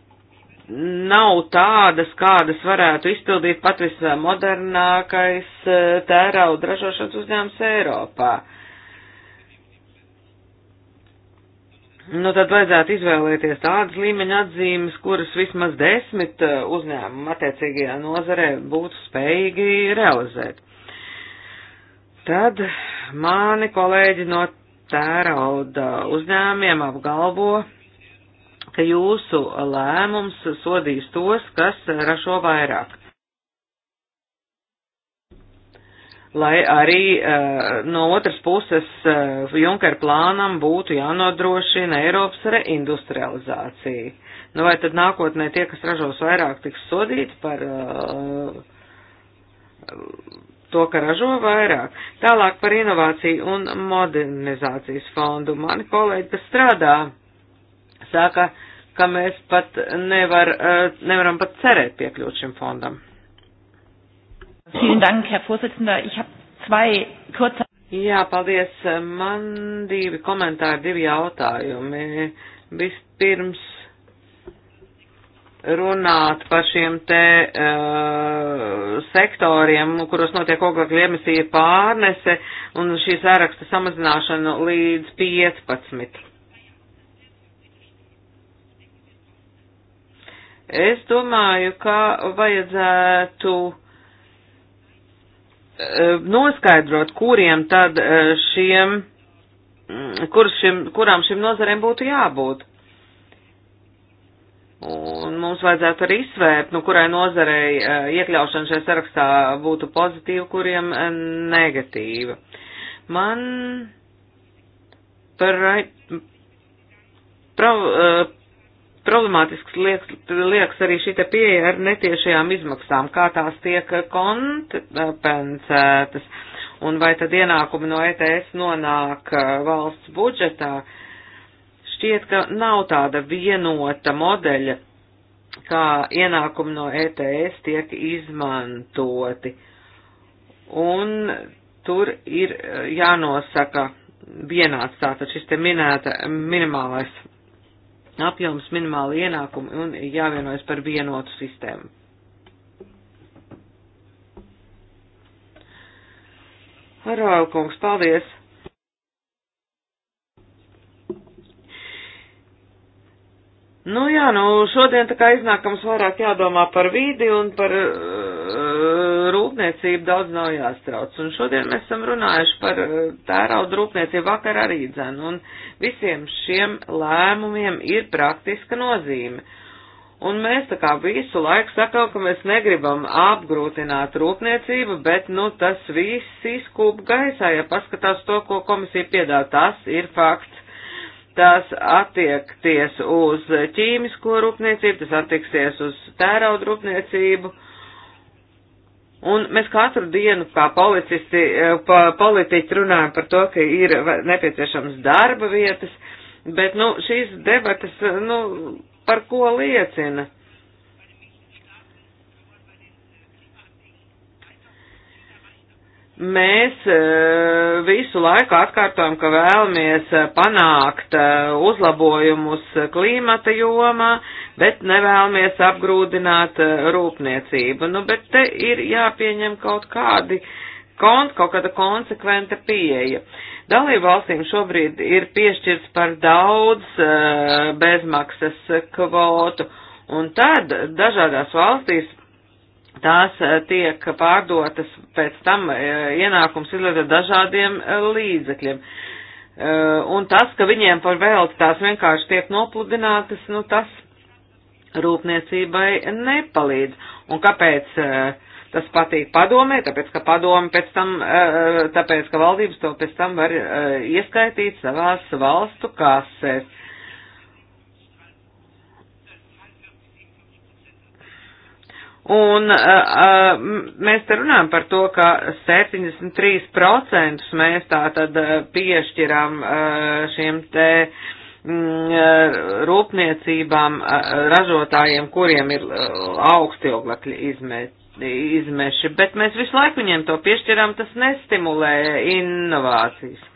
A: nav tādas, kādas varētu izpildīt pat vismodernākais eh, tērauda ražošanas uzņēmums Eiropā. Uh, Nu, tad vajadzētu izvēlēties tādas līmeņa atzīmes, kuras vismaz desmit eh, uzņēmumu attiecīgajā nozarē būtu spējīgi realizēt. Tad mani kolēģi no tērauda uzņēmiem apgalvo, ka jūsu lēmums sodīs tos, kas rašo vairāk. lai arī uh, no otras puses uh, Junker plānam būtu jānodrošina Eiropas reindustrializācija. Nu vai tad nākotnē tie, kas ražos vairāk, tiks sodīti par uh, to, ka ražo vairāk? Tālāk par inovāciju un modernizācijas fondu. Mani kolēģi, kas strādā, saka, ka mēs pat nevar, uh, nevaram pat cerēt piekļūt šim fondam. Vielen Dank,
B: Herr Vorsitzender. Ich habe
A: zwei kurze. Jā, paldies. Man divi komentāri, divi jautājumi. Vispirms runāt par šiem te uh, sektoriem, kuros notiek oglekļa emisija pārnese un šī sāraksta samazināšana līdz 15. Es domāju, ka vajadzētu uh, Eh, noskaidrot, kuriem tad eh, šiem, mm, kur šim, kurām šim nozarēm būtu jābūt. Un mums vajadzētu arī izsvērt, nu, kurai nozarei eh, iekļaušana šajā sarakstā būtu pozitīva, kuriem negatīva. Man par, pra, problemātisks liekas, liekas arī šī pieeja ar netiešajām izmaksām, kā tās tiek kompensētas un vai tad ienākumi no ETS nonāk eh, valsts budžetā. Šķiet, ka nav tāda vienota modeļa, kā ienākumi no ETS tiek izmantoti. Un tur ir eh, jānosaka vienāds tātad šis te minēta minimālais apjoms, minimāli ienākumi un jāvienojas par vienotu sistēmu. Arālu kungs, paldies! Nu jā, nu šodien tā kā iznāk, ka mums vairāk jādomā par vīdi un par uh, rūpniecību daudz nav jāstrauc. Un šodien mēs esam runājuši par eh, tērauda rūpniecību vakar arī dzen, un visiem šiem lēmumiem ir praktiska nozīme. Un mēs tā kā visu laiku sakām, ka mēs negribam apgrūtināt rūpniecību, bet nu tas viss izkūp gaisā, ja paskatās to, ko komisija piedāvā, tas ir fakts. Tas attiekties uz ķīmisko rūpniecību, tas attieksies uz tērauda rūpniecību. Un mēs katru dienu, kā policisti, eh, pa, politiķi runājam par to, ka ir nepieciešams darba vietas, bet, nu, šīs debatas, nu, par ko liecina? Uh, Mēs e, visu laiku atkārtojam, ka vēlamies e, panākt e, uzlabojumus klimata jomā, bet nevēlamies apgrūdināt rūpniecību. Nu, bet te ir jāpieņem kaut kādi, kont, kaut kāda konsekventa pieeja. Dalību valstīm šobrīd ir piešķirts par daudz bezmaksas kvotu, un tad dažādās valstīs tās eh, tiek pārdotas pēc tam eh, ienākums izlietot dažādiem eh, līdzekļiem. Un tas, ka viņiem par velti tās vienkārši tiek nopludinātas, nu tas rūpniecībai nepalīdz. Un kāpēc tas patīk padomē? Tāpēc, ka padomi pēc tam, tāpēc, ka valdības to pēc tam var ieskaitīt savās valstu kasēs. Un uh, uh mēs te runājam par to, ka 73% mēs tā tad uh, piešķiram uh, šiem te mm, uh, rūpniecībām, uh, ražotājiem, kuriem ir augsti oglekļa izme, izmeši, bet mēs visu laiku viņiem to piešķiram, tas nestimulē inovācijas.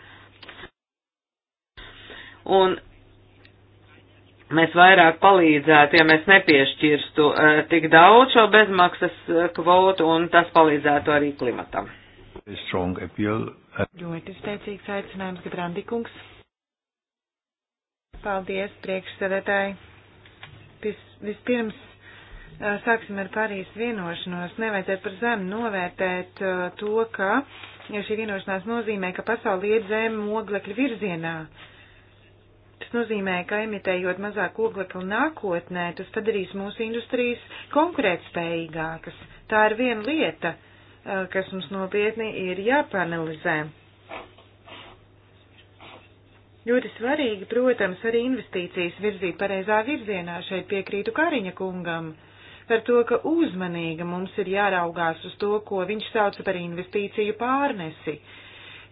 A: Un mēs vairāk palīdzētu, ja mēs nepiešķirstu uh, tik daudz šo bezmaksas eh, kvotu, un tas palīdzētu arī klimatam.
C: Ļoti spēcīgs aicinājums, Grandikungs. Paldies, priekšsēdētāji. Vis, vispirms uh, sāksim ar Parīs vienošanos. Nevajadzētu par zemu novērtēt uh, to, ka ja šī vienošanās nozīmē, ka pasauli iet zem oglekļa virzienā. Uh, Tas nozīmē, ka emitējot mazāk oglekli nākotnē, tas padarīs mūsu industrijas konkurētspējīgākas. Tā ir viena lieta, kas mums nopietni ir jāpanalizē. Ļoti svarīgi, protams, arī investīcijas virzīt pareizā virzienā. Šeit piekrītu Kariņa kungam par to, ka uzmanīgi mums ir jāraugās uz to, ko viņš sauca par investīciju pārnesi. Uh,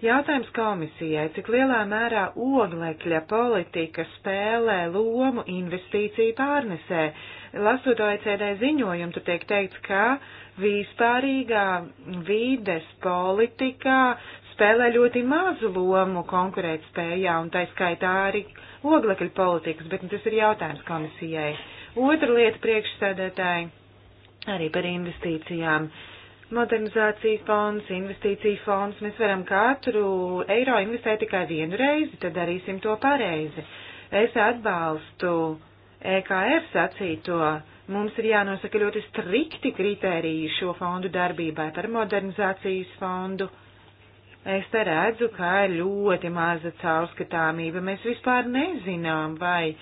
C: Jautājums komisijai, cik lielā mērā oglekļa politika spēlē lomu investīciju pārnesē? Lasot OECD ziņojumu, tur tiek teikts, ka vispārīgā vides politikā spēlē ļoti mazu lomu konkurētspējā un tā skaitā arī oglekļa politikas, bet tas ir jautājums komisijai. Otra lieta priekšsēdētāji arī par investīcijām. Uh, modernizācija fonds, investīcija fonds, mēs varam katru eiro investēt tikai vienu reizi, tad darīsim to pareizi. Es atbalstu EKF sacīto. Mums ir jānosaka ļoti strikti kritēriji šo fondu darbībai par modernizācijas fondu. Es te redzu, ka ir ļoti maza caurskatāmība. Mēs vispār nezinām, vai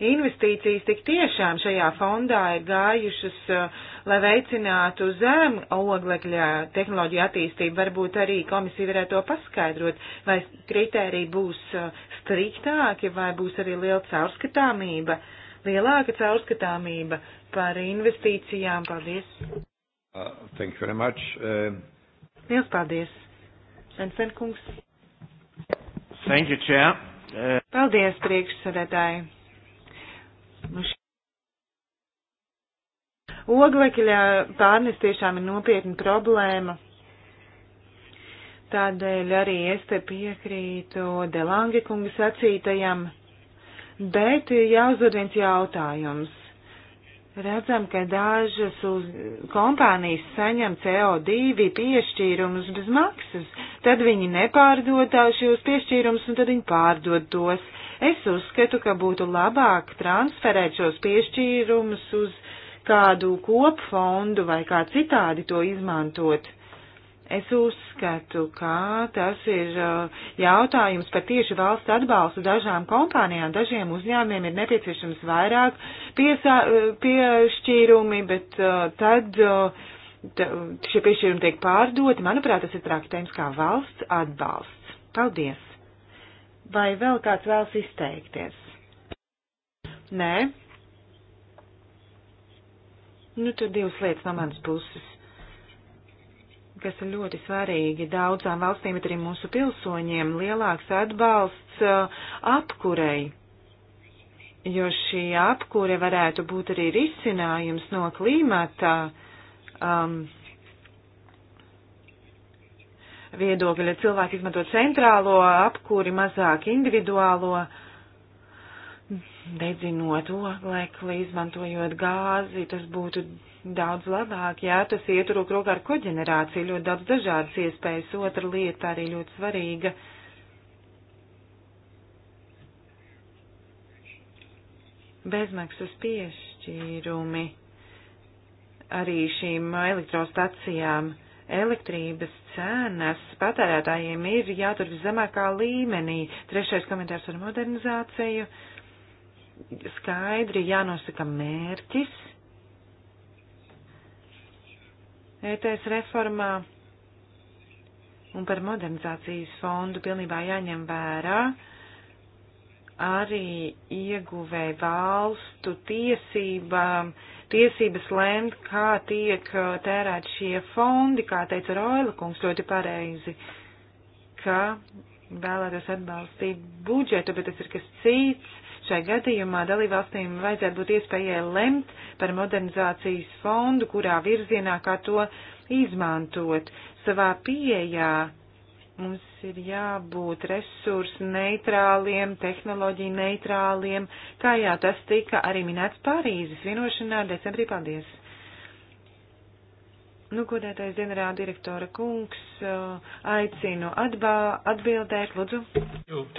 C: investīcijas tik tiešām šajā fondā ir gājušas, eh, lai veicinātu zem oglekļa tehnoloģiju attīstību. Varbūt arī komisija varētu to paskaidrot, vai kritēriji būs eh, striktāki, vai būs arī liela caurskatāmība, lielāka caurskatāmība par investīcijām. Paldies! Uh, thank you very much. Uh... Liels paldies! Sensenkungs.
A: Thank you, Chair. Uh...
C: Paldies, priekšsēdētāji! Nu, š... Oglekļa pārnes tiešām ir nopietna problēma. Tādēļ arī es te piekrītu Delange kunga sacītajam, bet jāuzdod viens jautājums. Redzam, ka dažas uz kompānijas saņem CO2 piešķīrumus bez maksas, tad viņi nepārdod šos piešķīrumus un tad viņi pārdod tos. Es uzskatu, ka būtu labāk transferēt šos piešķīrumus uz kādu kopfondu vai kā citādi to izmantot. Es uzskatu, ka tas ir uh, jautājums par tieši valsts atbalstu dažām kompānijām. Dažiem uzņēmiem ir nepieciešams vairāk piesā, uh, piešķīrumi, bet uh, tad šie piešķīrumi tiek pārdoti. Manuprāt, tas ir traktējums kā valsts atbalsts. Paldies! Vai vēl kāds vēlas izteikties? Nē? Nu, tur divas lietas no manas puses, kas ir ļoti svarīgi daudzām valstīm, bet arī mūsu pilsoņiem - lielāks atbalsts uh, apkurei, jo šī apkure varētu būt arī risinājums no klimata. Um, viedokļa. Cilvēki izmanto centrālo apkūri, mazāk individuālo, dedzinot oglekli, izmantojot gāzi, tas būtu daudz labāk, jā, tas iet roku rokā ar koģenerāciju, ļoti daudz dažādas iespējas. Otra lieta arī ļoti svarīga. Bezmaksas piešķīrumi arī šīm elektrostacijām elektrības cenas patērētājiem ir jātur zemākā līmenī. Trešais komentārs par modernizāciju. Skaidri jānosaka mērķis. ETS reformā un par modernizācijas fondu pilnībā jāņem vērā arī ieguvē valstu tiesībām uh, tiesības lēmt, kā tiek uh, tērēt šie fondi, kā teica Roila kungs ļoti pareizi, ka vēlētos atbalstīt budžetu, bet tas ir kas cits. Šai gadījumā dalībvalstīm vajadzētu būt iespējai lemt par modernizācijas fondu, kurā virzienā kā to izmantot savā pieejā Mums ir jābūt resursu neitrāliem, tehnoloģiju neitrāliem, kā jā, tas tika arī minēts Parīzes vienošanā decembrī. Paldies! Nu, godētais ģenerāla direktora kungs, uh, aicinu atbā, atbildēt, lūdzu.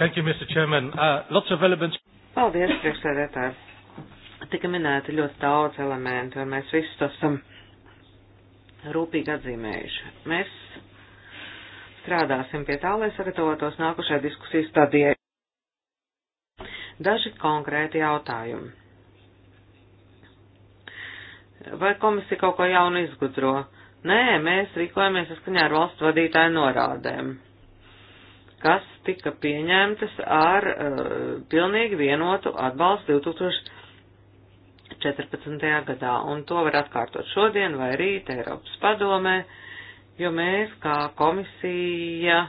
C: Thank you, Mr.
B: Chairman. Uh, lots of elements.
A: Paldies, priekšsēdētāji. Tika minēta ļoti daudz elementu, un mēs visus to esam rūpīgi atzīmējuši. Mēs strādāsim pie tā, lai sagatavotos nākušai diskusijas stadijai. Daži konkrēti jautājumi. Vai komisija kaut ko jaunu izgudro? Nē, mēs rīkojamies saskaņā ar valstu vadītāju norādēm, kas tika pieņemtas ar uh, pilnīgi vienotu atbalstu 2014. gadā, un to var atkārtot šodien vai rīt Eiropas padomē. Uh, jo mēs kā komisija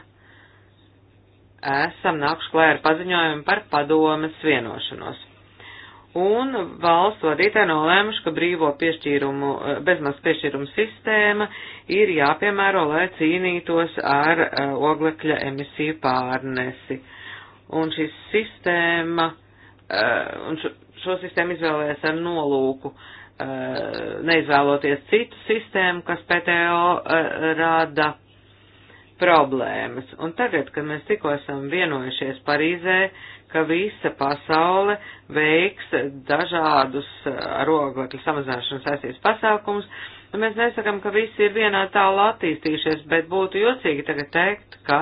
A: esam nākuši klēra paziņojumu par padomas vienošanos. Un valsts vadītāji nolēmuši, ka brīvo piešķīrumu, bezmaz piešķīrumu sistēma ir jāpiemēro, lai cīnītos ar uh, oglekļa emisiju pārnesi. Un šī sistēma, uh, un šo, šo sistēmu izvēlēs ar nolūku uh, Eh, neizvēloties citu sistēmu, kas PTO eh, rada problēmas. Un tagad, kad mēs tikko esam vienojušies Parīzē, ka visa pasaule veiks dažādus eh, ar oglekļa samazināšanas saistīts pasākums, nu, mēs nesakam, ka visi ir vienā tālā attīstījušies, bet būtu jocīgi tagad teikt, ka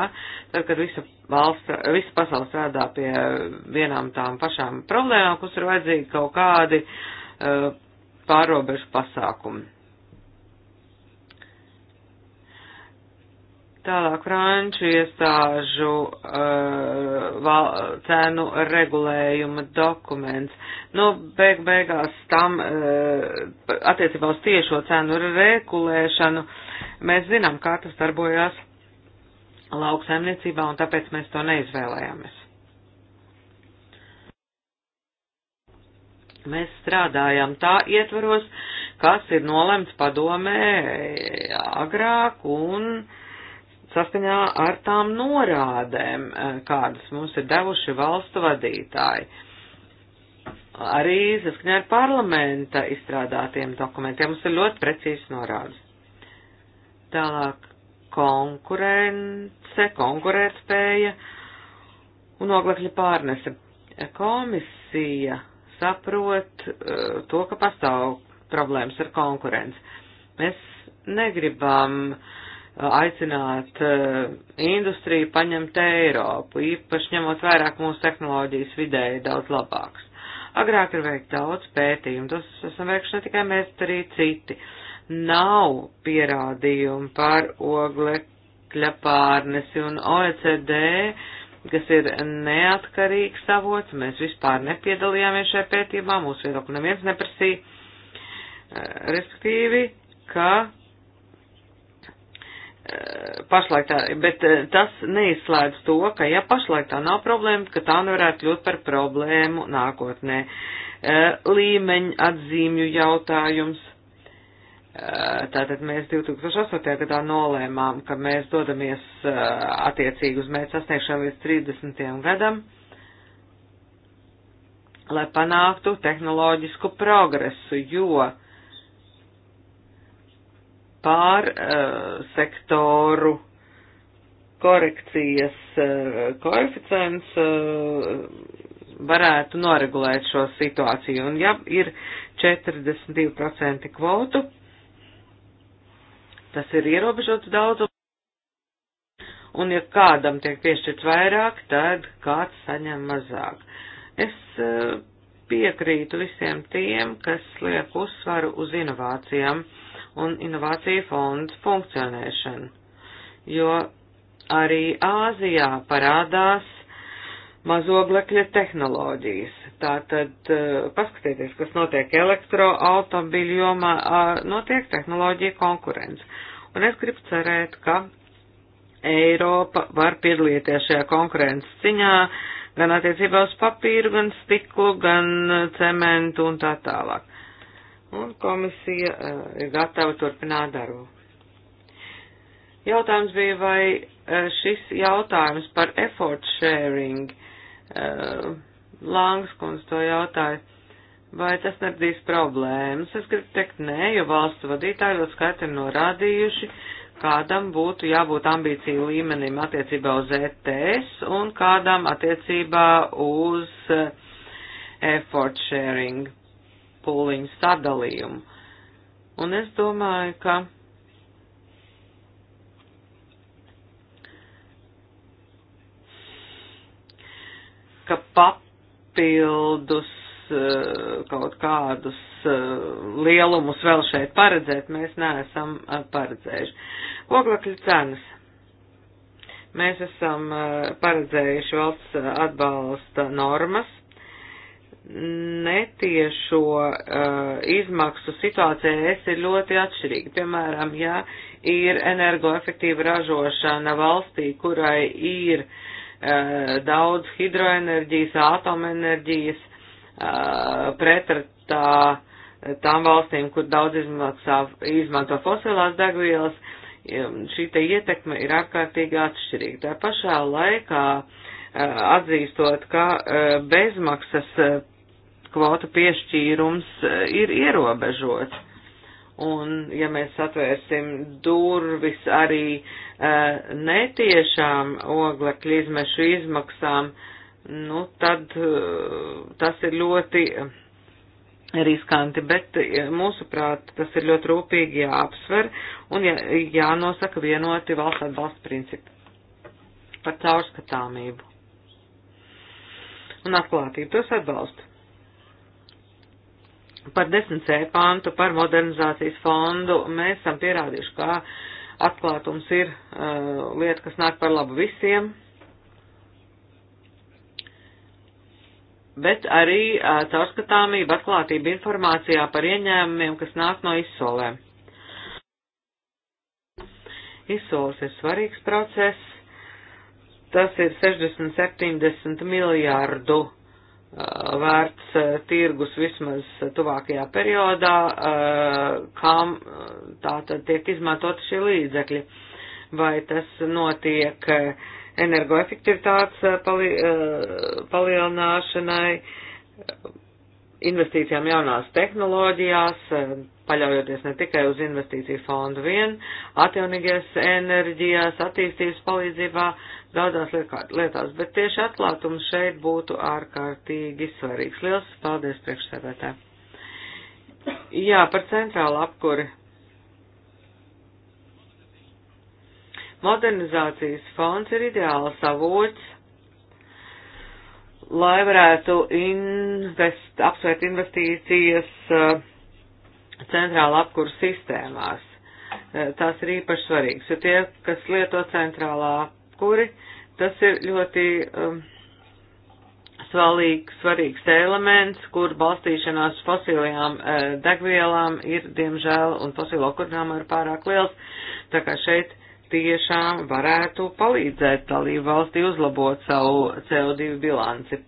A: tad, kad visa, valsts, visa pasaule strādā pie vienām tām pašām problēmām, kas ir vajadzīgi kaut kādi uh, pārobežu pasākumi. Tālāk franču iestāžu uh, val, cenu regulējuma dokuments. Nu, beig beigās tam uh, attiecībā uz tiešo cenu regulēšanu mēs zinām, kā tas darbojās lauksaimniecībā, un tāpēc mēs to neizvēlējāmies. Mēs strādājam tā ietvaros, kas ir nolemts padomē agrāk un saskaņā ar tām norādēm, eh, kādas mums ir devuši valstu vadītāji. Arī saskaņā ar parlamenta izstrādātiem dokumentiem mums ir ļoti precīzi norādes. Tālāk konkurence, konkurētspēja un oglekļa pārnese. Komisija saprot uh, to, ka pastāv problēmas ar konkurenci. Mēs negribam eh, aicināt uh, industriju paņemt Eiropu, īpaši ņemot vairāk mūsu tehnoloģijas vidēji daudz labāks. Agrāk ir veikt daudz pētījumu, tos esam veikuši ne tikai mēs, bet arī citi. Nav pierādījumu par oglekļa pārnesi un OECD uh, kas ir neatkarīgs avots. Mēs vispār nepiedalījāmies šajā pētījumā, mūsu viedokli neviens neprasīja. Eh, respektīvi, ka eh, pašlaik tā, bet eh, tas neizslēdz to, ka ja pašlaik tā nav problēma, ka tā nevarētu nu kļūt par problēmu nākotnē. Līmeņa atzīmju jautājums Eh, tātad mēs 2008. gadā nolēmām, ka mēs dodamies eh, attiecīgi uz mērķu sasniegšanu līdz 30. gadam, lai panāktu tehnoloģisku progresu, jo pār uh, sektoru korekcijas uh, koeficients uh, varētu noregulēt šo situāciju. Un ja ir 42% kvotu, tas ir ierobežots daudzums, un ja kādam tiek piešķirts vairāk, tad kāds saņem mazāk. Es e, piekrītu visiem tiem, kas liek uzsvaru uz inovācijām un inovāciju fondu funkcionēšanu, jo arī Āzijā parādās mazoglekļa tehnoloģijas. Tātad e, paskatieties, kas notiek elektroautobiļu jomā, notiek tehnoloģija konkurence. Un es gribu cerēt, ka Eiropa var piedalīties šajā konkurences ciņā, gan attiecībā uz papīru, gan stiklu, gan eh, cementu un tā tālāk. Un komisija uh, ir gatava turpināt darbu. Jautājums bija, vai uh, šis jautājums par effort sharing, uh, Langs kundze to jautāja, uh, Vai tas neradīs problēmas? Es gribu teikt, nē, jo valstu vadītāji ļoti skaidri norādījuši, kādam būtu jābūt ambīciju līmenim attiecībā uz ETS un kādam attiecībā uz eh, effort sharing, pūliņu sadalījumu. Un es domāju, ka ka papildus Eh, kaut kādus eh, lielumus vēl šeit paredzēt, mēs neesam eh, paredzējuši. Oglekļu cenas. Mēs esam paredzējuši valsts atbalsta normas. Netiešo uh, izmaksu situācija es ir ļoti atšķirīga. Piemēram, ja ir energoefektīva ražošana valstī, kurai ir uh, daudz hidroenerģijas, atomenerģijas, Uh, pretratā tām valstīm, kur daudz izmaksā, izmanto fosilās degvielas, um, šī te ietekme ir ārkārtīgi atšķirīga. Tā pašā laikā uh, atzīstot, ka uh, bezmaksas kvotu piešķīrums ir ierobežots. Un, ja mēs atvērsim durvis arī netiešām oglekļa izmešu izmaksām, uh, nu tad eh, tas ir ļoti riskanti, bet eh, mūsuprāt tas ir ļoti rūpīgi jāapsver un jā, jānosaka vienoti valsts atbalsta principi par caurskatāmību un atklātību. Tos atbalstu. Par 10C pantu, par modernizācijas fondu mēs esam pierādījuši, ka atklātums ir uh, lieta, kas nāk par labu visiem, bet arī uh, caurskatāmība, atklātība informācijā par ieņēmumiem, kas nāk no izsolēm. Izsoles ir svarīgs process, tas ir 60-70 miljārdu uh, vērts uh, tirgus vismaz tuvākajā periodā, kam tā tad tiek izmantot šie līdzekļi. Vai tas notiek uh, energoefektivitātes eh, pali, eh, palielināšanai, investīcijām jaunās tehnoloģijās, eh, paļaujoties ne tikai uz investīciju fondu vien, atjaunīgajās enerģijās, attīstības palīdzībā, daudzās lietās, bet tieši atklātums šeit būtu ārkārtīgi svarīgs. Liels paldies priekšsēdētē! Jā, par centrālu apkuri Modernizācijas fonds ir ideāls avots, lai varētu invest, apsvērt investīcijas uh, centrāla apkurs sistēmās. Uh, tās ir īpaši svarīgas, jo tie, kas lieto centrālā apkuri, tas ir ļoti um, svalīgs, svarīgs elements, kur balstīšanās fosilajām e, uh, degvielām ir, diemžēl, un fosilo kurināmā ir pārāk liels. Tā kā šeit tiešām varētu palīdzēt dalību valstī uzlabot savu CO2 bilanci.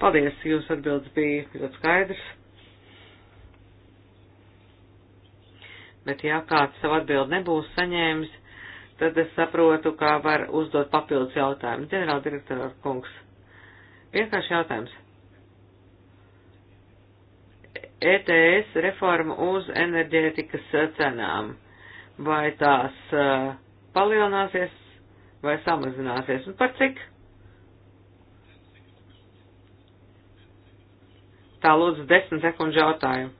A: Paldies, jūs atbildes bija ļoti skaidrs. Bet ja kāds savu atbildi nebūs saņēmis, tad es saprotu, kā var uzdot papildus jautājumu. Ģenerāla direktora kungs, vienkārši jautājums. ETS reforma uz enerģētikas cenām vai tās uh, palielināsies vai samazināsies un par cik? Tā lūdzu, desmit sekundžu jautājumu.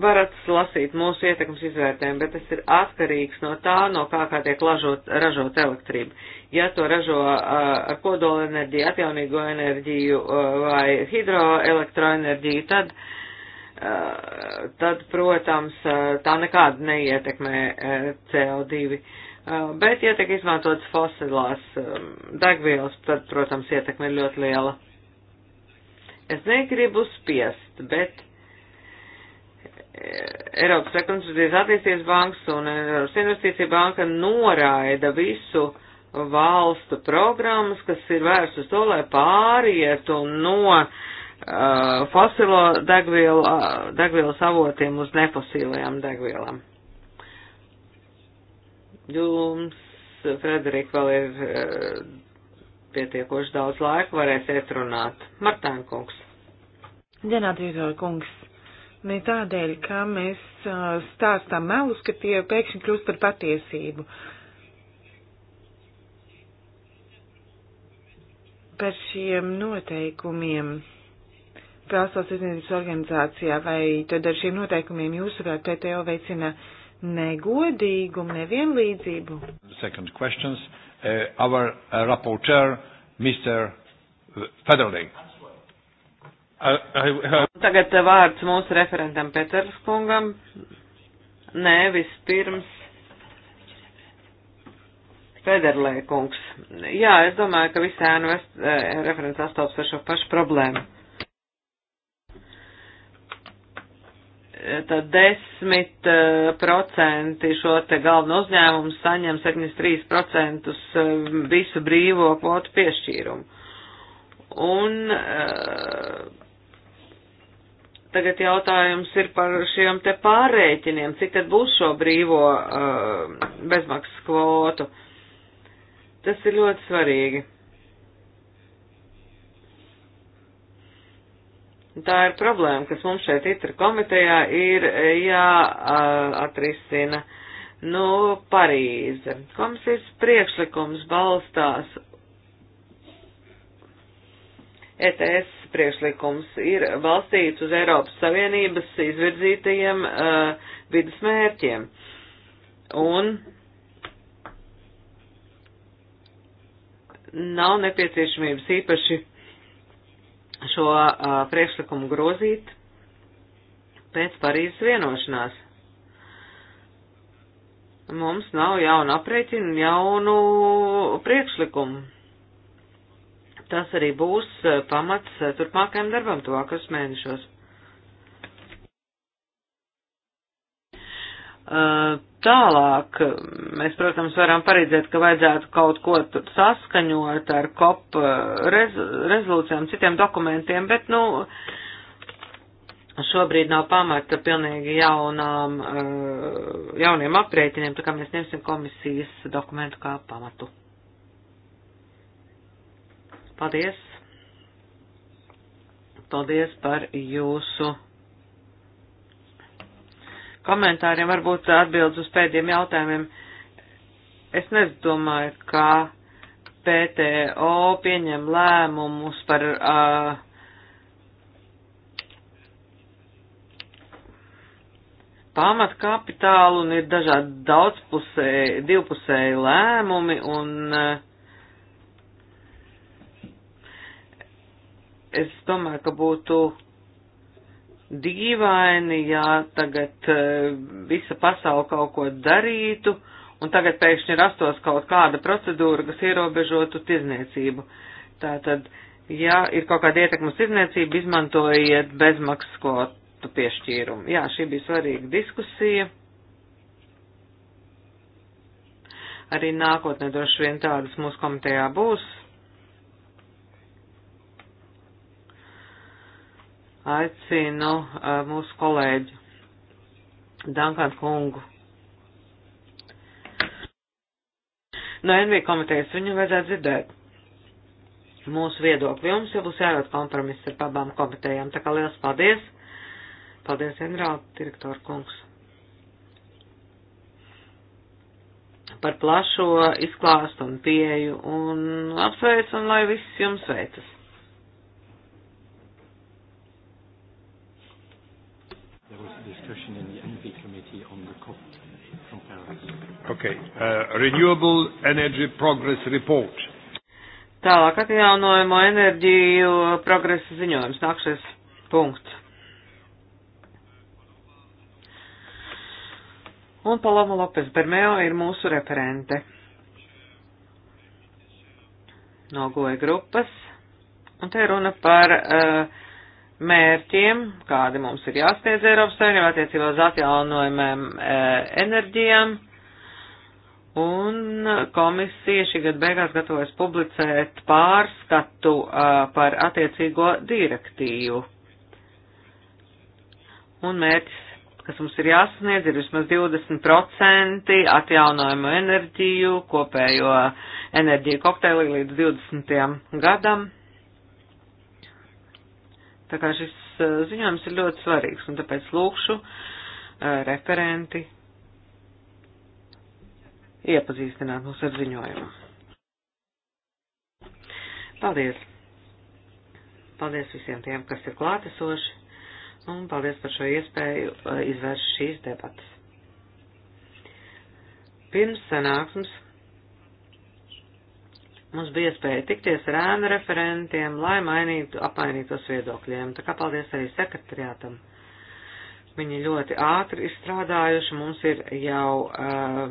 A: Varat lasīt mūsu ietekmes izvērtējumu, bet tas ir atkarīgs no tā, no kā kā tiek lažot, ražot elektrību. Ja to ražo uh, ar kodola enerģiju, atjaunīgo enerģiju uh, vai hidroelektroenerģiju, tad, uh, tad, protams, uh, tā nekāda neietekmē uh, CO2. Uh, Uh, bet, ja tiek izmantotas fosilās um, degvielas, tad, protams, ietekme ir ļoti liela. Es negribu spiest, bet eh, Eiropas rekonstrukcijas attīstības bankas un Eiropas investīcija banka noraida visu valstu programmas, kas ir vērsts uz to, lai pārietu no uh, fosilo degvielu, uh, degvielas avotiem uz nefosīlajām degvielām. Jums, Frederika, vēl ir eh, pietiekoši daudz laika, varēsiet runāt. Martāna kungs.
C: Ģenātīzā kungs. Ne tādēļ, ka mēs eh, stāstām melus, ka tie pēkšņi kļūst par patiesību. Par šiem noteikumiem Pasaules izniecības organizācijā vai tad ar šiem noteikumiem jūsuprāt PTO veicina uh, negodīgumu, nevienlīdzību. Second questions. Uh, our uh, rapporteur, Mr. Federley.
A: I, I, I... Tagad vārds mūsu referentam Peters kungam. Nē, vispirms Federlē kungs. Jā, es domāju, ka visi ēnu uh, referents astops ar šo pašu problēmu. tad 10% eh, šo te galveno uzņēmumu saņem 73% eh, visu brīvo kvotu piešķīrumu. Un eh, tagad jautājums ir par šiem te pārēķiniem, cik tad būs šo brīvo bezmaksas kvotu. Tas ir ļoti svarīgi. Tā ir problēma, kas mums šeit itra komitejā ir e, jāatrisina. Nu, Parīze. Komisijas priekšlikums balstās. ETS priekšlikums ir balstīts uz Eiropas Savienības izvirzītajiem uh, vidas mērķiem. Un nav nepieciešamības īpaši šo uh, priekšlikumu grozīt pēc Parīzes vienošanās. Mums nav jaunu aprēķinu, jaunu priekšlikumu. Tas arī būs pamats turpmākajam darbam tuvākos mēnešos. Eh, tālāk mēs, protams, varam paredzēt, ka vajadzētu kaut ko saskaņot ar COP eh, rez rezolūcijām, citiem dokumentiem, bet, nu, šobrīd nav pamata pilnīgi jaunām, eh, jauniem aprēķiniem, tā kā mēs ņemsim komisijas dokumentu kā pamatu. Paldies! Paldies par jūsu komentāriem, varbūt atbildes uz pēdējiem jautājumiem. Es nedomāju, ka PTO pieņem lēmumus par uh, pamatkapitālu un ir dažādi daudzpusēji, divpusēji lēmumi un uh, es domāju, ka būtu dīvaini, ja tagad e, visa pasaule kaut ko darītu, un tagad pēkšņi rastos kaut kāda procedūra, kas ierobežotu tirzniecību. Tātad, ja ir kaut kāda ietekmas tirzniecība, izmantojiet bezmaksas kvotu piešķīrumu. Jā, šī bija svarīga diskusija. Arī nākotnē droši vien tādas mūsu komitejā būs. aicinu uh, mūsu kolēģi Dankānu kungu no NV komitejas. Viņu vajadzētu dzirdēt mūsu viedokli. Jums jau būs jārod kompromiss ar abām komitejām. Tā kā liels paldies! Paldies, ģenerāla direktora kungs! par plašo izklāstu un pieju un apsveicu un lai viss jums veicas!
C: discussion in the Envy
A: Committee on the COP from Paris.
C: Okay. Uh, renewable Energy Progress Report.
A: Tālāk atjaunojamo enerģiju progresa ziņojums. Nākšais punkts. Un Paloma Lopes Bermeo ir mūsu referente. Nogoja grupas. Un te runa par uh, mērķiem, kādi mums ir jāsniedz Eiropas Savienībā attiecībā uz atjaunojumiem e, enerģijām. Un komisija šī gada beigās gatavojas publicēt pārskatu e, par attiecīgo direktīvu. Un mērķis, kas mums ir jāsniedz, ir vismaz 20% atjaunojumu enerģiju kopējo enerģiju kokteili līdz 20. gadam Tā kā šis eh, ziņojums ir ļoti svarīgs, un tāpēc lūkšu eh, referenti iepazīstināt mūs ar ziņojumu. Paldies! Paldies visiem tiem, kas ir klātesoši, un paldies par šo iespēju eh, izvērst šīs debatas. Pirms sanāksmes Mums bija iespēja tikties ar ēnu referentiem, lai mainītu, apmainītos viedokļiem. Tā kā paldies arī sekretariātam. Viņi ļoti ātri ir strādājuši, mums ir jau uh,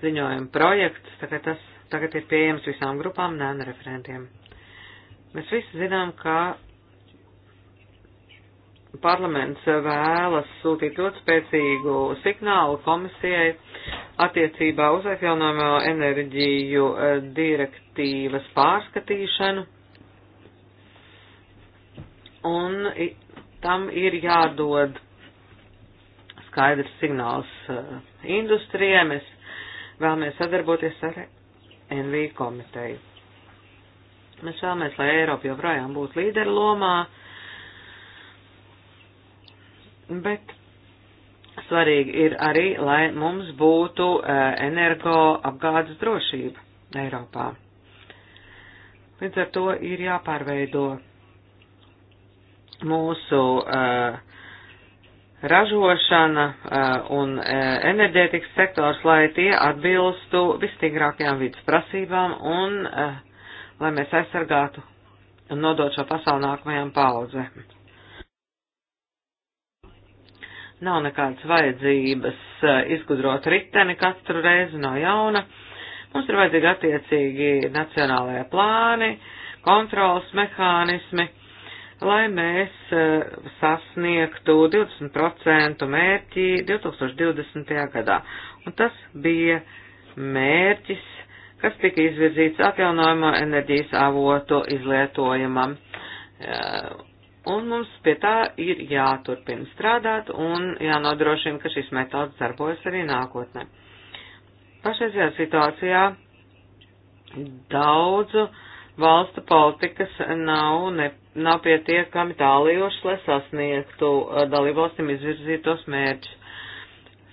A: ziņojuma projekts, tagad tas tagad ir pieejams visām grupām un ēnu referentiem. Mēs visi zinām, ka parlaments vēlas sūtīt ļoti spēcīgu signālu komisijai attiecībā uz atjaunojamo enerģiju eh, direktīvas pārskatīšanu. Un tam ir jādod skaidrs signāls eh, industrijai. Mēs vēlamies sadarboties ar NV komiteju. Mēs vēlamies, lai Eiropa joprojām būtu līderi lomā Bet svarīgi ir arī, lai mums būtu e, energo apgādes drošība Eiropā. Līdz ar to ir jāpārveido mūsu uh, ražošana uh, un uh, enerģētikas sektors, lai tie atbilstu visstingrākajām vidas prasībām un lai mēs aizsargātu un nodot šo pasauli nākamajām paudzēm nav nekādas vajadzības eh, izgudrot riteni katru reizi no jauna. Mums ir vajadzīgi attiecīgi nacionālajie plāni, kontrols mehānismi, lai mēs eh, sasniegtu 20% mērķi 2020. gadā. Un tas bija mērķis, kas tika izvirzīts atjaunojamo enerģijas avotu izlietojumam. Uh, un mums pie tā ir jāturpina strādāt un jānodrošina, ka šis metods darbojas arī nākotnē. Pašreizajā situācijā daudzu valstu politikas nav, ne, nav pietiekami tālījošas, lai sasniegtu eh, dalībvalstīm izvirzītos mērķus.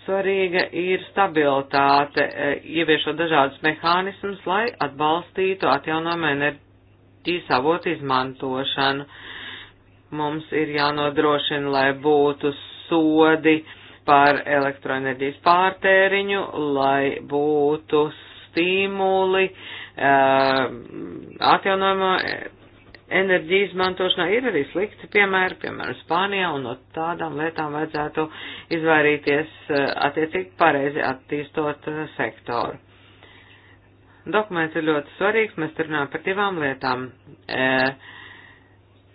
A: Svarīga ir stabilitāte, eh, ieviešot dažādus mehānismus, lai atbalstītu atjaunojumu enerģijas avotu izmantošanu. Uh, mums ir jānodrošina, lai būtu sodi par elektroenerģijas pārtēriņu, lai būtu stimuli eh, atjaunojamo enerģiju izmantošanā. Ir arī slikti piemēri, piemēram, Spānijā, un no tādām lietām vajadzētu izvairīties eh, attiecīgi pareizi attīstot eh, sektoru. Dokuments ir ļoti svarīgs, mēs runājam par divām lietām. E,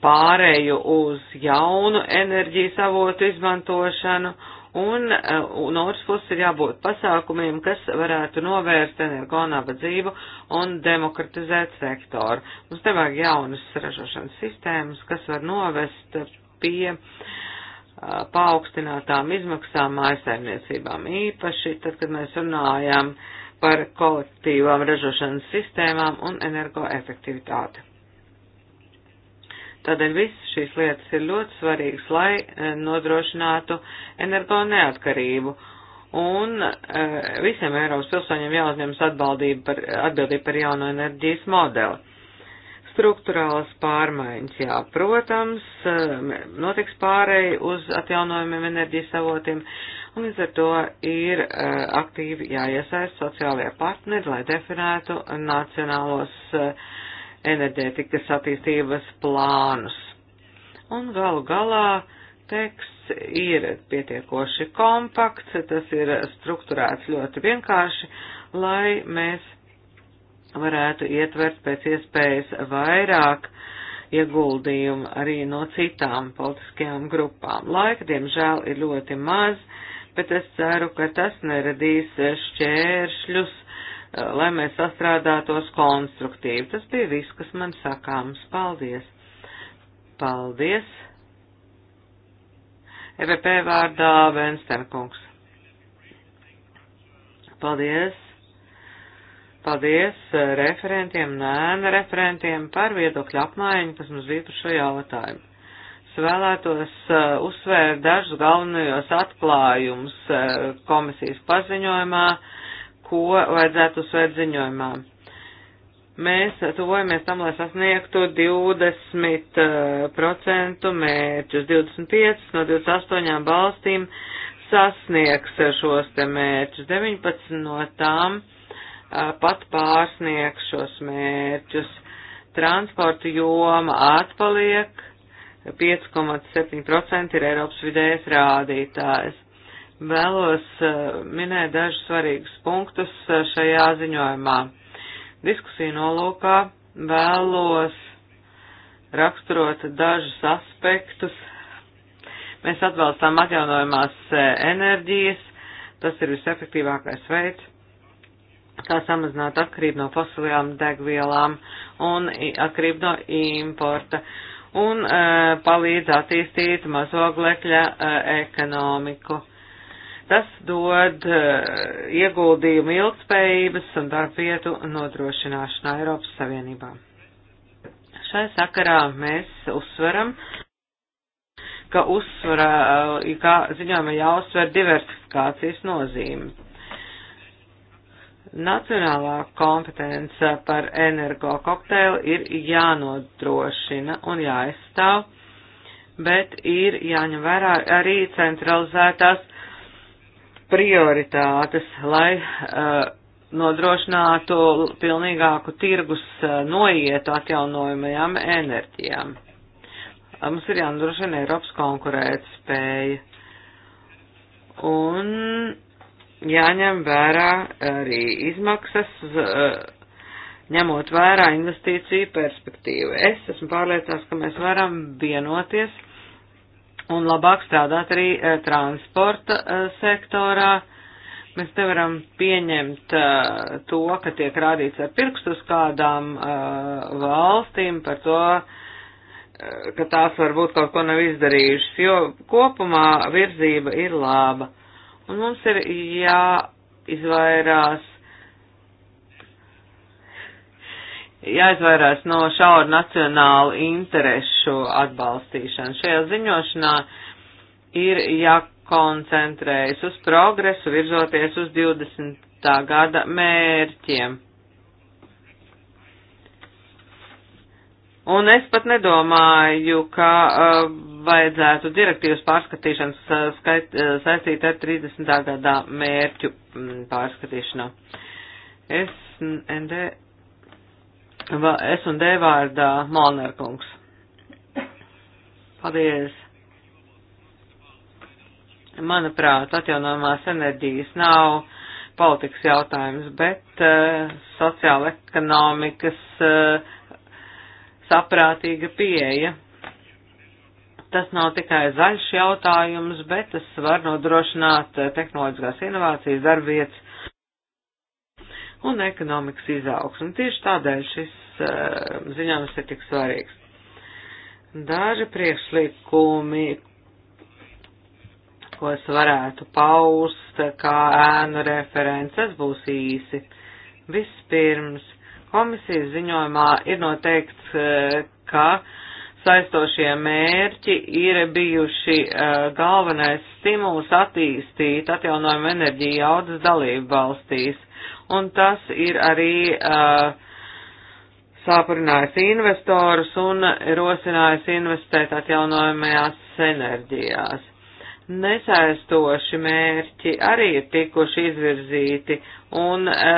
A: pārēju uz jaunu enerģijas avotu izmantošanu, un uh, no otras puses ir jābūt pasākumiem, kas varētu novērst energonabadzību un demokratizēt sektoru. Mums te vajag jaunas ražošanas sistēmas, kas var novest pie uh, paaugstinātām izmaksām mājasēmniecībām, īpaši tad, kad mēs runājam par kolektīvām ražošanas sistēmām un energoefektivitāti. Tādēļ visas šīs lietas ir ļoti svarīgas, lai eh, nodrošinātu energo neatkarību. Un eh, visiem Eiropas pilsoņiem jāuzņemas atbildība par, atbildība par jauno enerģijas modeli. Struktūrālas pārmaiņas, jā, protams, eh, notiks pārēji uz atjaunojumiem enerģijas avotiem, un līdz ar to ir aktīvi jāiesaist sociālajie partneri, lai definētu nacionālos uh, enerģētikas attīstības plānus. Un galu galā teksts ir pietiekoši kompakts, tas ir strukturēts ļoti vienkārši, lai mēs varētu ietvert pēc iespējas vairāk ieguldījumu arī no citām politiskajām grupām. Laika, diemžēl, ir ļoti maz, bet es ceru, ka tas neradīs šķēršļus Eh, lai mēs sastrādātos konstruktīvi. Tas bija viss, kas man sakāms. Paldies! Paldies! EVP vārdā Vensterkungs. Paldies! Paldies eh, referentiem, nēna referentiem par viedokļu apmaiņu, kas mums bija par šo jautājumu. Es vēlētos uh, uzsvērt dažus galvenajos atklājumus uh, komisijas paziņojumā, uh, ko vajadzētu uzsvērt ziņojumā. Mēs tuvojamies tam, lai sasniegtu 20% eh, mērķus. 25 no 28 valstīm sasniegs šos te mērķus. 19 no tām eh, pat pārsniegs šos mērķus. Transporta joma atpaliek, 5,7% ir Eiropas vidējais rādītājs Vēlos eh, minēt dažus svarīgus punktus eh, šajā ziņojumā. Diskusiju nolūkā vēlos raksturot dažus aspektus. Mēs atbalstām atjaunojumās eh, enerģijas, tas ir visefektīvākais veids, kā samazināt atkarību no fosilajām degvielām un atkarību no importa un e, palīdz attīstīt mazoglekļa e, ekonomiku. Tas dod eh, ieguldījumu ilgspējības un darbvietu nodrošināšanā Eiropas Savienībā. Šai sakarā mēs uzsveram, ka uzsvara, eh, kā ziņojumā jāuzsver diversifikācijas nozīme. Nacionālā kompetence par energo kokteili ir jānodrošina un jāaizstāv, bet ir jāņem vērā arī centralizētās prioritātes, lai uh, nodrošinātu pilnīgāku tirgus uh, noietu atjaunojumajām enerģijām. Uh, mums ir jānodrošina Eiropas konkurētspēja un jāņem vērā arī izmaksas, ņemot vērā investīciju perspektīvu. Es esmu pārliecināts, ka mēs varam vienoties un labāk strādāt arī eh, transporta eh, sektorā. Mēs nevaram pieņemt eh, to, ka tiek rādīts ar pirkstu uz kādām valstīm par to, ka tās varbūt kaut ko nav izdarījušas, jo kopumā virzība ir laba. Un mums ir jāizvairās jāizvairās no šauru nacionālu interešu atbalstīšanu. Šajā ziņošanā ir jākoncentrējas uz progresu, virzoties uz 20. gada mērķiem. Un es pat nedomāju, ka uh, vajadzētu direktīvas pārskatīšanas uh, skait, uh, saistīt ar 30. gadā mērķu mm, pārskatīšanu. SND es un D vārdā Malnerkungs. Paldies. Manuprāt, atjaunojumās enerģijas nav politikas jautājums, bet uh, eh, sociāla ekonomikas uh, eh, saprātīga pieeja. Tas nav tikai zaļš jautājums, bet tas var nodrošināt eh, tehnoloģiskās inovācijas darbvietas un ekonomikas izaugsmu. Tieši tādēļ šis uh, ziņojums ir tik svarīgs. Daži priekšlikumi, ko es varētu paust, eh, kā ēnu references būs īsi. Vispirms, komisijas ziņojumā ir noteikts, eh, ka saistošie mērķi ir bijuši galvenais stimuls attīstīt atjaunojumu enerģiju jaudas dalību valstīs un tas ir arī uh, sāprinājis investorus un rosinājis investēt atjaunojamajās enerģijās. Nesaistoši mērķi arī ir tikuši izvirzīti, un e,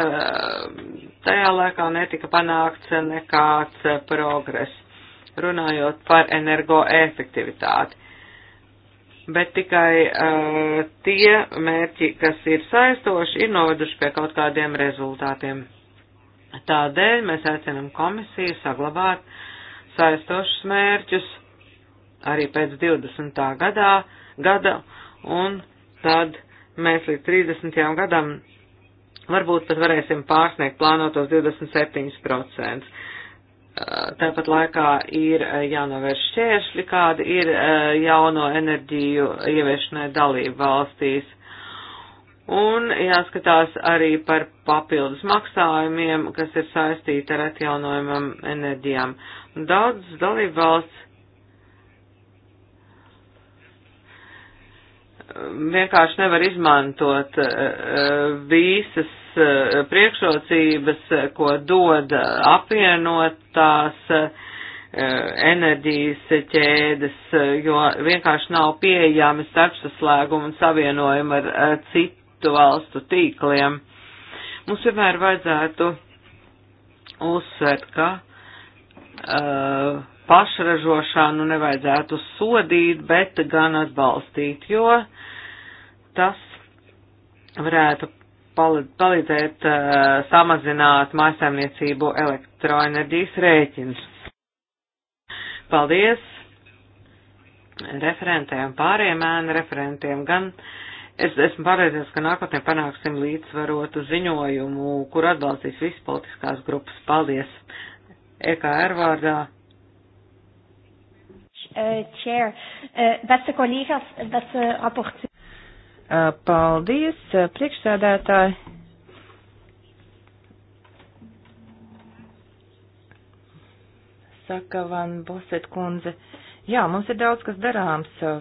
A: tajā laikā netika panākts nekāds uh, progress, runājot par energoefektivitāti bet tikai uh, tie mērķi, kas ir saistoši, ir noveduši pie kaut kādiem rezultātiem. Tādēļ mēs aicinam komisiju saglabāt saistošus mērķus arī pēc 20. gadā, gada, un tad mēs līdz 30. gadam varbūt pat varēsim pārsniegt plānotos 27%. Eh, tāpat laikā ir eh, jānovērš šķēršļi, kādi ir eh, jauno enerģiju ieviešanai dalību valstīs. Un jāskatās arī par papildus maksājumiem, kas ir saistīti ar atjaunojumam enerģijām. Daudz dalību valsts vienkārši nevar izmantot eh, eh, visas eh, priekšrocības, ko dod apvienotās enerģijas ķēdes, jo vienkārši nav pieejami starpsaslēgumi un savienojumi ar citu valstu tīkliem. Mums vienmēr vajadzētu uzsvērt, ka uh, pašražošanu nevajadzētu sodīt, bet gan atbalstīt, jo uh, tas varētu palīdzēt uh, samazināt mājasēmniecību elektroenerģijas rēķinus. Paldies referentiem, pāriem ēnu referentiem gan. Es esmu pārliecināts, ka nākotnē panāksim līdzsvarotu ziņojumu, kur atbalstīs visas politiskās grupas. Paldies! EKR vārdā.
B: Uh, chair, uh, beste collega's, beste rapporteur. Uh, paldies, uh, priekšsēdētāji. Saka Van Boset kundze. Jā, mums ir daudz, kas darāms uh,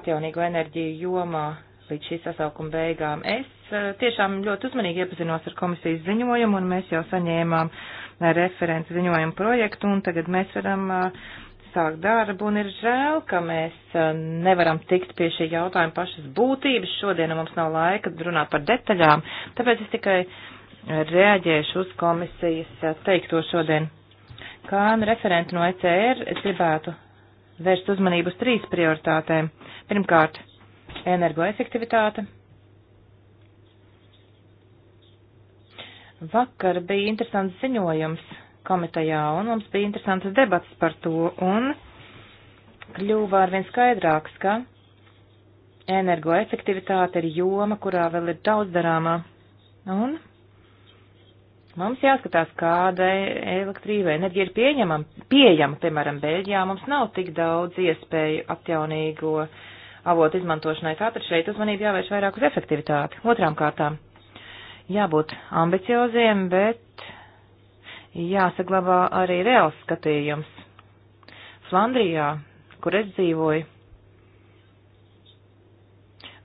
B: atjaunīgo enerģiju jomā līdz šī sasaukuma beigām. Es tiešām ļoti uzmanīgi iepazinos ar komisijas ziņojumu, un mēs jau saņēmām referents ziņojumu projektu, un tagad mēs varam sākt darbu, un ir žēl, ka mēs nevaram tikt pie šī jautājuma pašas būtības šodien, un mums nav laika runāt par detaļām, tāpēc es tikai reaģēšu uz komisijas teikto šodien. Kā nu referenti no ECR, es gribētu vērst uzmanību uz trīs prioritātēm. Pirmkārt, energoefektivitāte. Vakar bija interesants ziņojums komitejā, un mums bija interesantas debatas par to, un kļuva arvien skaidrāks, ka energoefektivitāte ir joma, kurā vēl ir daudz darāmā, un mums jāskatās, kāda elektrīva enerģija ir pieņemama, pieejama, piemēram, Beļģijā mums nav tik daudz iespēju atjaunīgo avotu izmantošanai, tātad šeit uzmanība jāvērš vairāk uz efektivitāti. Otrām kārtām jābūt ambicioziem, bet jāsaglabā arī reāls skatījums. Flandrijā, kur es dzīvoju,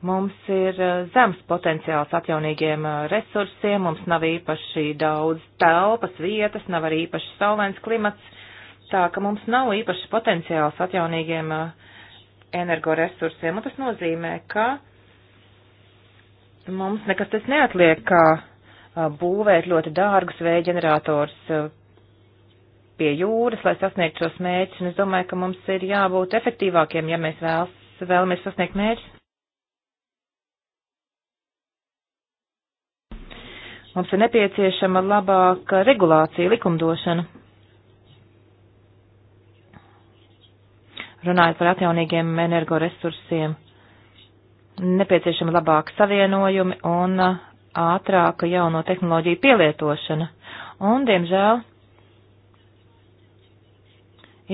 B: mums ir eh, zems potenciāls atjaunīgiem eh, resursiem, mums nav īpaši daudz telpas vietas, nav arī īpaši saulēns klimats, tā ka mums nav īpaši potenciāls atjaunīgiem eh, energoresursiem, un tas nozīmē, ka mums nekas tas neatliek, kā būvēt ļoti dārgus vējģenerators pie jūras, lai sasniegtu šos mērķus, un es domāju, ka mums ir jābūt efektīvākiem, ja mēs vēlas, vēlamies sasniegt mērķus. Mums ir nepieciešama labāka regulācija, likumdošana. Runājot par atjaunīgiem energoresursiem, nepieciešama labāka savienojumi un uh, ātrāka jauno tehnoloģiju pielietošana. Un, diemžēl,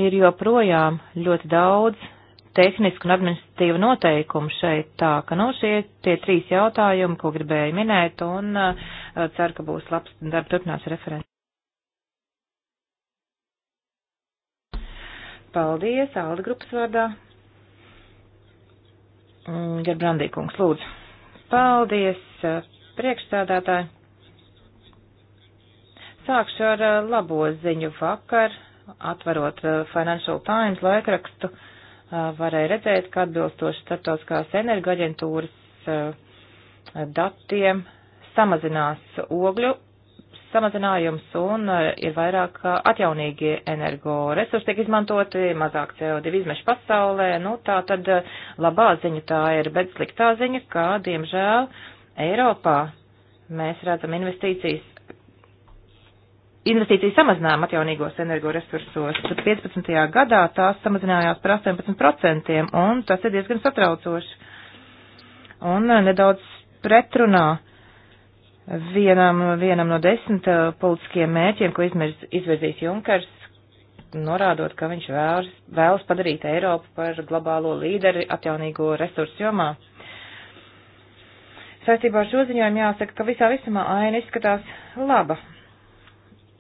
B: ir joprojām ļoti daudz tehnisku un administratīvu noteikumu šeit tā, ka, nu, šie tie trīs jautājumi, ko gribēju minēt, un uh, ceru, ka būs labs darba turpinās referents. Paldies, Alda grupas vārdā. Gerbrandīkungs, lūdzu. Paldies, eh, priekšstādātāji. Sākšu ar uh, labo ziņu vakar, atverot uh, Financial Times laikrakstu, uh, varēja redzēt, ka atbilstoši starptautiskās energoaģentūras datiem samazinās ogļu samazinājums un ir vairāk atjaunīgie energoresursi tiek izmantoti, mazāk CO2 izmeši pasaulē. Nu, tā tad labā ziņa tā ir, bet sliktā ziņa, kā, diemžēl, Eiropā mēs redzam investīcijas investīciju samazinājumu atjaunīgos energoresursos. 15. gadā tās samazinājās par 18%, un tas ir diezgan satraucoši. Un uh, nedaudz pretrunā vienam, vienam no desmit uh, politiskiem mērķiem, ko izmirz, izvirzīs Junkers, norādot, ka viņš vēlas, vēlas padarīt Eiropu par globālo līderi atjaunīgo resursu jomā. Saistībā ar šo ziņojumu jāsaka, ka visā visumā aina izskatās laba.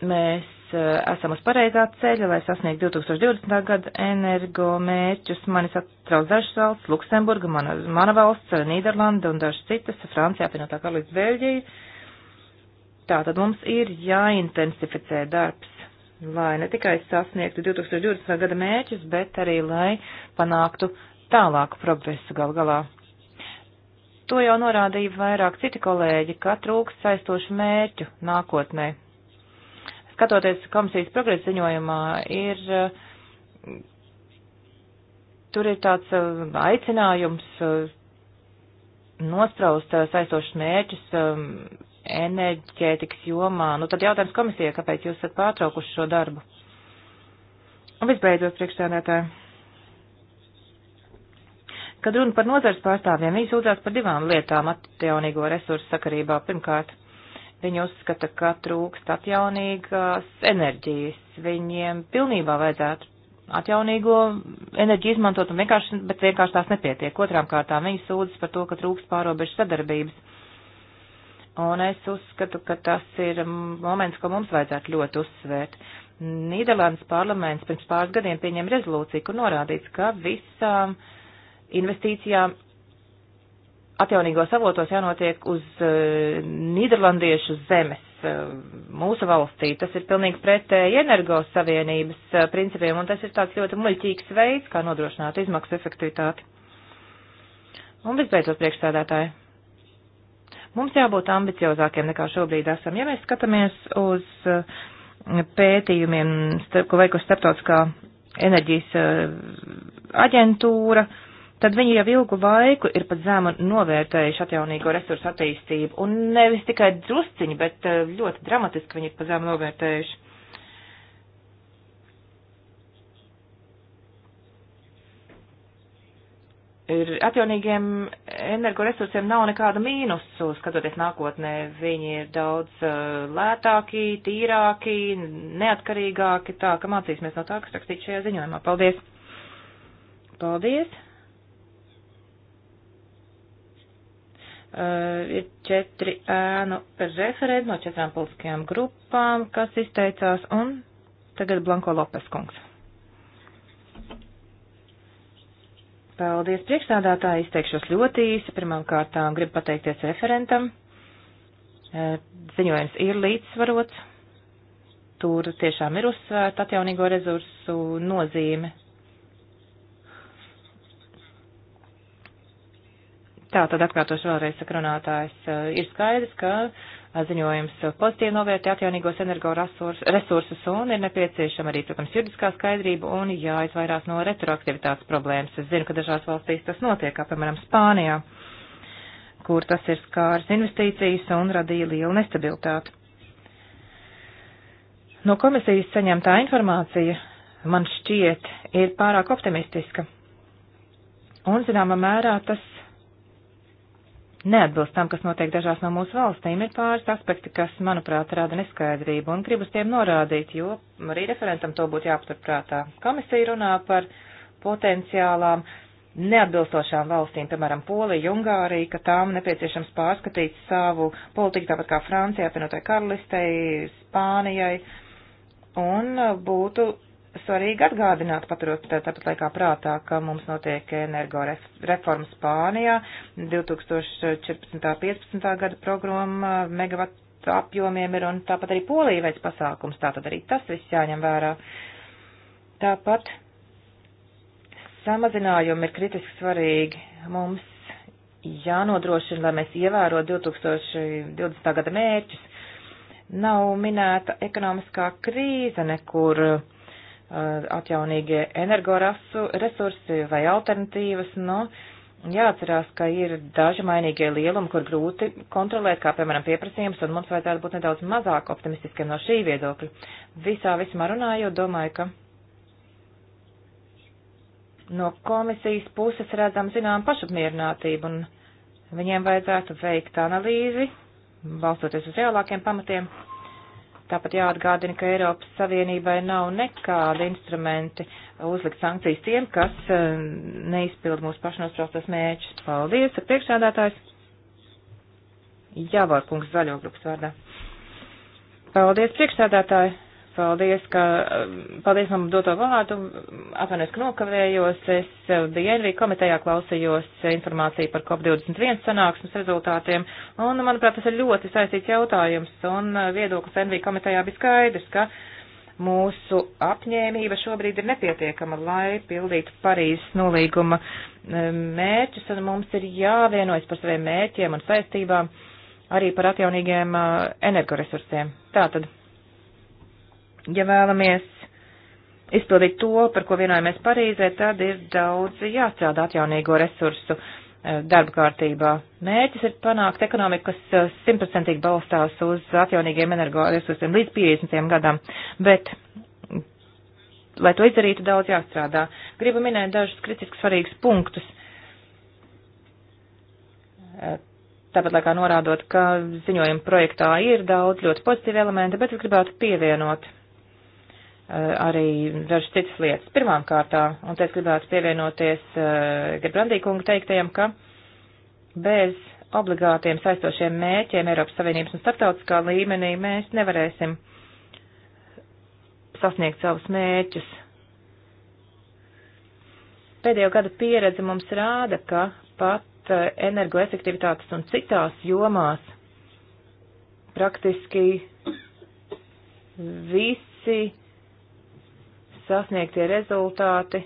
B: Mēs uh, esam uz pareizā ceļa, lai sasniegtu 2020. gada energo mērķus. Manis atrauc dažas valsts, Luksemburga, mana, mana valsts, Nīderlanda un dažas citas, Francijā, apvienotā karalīdz Beļģija. Tātad mums ir jāintensificē darbs, lai ne tikai sasniegtu 2020. gada mērķus, bet arī lai panāktu tālāku progresu gal galā. To jau norādīja vairāk citi kolēģi, ka trūkst saistošu mērķu nākotnē. Skatoties komisijas progresa ziņojumā, ir, eh, tur ir tāds eh, aicinājums eh, nospraust saistošus mērķus enerģētikas jomā. Nu, tad jautājums komisijai, kāpēc jūs esat pārtraukuši šo darbu? Un visbeidzot, priekšstādētāji. Kad runa par nozars pārstāvjiem, viņi sūdzās par divām lietām atjaunīgo resursu sakarībā. Pirmkārt, viņi uzskata, ka trūkst atjaunīgās enerģijas. Viņiem pilnībā vajadzētu atjaunīgo enerģiju izmantot, un vienkārši, bet vienkārši tās nepietiek. Otrām kārtām viņi sūdzas par to, ka trūkst pārobežu sadarbības. Un es uzskatu, ka tas ir moments, ko mums vajadzētu ļoti uzsvērt. Nīderlandes parlaments pirms pāris gadiem pieņēma rezolūciju, kur norādīts, ka visām uh, investīcijām atjaunīgos avotos jānotiek uz uh, Nīderlandiešu zemes, uh, mūsu valstī. Tas ir pilnīgi pretēji energos savienības uh, eh, principiem, un tas ir tāds ļoti muļķīgs veids, kā nodrošināt izmaksu efektivitāti. Un visbeidzot, priekšstādātāji, mums jābūt ambiciozākiem nekā šobrīd esam. Ja mēs skatāmies uz uh, pētījumiem, starp, ko veikusi starptautiskā enerģijas uh, aģentūra, uh, tad viņi jau ilgu laiku ir pat zēmu novērtējuši atjaunīgo resursu attīstību, un nevis tikai drusciņi, bet eh, ļoti dramatiski viņi ir pat zēmu novērtējuši. Ir atjaunīgiem energoresursiem nav nekāda mīnusu, skatoties nākotnē. Viņi ir daudz eh, lētāki, tīrāki, neatkarīgāki, tā ka mācīsimies no tā, kas rakstīts šajā ziņojumā. Paldies! Paldies! Eh, ir četri ēnu referenti no četrām politiskajām grupām, kas izteicās, un tagad Blanko Lopes kungs. Paldies priekšstādātāji, izteikšos ļoti īsi. Pirmām kārtām gribu pateikties referentam. Eh, ziņojums ir līdzsvarots. Tur tiešām ir uzsvērta atjaunīgo resursu nozīme Tā tad atkārtos vēlreiz sakrunātājs. Eh, ir skaidrs, ka eh, ziņojums pozitīvi novērtē atjaunīgos energoresursus un ir nepieciešama arī, protams, juridiskā skaidrība un jāizvairās no retroaktivitātes problēmas. Es zinu, ka dažās valstīs tas notiek, kā piemēram Spānijā, kur tas ir skārs investīcijas un radīja lielu nestabilitāti. No komisijas saņemtā informācija, man šķiet, ir pārāk optimistiska. Un, zināmā mērā, tas neatbilst tam, kas notiek dažās no mūsu valstīm, ir pāris aspekti, kas, manuprāt, rada neskaidrību un gribu uz tiem norādīt, jo arī referentam to būtu jāpaturprātā. Komisija runā par potenciālām neatbilstošām valstīm, piemēram, Polija, Ungārija, ka tām nepieciešams pārskatīt savu politiku, tāpat kā Francijā, apvienotai karalistei, Spānijai, un būtu svarīgi atgādināt, paturot tāpat laikā prātā, ka mums notiek energoreforma Spānijā, 2014.15. gada programma megavatu apjomiem ir un tāpat arī Polija veids pasākums, tātad arī tas viss jāņem vērā. Tāpat samazinājumi ir kritiski svarīgi. Mums jānodrošina, lai mēs ievērotu 2020. gada mērķus. Nav minēta ekonomiskā krīze nekur atjaunīgie energoresursi vai alternatīvas, nu, jāatcerās, ka ir daži mainīgie lielumi, kur grūti kontrolēt, kā piemēram pieprasījums, un mums vajadzētu būt nedaudz mazāk optimistiskiem no šī viedokļa. Visā vismā runājot, domāju, ka no komisijas puses redzam zinām pašapmierinātību, un viņiem vajadzētu veikt analīzi, balstoties uz reālākiem pamatiem Tāpat jāatgādina, ka Eiropas Savienībai nav nekādi instrumenti uzlikt sankcijas tiem, kas eh, neizpild mūsu pašnospraustos mēģus. Paldies, priekšsādātājs. Jāvār kungs zaļo grupas vārdā. Paldies, priekšsādātāji. Paldies, ka, paldies man doto vārdu. Atvainojos, ka nokavējos. Es Dieļvī komitejā klausījos informāciju par COP21 sanāksmes rezultātiem. Un, manuprāt, tas ir ļoti saistīts jautājums. Un uh, viedoklis NV komitejā bija skaidrs, ka mūsu apņēmība šobrīd ir nepietiekama, lai pildītu Parīzes nolīguma uh, mērķus. Un mums ir jāvienojas par saviem mērķiem un saistībām arī par atjaunīgiem uh, energoresursiem. Tātad. Ja vēlamies izpildīt to, par ko vienojamies Parīzē, tad ir daudz jāstrādā atjaunīgo resursu e, darba kārtībā. Mērķis ir panākt ekonomiku, kas e, simtprocentīgi balstās uz atjaunīgiem energoresursiem līdz 50. gadam, bet, lai to izdarītu, daudz jāstrādā. Gribu minēt dažus kritiski svarīgus punktus. E, tāpat laikā norādot, ka ziņojuma projektā ir daudz ļoti pozitīvi elementi, bet es gribētu pievienot Eh, arī dažas citas lietas. Pirmām kārtām, un te es gribētu pievienoties eh, Gerbrandī kungu teiktajam, ka bez obligātiem saistošiem mērķiem Eiropas Savienības un starptautiskā līmenī mēs nevarēsim sasniegt savus mērķus. Pēdējo gadu pieredze mums rāda, ka pat eh, energoefektivitātes un citās jomās praktiski visi sasniegtie rezultāti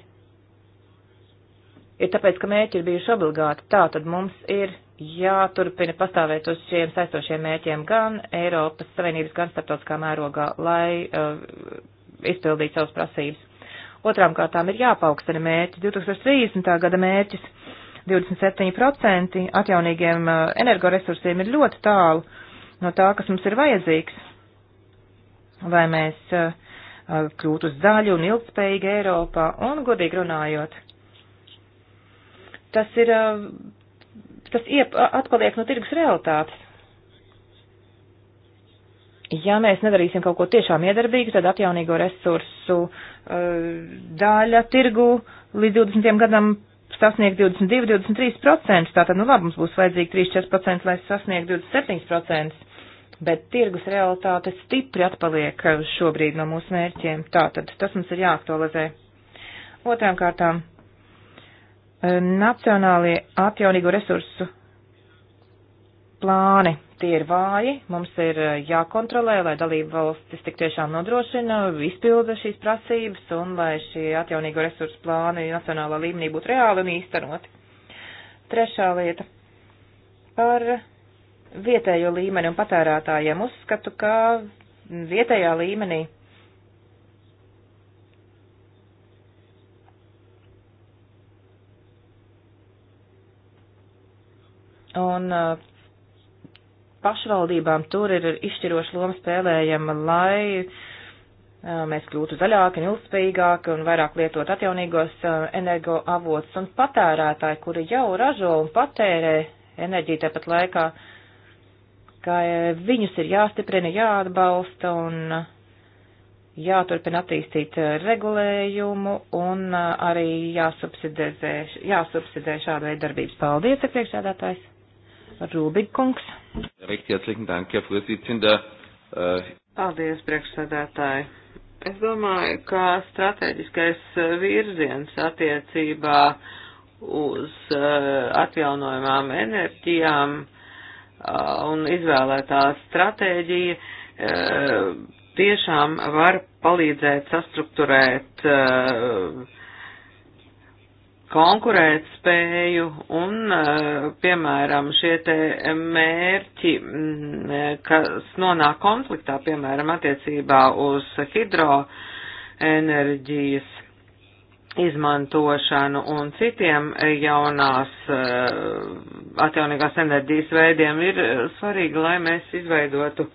B: ir tāpēc, ka mērķi ir bijuši obligāti. Tā tad mums ir jāturpina pastāvēt uz šiem saistošiem mērķiem gan Eiropas Savienības, gan starptautiskā mērogā, lai uh, izpildītu savas prasības. Otrām kārtām ir jāpaukstina mērķi 2030. gada mērķis. 27% atjaunīgiem uh, energoresursiem ir ļoti tālu no tā, kas mums ir vajadzīgs. Vai mēs uh, Uh, kļūt uz zaļu un ilgspējīgu Eiropā, un godīgi runājot, tas ir, uh, tas iep, atpaliek no tirgus realitātes. Ja mēs nedarīsim kaut ko tiešām iedarbīgu, tad atjaunīgo resursu uh, daļa tirgu līdz 20 gadam sasniegt 22, 23%, tātad, nu labi, mums būs vajadzīgi 3-4%, lai sasniegtu 27% bet tirgus realitāte stipri atpaliek šobrīd no mūsu mērķiem. Tātad tas mums ir jāaktualizē. Otrām kārtām, eh, nacionālie atjaunīgo resursu plāni. Tie ir vāji, mums ir eh, jākontrolē, lai dalību valstis tik tiešām nodrošina, izpilda šīs prasības un lai šie atjaunīgo resursu plāni nacionālā līmenī būtu reāli un īstenoti. Trešā lieta par vietējo līmeni un patērētājiem. Uzskatu, ka vietējā līmenī un uh, pašvaldībām tur ir izšķiroša loma spēlējama, lai uh, mēs kļūtu zaļāki un ilgspējīgāki un vairāk lietot atjaunīgos uh, energoavotus un patērētāji, kuri jau ražo un patērē enerģiju tāpat laikā uh, ka e, viņus ir jāstiprina, jāatbalsta un e, jāturpina attīstīt e, regulējumu un arī jāsubsidē, jāsubsidē šāda veida darbības. Paldies, priekšsēdētājs Rūbigkungs.
C: Äh,
A: Paldies, priekšsēdētāji. Es domāju, ka strateģiskais virziens attiecībā uz atjaunojumām enerģijām uh, Uh, un izvēlētā stratēģija uh, tiešām var palīdzēt sastruktūrēt uh, konkurēt spēju un, piemēram, šie te mērķi, mm, kas nonāk konfliktā, piemēram, attiecībā uz hidroenerģijas izmantošanu un citiem jaunās eh, atjaunīgās enerģijas veidiem ir svarīgi, lai mēs izveidotu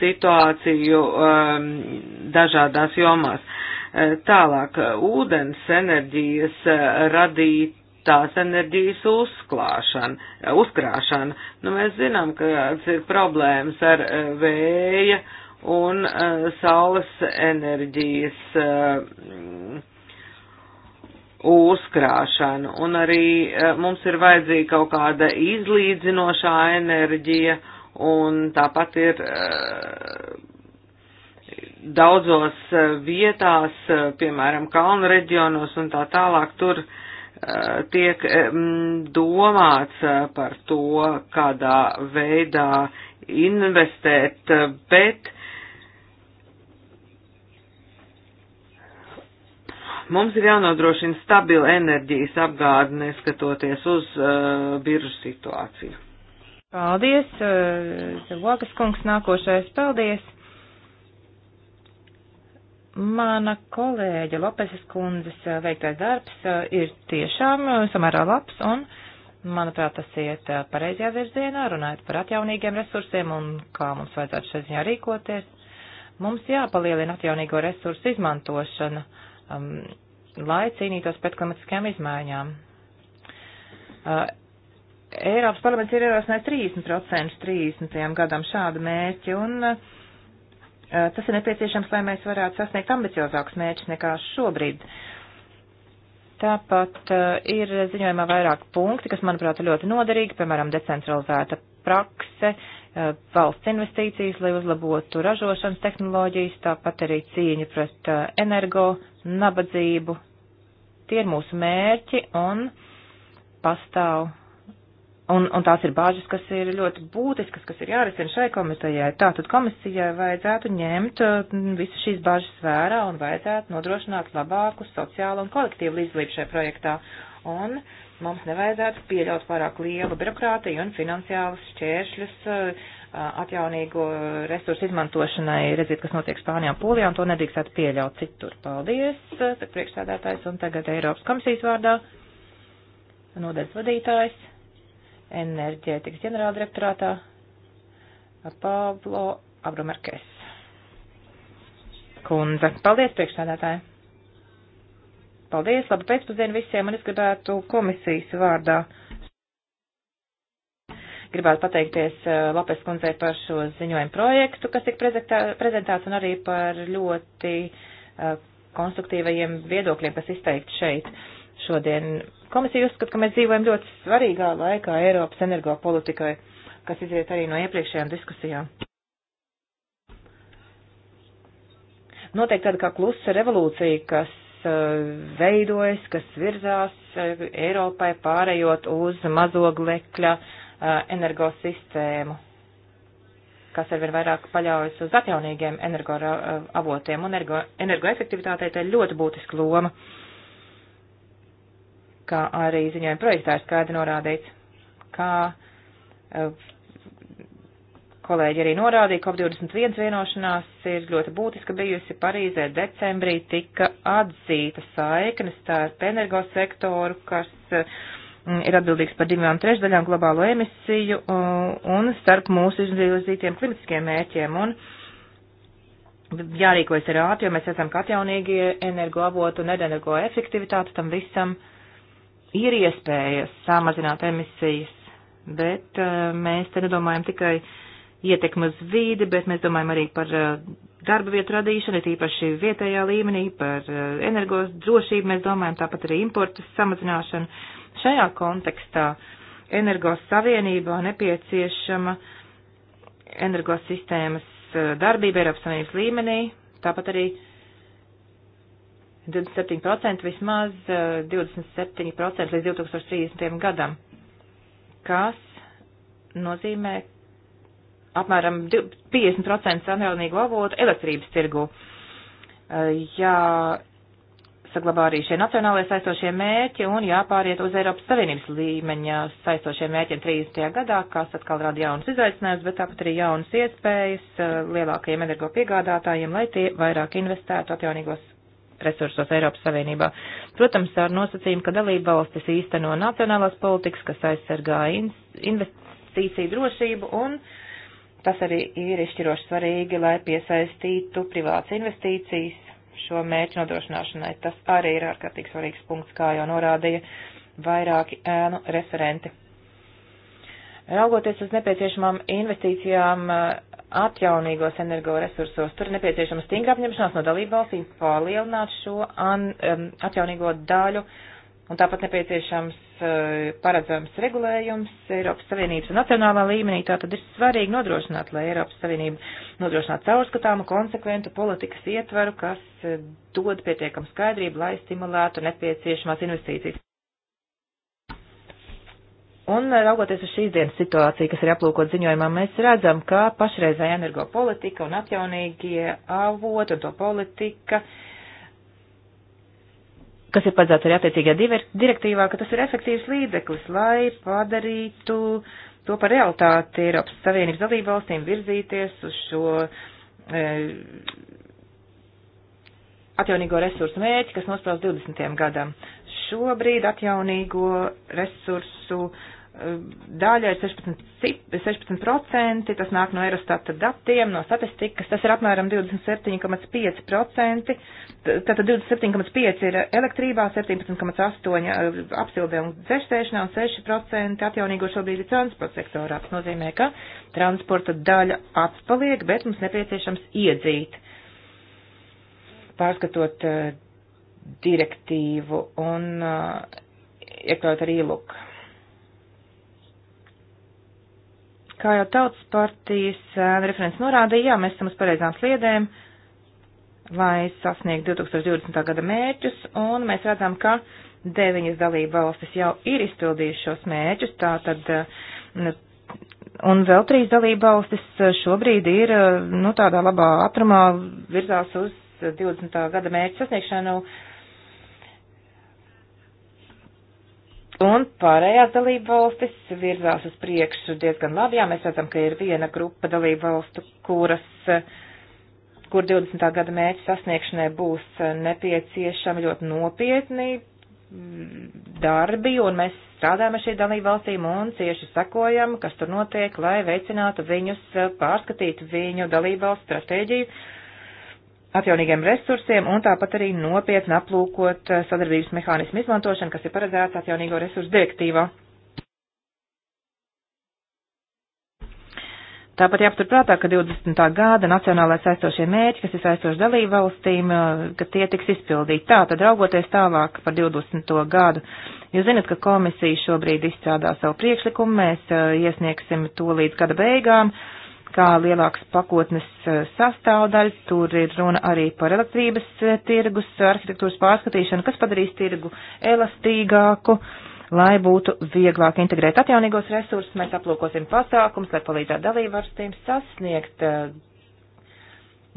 A: situāciju ehm, dažādās jomās. Eh, tālāk, ūdens enerģijas eh, radīt tās enerģijas uzklāšana, uzkrāšana. Nu, mēs zinām, ka ir problēmas ar vēja uh, un uh, saules enerģijas uh, eh, uzkrāšanu. Un arī uh, mums ir vajadzīga kaut kāda izlīdzinošā enerģija, un tāpat ir uh, daudzos uh, vietās, uh, piemēram, kalnu reģionos un tā tālāk, tur uh, tiek domāts par to, kādā veidā investēt, bet Mums ir jānodrošina stabila enerģijas apgāde, neskatoties uz uh, biržu situāciju.
B: Paldies, uh, Vokas kungs, nākošais, paldies. Mana kolēģa Lopeses kundzes uh, veiktais darbs uh, ir tiešām uh, samērā labs un, manuprāt, tas iet pareizajā virzienā, runājot par atjaunīgiem resursiem un kā mums vajadzētu šajā ziņā rīkoties. Mums jāpalielina atjaunīgo resursu izmantošana. Uh, um, lai cīnītos pret klimatiskajām izmaiņām. Uh, Eiropas parlaments ir ierosinājis 30% 30. gadam šādu mērķi, un uh, tas ir nepieciešams, lai mēs varētu sasniegt ambiciozākus mērķus nekā šobrīd. Tāpat uh, ir ziņojumā vairāk punkti, kas, manuprāt, ir ļoti noderīgi, piemēram, decentralizēta prakse, uh, valsts investīcijas, lai uzlabotu ražošanas tehnoloģijas, tāpat arī cīņa pret uh, energo nabadzību. Tie ir mūsu mērķi un pastāv. Un, un tās ir bāžas, kas ir ļoti būtiskas, kas ir jārisina šai komitejai. Tātad komisijai vajadzētu ņemt mm, visas šīs bāžas vērā un vajadzētu nodrošināt labāku sociālu un kolektīvu līdzlību šajā projektā. Un mums nevajadzētu pieļaut pārāk lielu birokrātiju un finansiālus šķēršļus uh, atjaunīgo resursu izmantošanai, redziet, kas notiek Spānijā un Polijā, un to nedrīkstētu pieļaut citur. Paldies, saka priekšsādātājs, un tagad Eiropas komisijas vārdā nodaļas vadītājs, enerģētikas ģenerāldirektorātā Pablo Abromerkes. Kundze, paldies priekšsādātājai! Paldies, labu pēcpusdienu visiem, un es gribētu komisijas vārdā uh, Gribētu pateikties eh, Lapes kundzei par šo ziņojumu projektu, kas tika prezentēts, un arī par ļoti eh, konstruktīvajiem viedokļiem, kas izteikti šeit šodien. Komisija uzskata, ka mēs dzīvojam ļoti svarīgā laikā Eiropas energopolitikai, kas iziet arī no iepriekšējām diskusijām. Noteikti tāda kā klusa revolūcija, kas eh, veidojas, kas virzās Eiropai pārējot uz mazoglekļa Uh, energosistēmu, kas arvien vairāk paļaujas uz atjaunīgiem energoavotiem uh, un energo, energoefektivitātei te ir ļoti būtiska loma, kā arī ziņojuma projektā ir skaidri norādīts, kā uh, kolēģi arī norādīja, COP21 vienošanās ir ļoti būtiska bijusi Parīzē decembrī tika atzīta saikne starp energosektoru, kas uh, Mm, ir atbildīgs par divām trešdaļām globālo emisiju un starp mūsu izvirzītiem klimatiskiem mērķiem. Un jārīkojas ir ātri, jo mēs esam atjaunīgie energoavotu un energo efektivitāti tam visam. Ir iespējas samazināt emisijas, bet uh, mēs te nedomājam tikai ietekmi uz vīdi, bet mēs domājam arī par uh, darba vietu radīšanu, ir īpaši vietējā līmenī, par uh, energos drošību mēs domājam, tāpat arī importas samazināšanu Šajā kontekstā energos savienībā nepieciešama energos sistēmas eh, darbība Eiropas Savienības līmenī, tāpat arī 27% vismaz 27% eh, līdz 2030. gadam, kas nozīmē apmēram 50% sanāvnīgu avotu elektrības tirgu. Eh, ja jāsaglabā arī šie nacionālajie saistošie mērķi un jāpāriet uz Eiropas Savienības līmeņa saistošiem mērķiem 30. gadā, kas atkal rada jaunas izaicinājumus, bet tāpat arī jaunas iespējas eh, lielākajiem energopiegādātājiem, lai tie vairāk investētu atjaunīgos resursos Eiropas Savienībā. Protams, ar nosacījumu, ka dalība valstis īsteno nacionālās politikas, kas aizsargā investīciju drošību un tas arī ir izšķiroši svarīgi, lai piesaistītu privāts investīcijas šo mērķu nodrošināšanai. Tas arī ir ārkārtīgi svarīgs punkts, kā jau norādīja vairāki ēnu referenti. Raugoties uz nepieciešamām investīcijām atjaunīgos energoresursos, tur ir nepieciešama stingra apņemšanās no dalību valstīm palielināt šo an, um, atjaunīgo daļu uh, Un tāpat nepieciešams eh, paredzams regulējums Eiropas Savienības un nacionālā līmenī. Tā tad ir svarīgi nodrošināt, lai Eiropas Savienība nodrošinātu caurskatāmu, konsekventu politikas ietveru, kas eh, dod pietiekamu skaidrību, lai stimulētu nepieciešamās investīcijas. Un eh, raugoties uz šīs dienas situāciju, kas ir aplūkot ziņojumā, mēs redzam, ka pašreizēja energopolitika un atjaunīgie avoti un to politika uh, kas ir paredzēts arī attiecīgajā direktīvā, ka tas ir efektīvs līdzeklis, lai padarītu to par realitāti Eiropas Savienības dalību valstīm virzīties uz šo e, atjaunīgo resursu mērķi, kas nospraus 20. gadam. Šobrīd atjaunīgo resursu daļa ir 16, 16%, tas nāk no Eurostata datiem, no statistikas, tas ir apmēram 27,5%, tātad 27,5% ir elektrībā, 17,8% apsildē un dzērsēšanā un 6% atjaunīgo šobrīd ir transporta sektorā. Tas nozīmē, ka transporta daļa atpaliek, bet mums nepieciešams iedzīt. Pārskatot direktīvu un iekļaut arī luku Kā jau tautas partijas referents norādīja, jā, mēs esam uz pareizām sliedēm, lai sasniegtu 2020. gada mērķus, un mēs redzam, ka deviņas dalība valstis jau ir izpildījušas šos mērķus, tātad, nu, un vēl trīs dalība valstis šobrīd ir, nu, tādā labā atrumā virzās uz 20. gada mērķu sasniegšanu Un pārējās dalību valstis virzās uz priekšu diezgan labi. Jā, mēs redzam, ka ir viena grupa dalību valstu, kuras, kur 20. gada mērķa sasniegšanai būs nepieciešami ļoti nopietni darbi, un mēs strādājam ar šī dalību valstīm un cieši sekojam, kas tur notiek, lai veicinātu viņus, pārskatītu viņu dalību valstu stratēģiju atjaunīgiem resursiem un tāpat arī nopietni aplūkot eh, sadarbības mehānismu izmantošanu, kas ir paredzēts atjaunīgo resursu direktīvā. Tāpat jāpaturprātā, ka 20. gada nacionālais aizstošie mērķi, kas ir aizstoši dalību valstīm, eh, ka tie tiks izpildīti. Tā, tad raugoties tālāk par 20. gadu, jūs zinat, ka komisija šobrīd izstrādā savu priekšlikumu, mēs eh, iesniegsim to līdz gada beigām. Uh, kā lielāks pakotnes eh, sastāvdaļa. Tur ir runa arī par elektrības eh, tirgus eh, arhitektūras pārskatīšanu, kas padarīs tirgu elastīgāku, lai būtu vieglāk integrēt atjaunīgos resursus. Mēs aplūkosim pasākums, lai palīdzētu dalībvalstīm sasniegt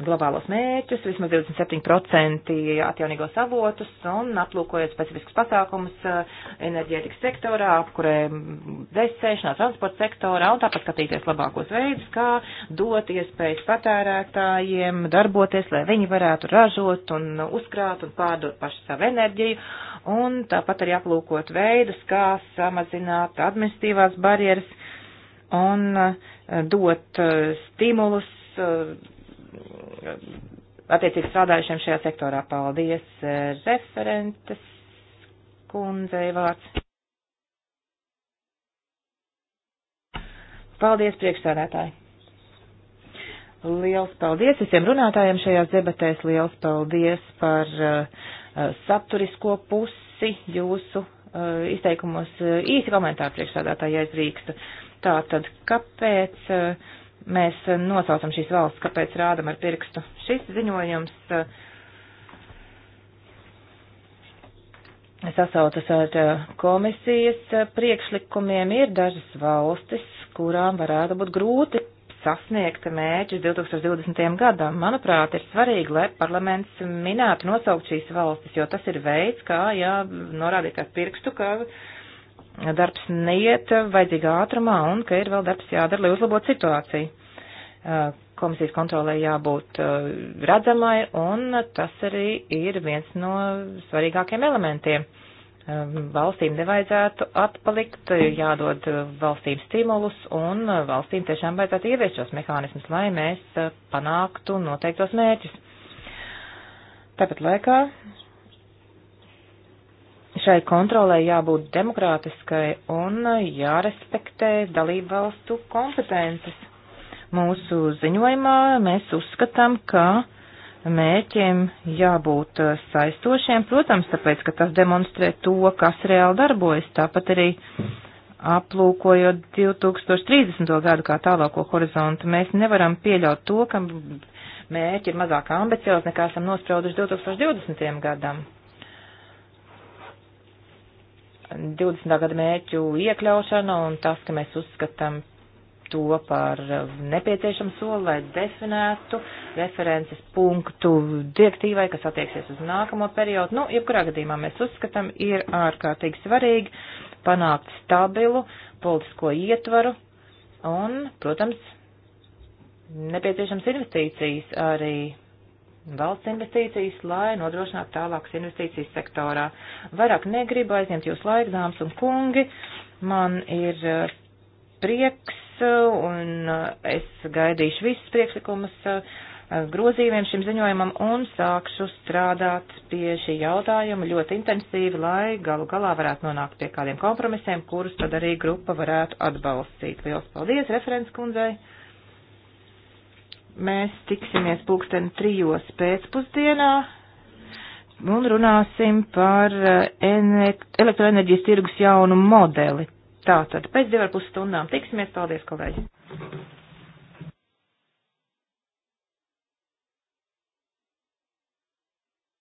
B: globālos mērķus, vismaz 27% atjaunīgos avotus un aplūkojot specifiskus pasākumus eh, enerģētikas sektorā, apkurē desēšanā, transporta sektorā un tāpat skatīties labākos veidus, kā dot iespējas patērētājiem darboties, lai viņi varētu ražot un uzkrāt un pārdot pašu savu enerģiju un tāpat arī aplūkot veidus, kā samazināt administratīvās barjeras un eh, dot eh, stimulus attiecīgi strādājušiem šajā sektorā. Paldies eh, referentes kundzei vārds. Paldies priekšsēdētāji. Liels paldies visiem runātājiem šajās debatēs. Liels paldies par uh, saturisko pusi jūsu uh, izteikumos. Īsi komentāri priekšsādātāji aizrīkstu. Tātad, kāpēc uh, mēs nosaucam šīs valsts, kāpēc rādam ar pirkstu. Šis ziņojums eh, sasaucas ar eh, komisijas eh, priekšlikumiem. Ir dažas valstis, kurām varētu būt grūti sasniegta mērķis 2020. gadam. Manuprāt, ir svarīgi, lai parlaments minētu nosaukt šīs valstis, jo tas ir veids, kā jā, norādīt ar pirkstu, ka uh, darbs neiet vajadzīgā ātrumā un ka ir vēl darbs jādara, lai uzlabotu situāciju. Komisijas kontrolē jābūt redzamai un tas arī ir viens no svarīgākiem elementiem. Valstīm nevajadzētu atpalikt, jādod valstīm stimulus un valstīm tiešām vajadzētu ieviest šos mehānismus, lai mēs panāktu noteiktos mērķus. Tāpat laikā šai kontrolē jābūt demokrātiskai un jārespektē dalību valstu kompetences. Mūsu ziņojumā mēs uzskatām, ka mērķiem jābūt saistošiem, protams, tāpēc, ka tas demonstrē to, kas reāli darbojas, tāpat arī aplūkojot 2030. gadu kā tālāko horizontu, mēs nevaram pieļaut to, ka mērķi ir mazāk ambiciozi nekā esam nosprauduši 2020. gadam. 20. gada mērķu iekļaušana un tas, ka mēs uzskatām to par nepieciešamu soli, lai definētu references punktu direktīvai, kas attieksies uz nākamo periodu. Nu, jebkurā gadījumā mēs uzskatām, ir ārkārtīgi svarīgi panākt stabilu politisko ietvaru un, protams, nepieciešams investīcijas arī valsts investīcijas, lai nodrošinātu tālākas investīcijas sektorā. Vairāk negribu aizņemt jūs laiku, dāmas un kungi. Man ir eh, prieks eh, un eh, es gaidīšu visus priekšlikumus grozījumiem šim ziņojumam un sākšu strādāt pie šī jautājuma ļoti intensīvi, lai galu galā varētu nonākt pie kādiem kompromisiem, kurus tad arī grupa varētu atbalstīt. Lielas paldies referents kundzei! mēs tiksimies pulksten trijos pēcpusdienā un runāsim par eh, elektroenerģijas tirgus jaunu modeli. Tātad pēc divarpus stundām tiksimies.
C: Paldies, kolēģi!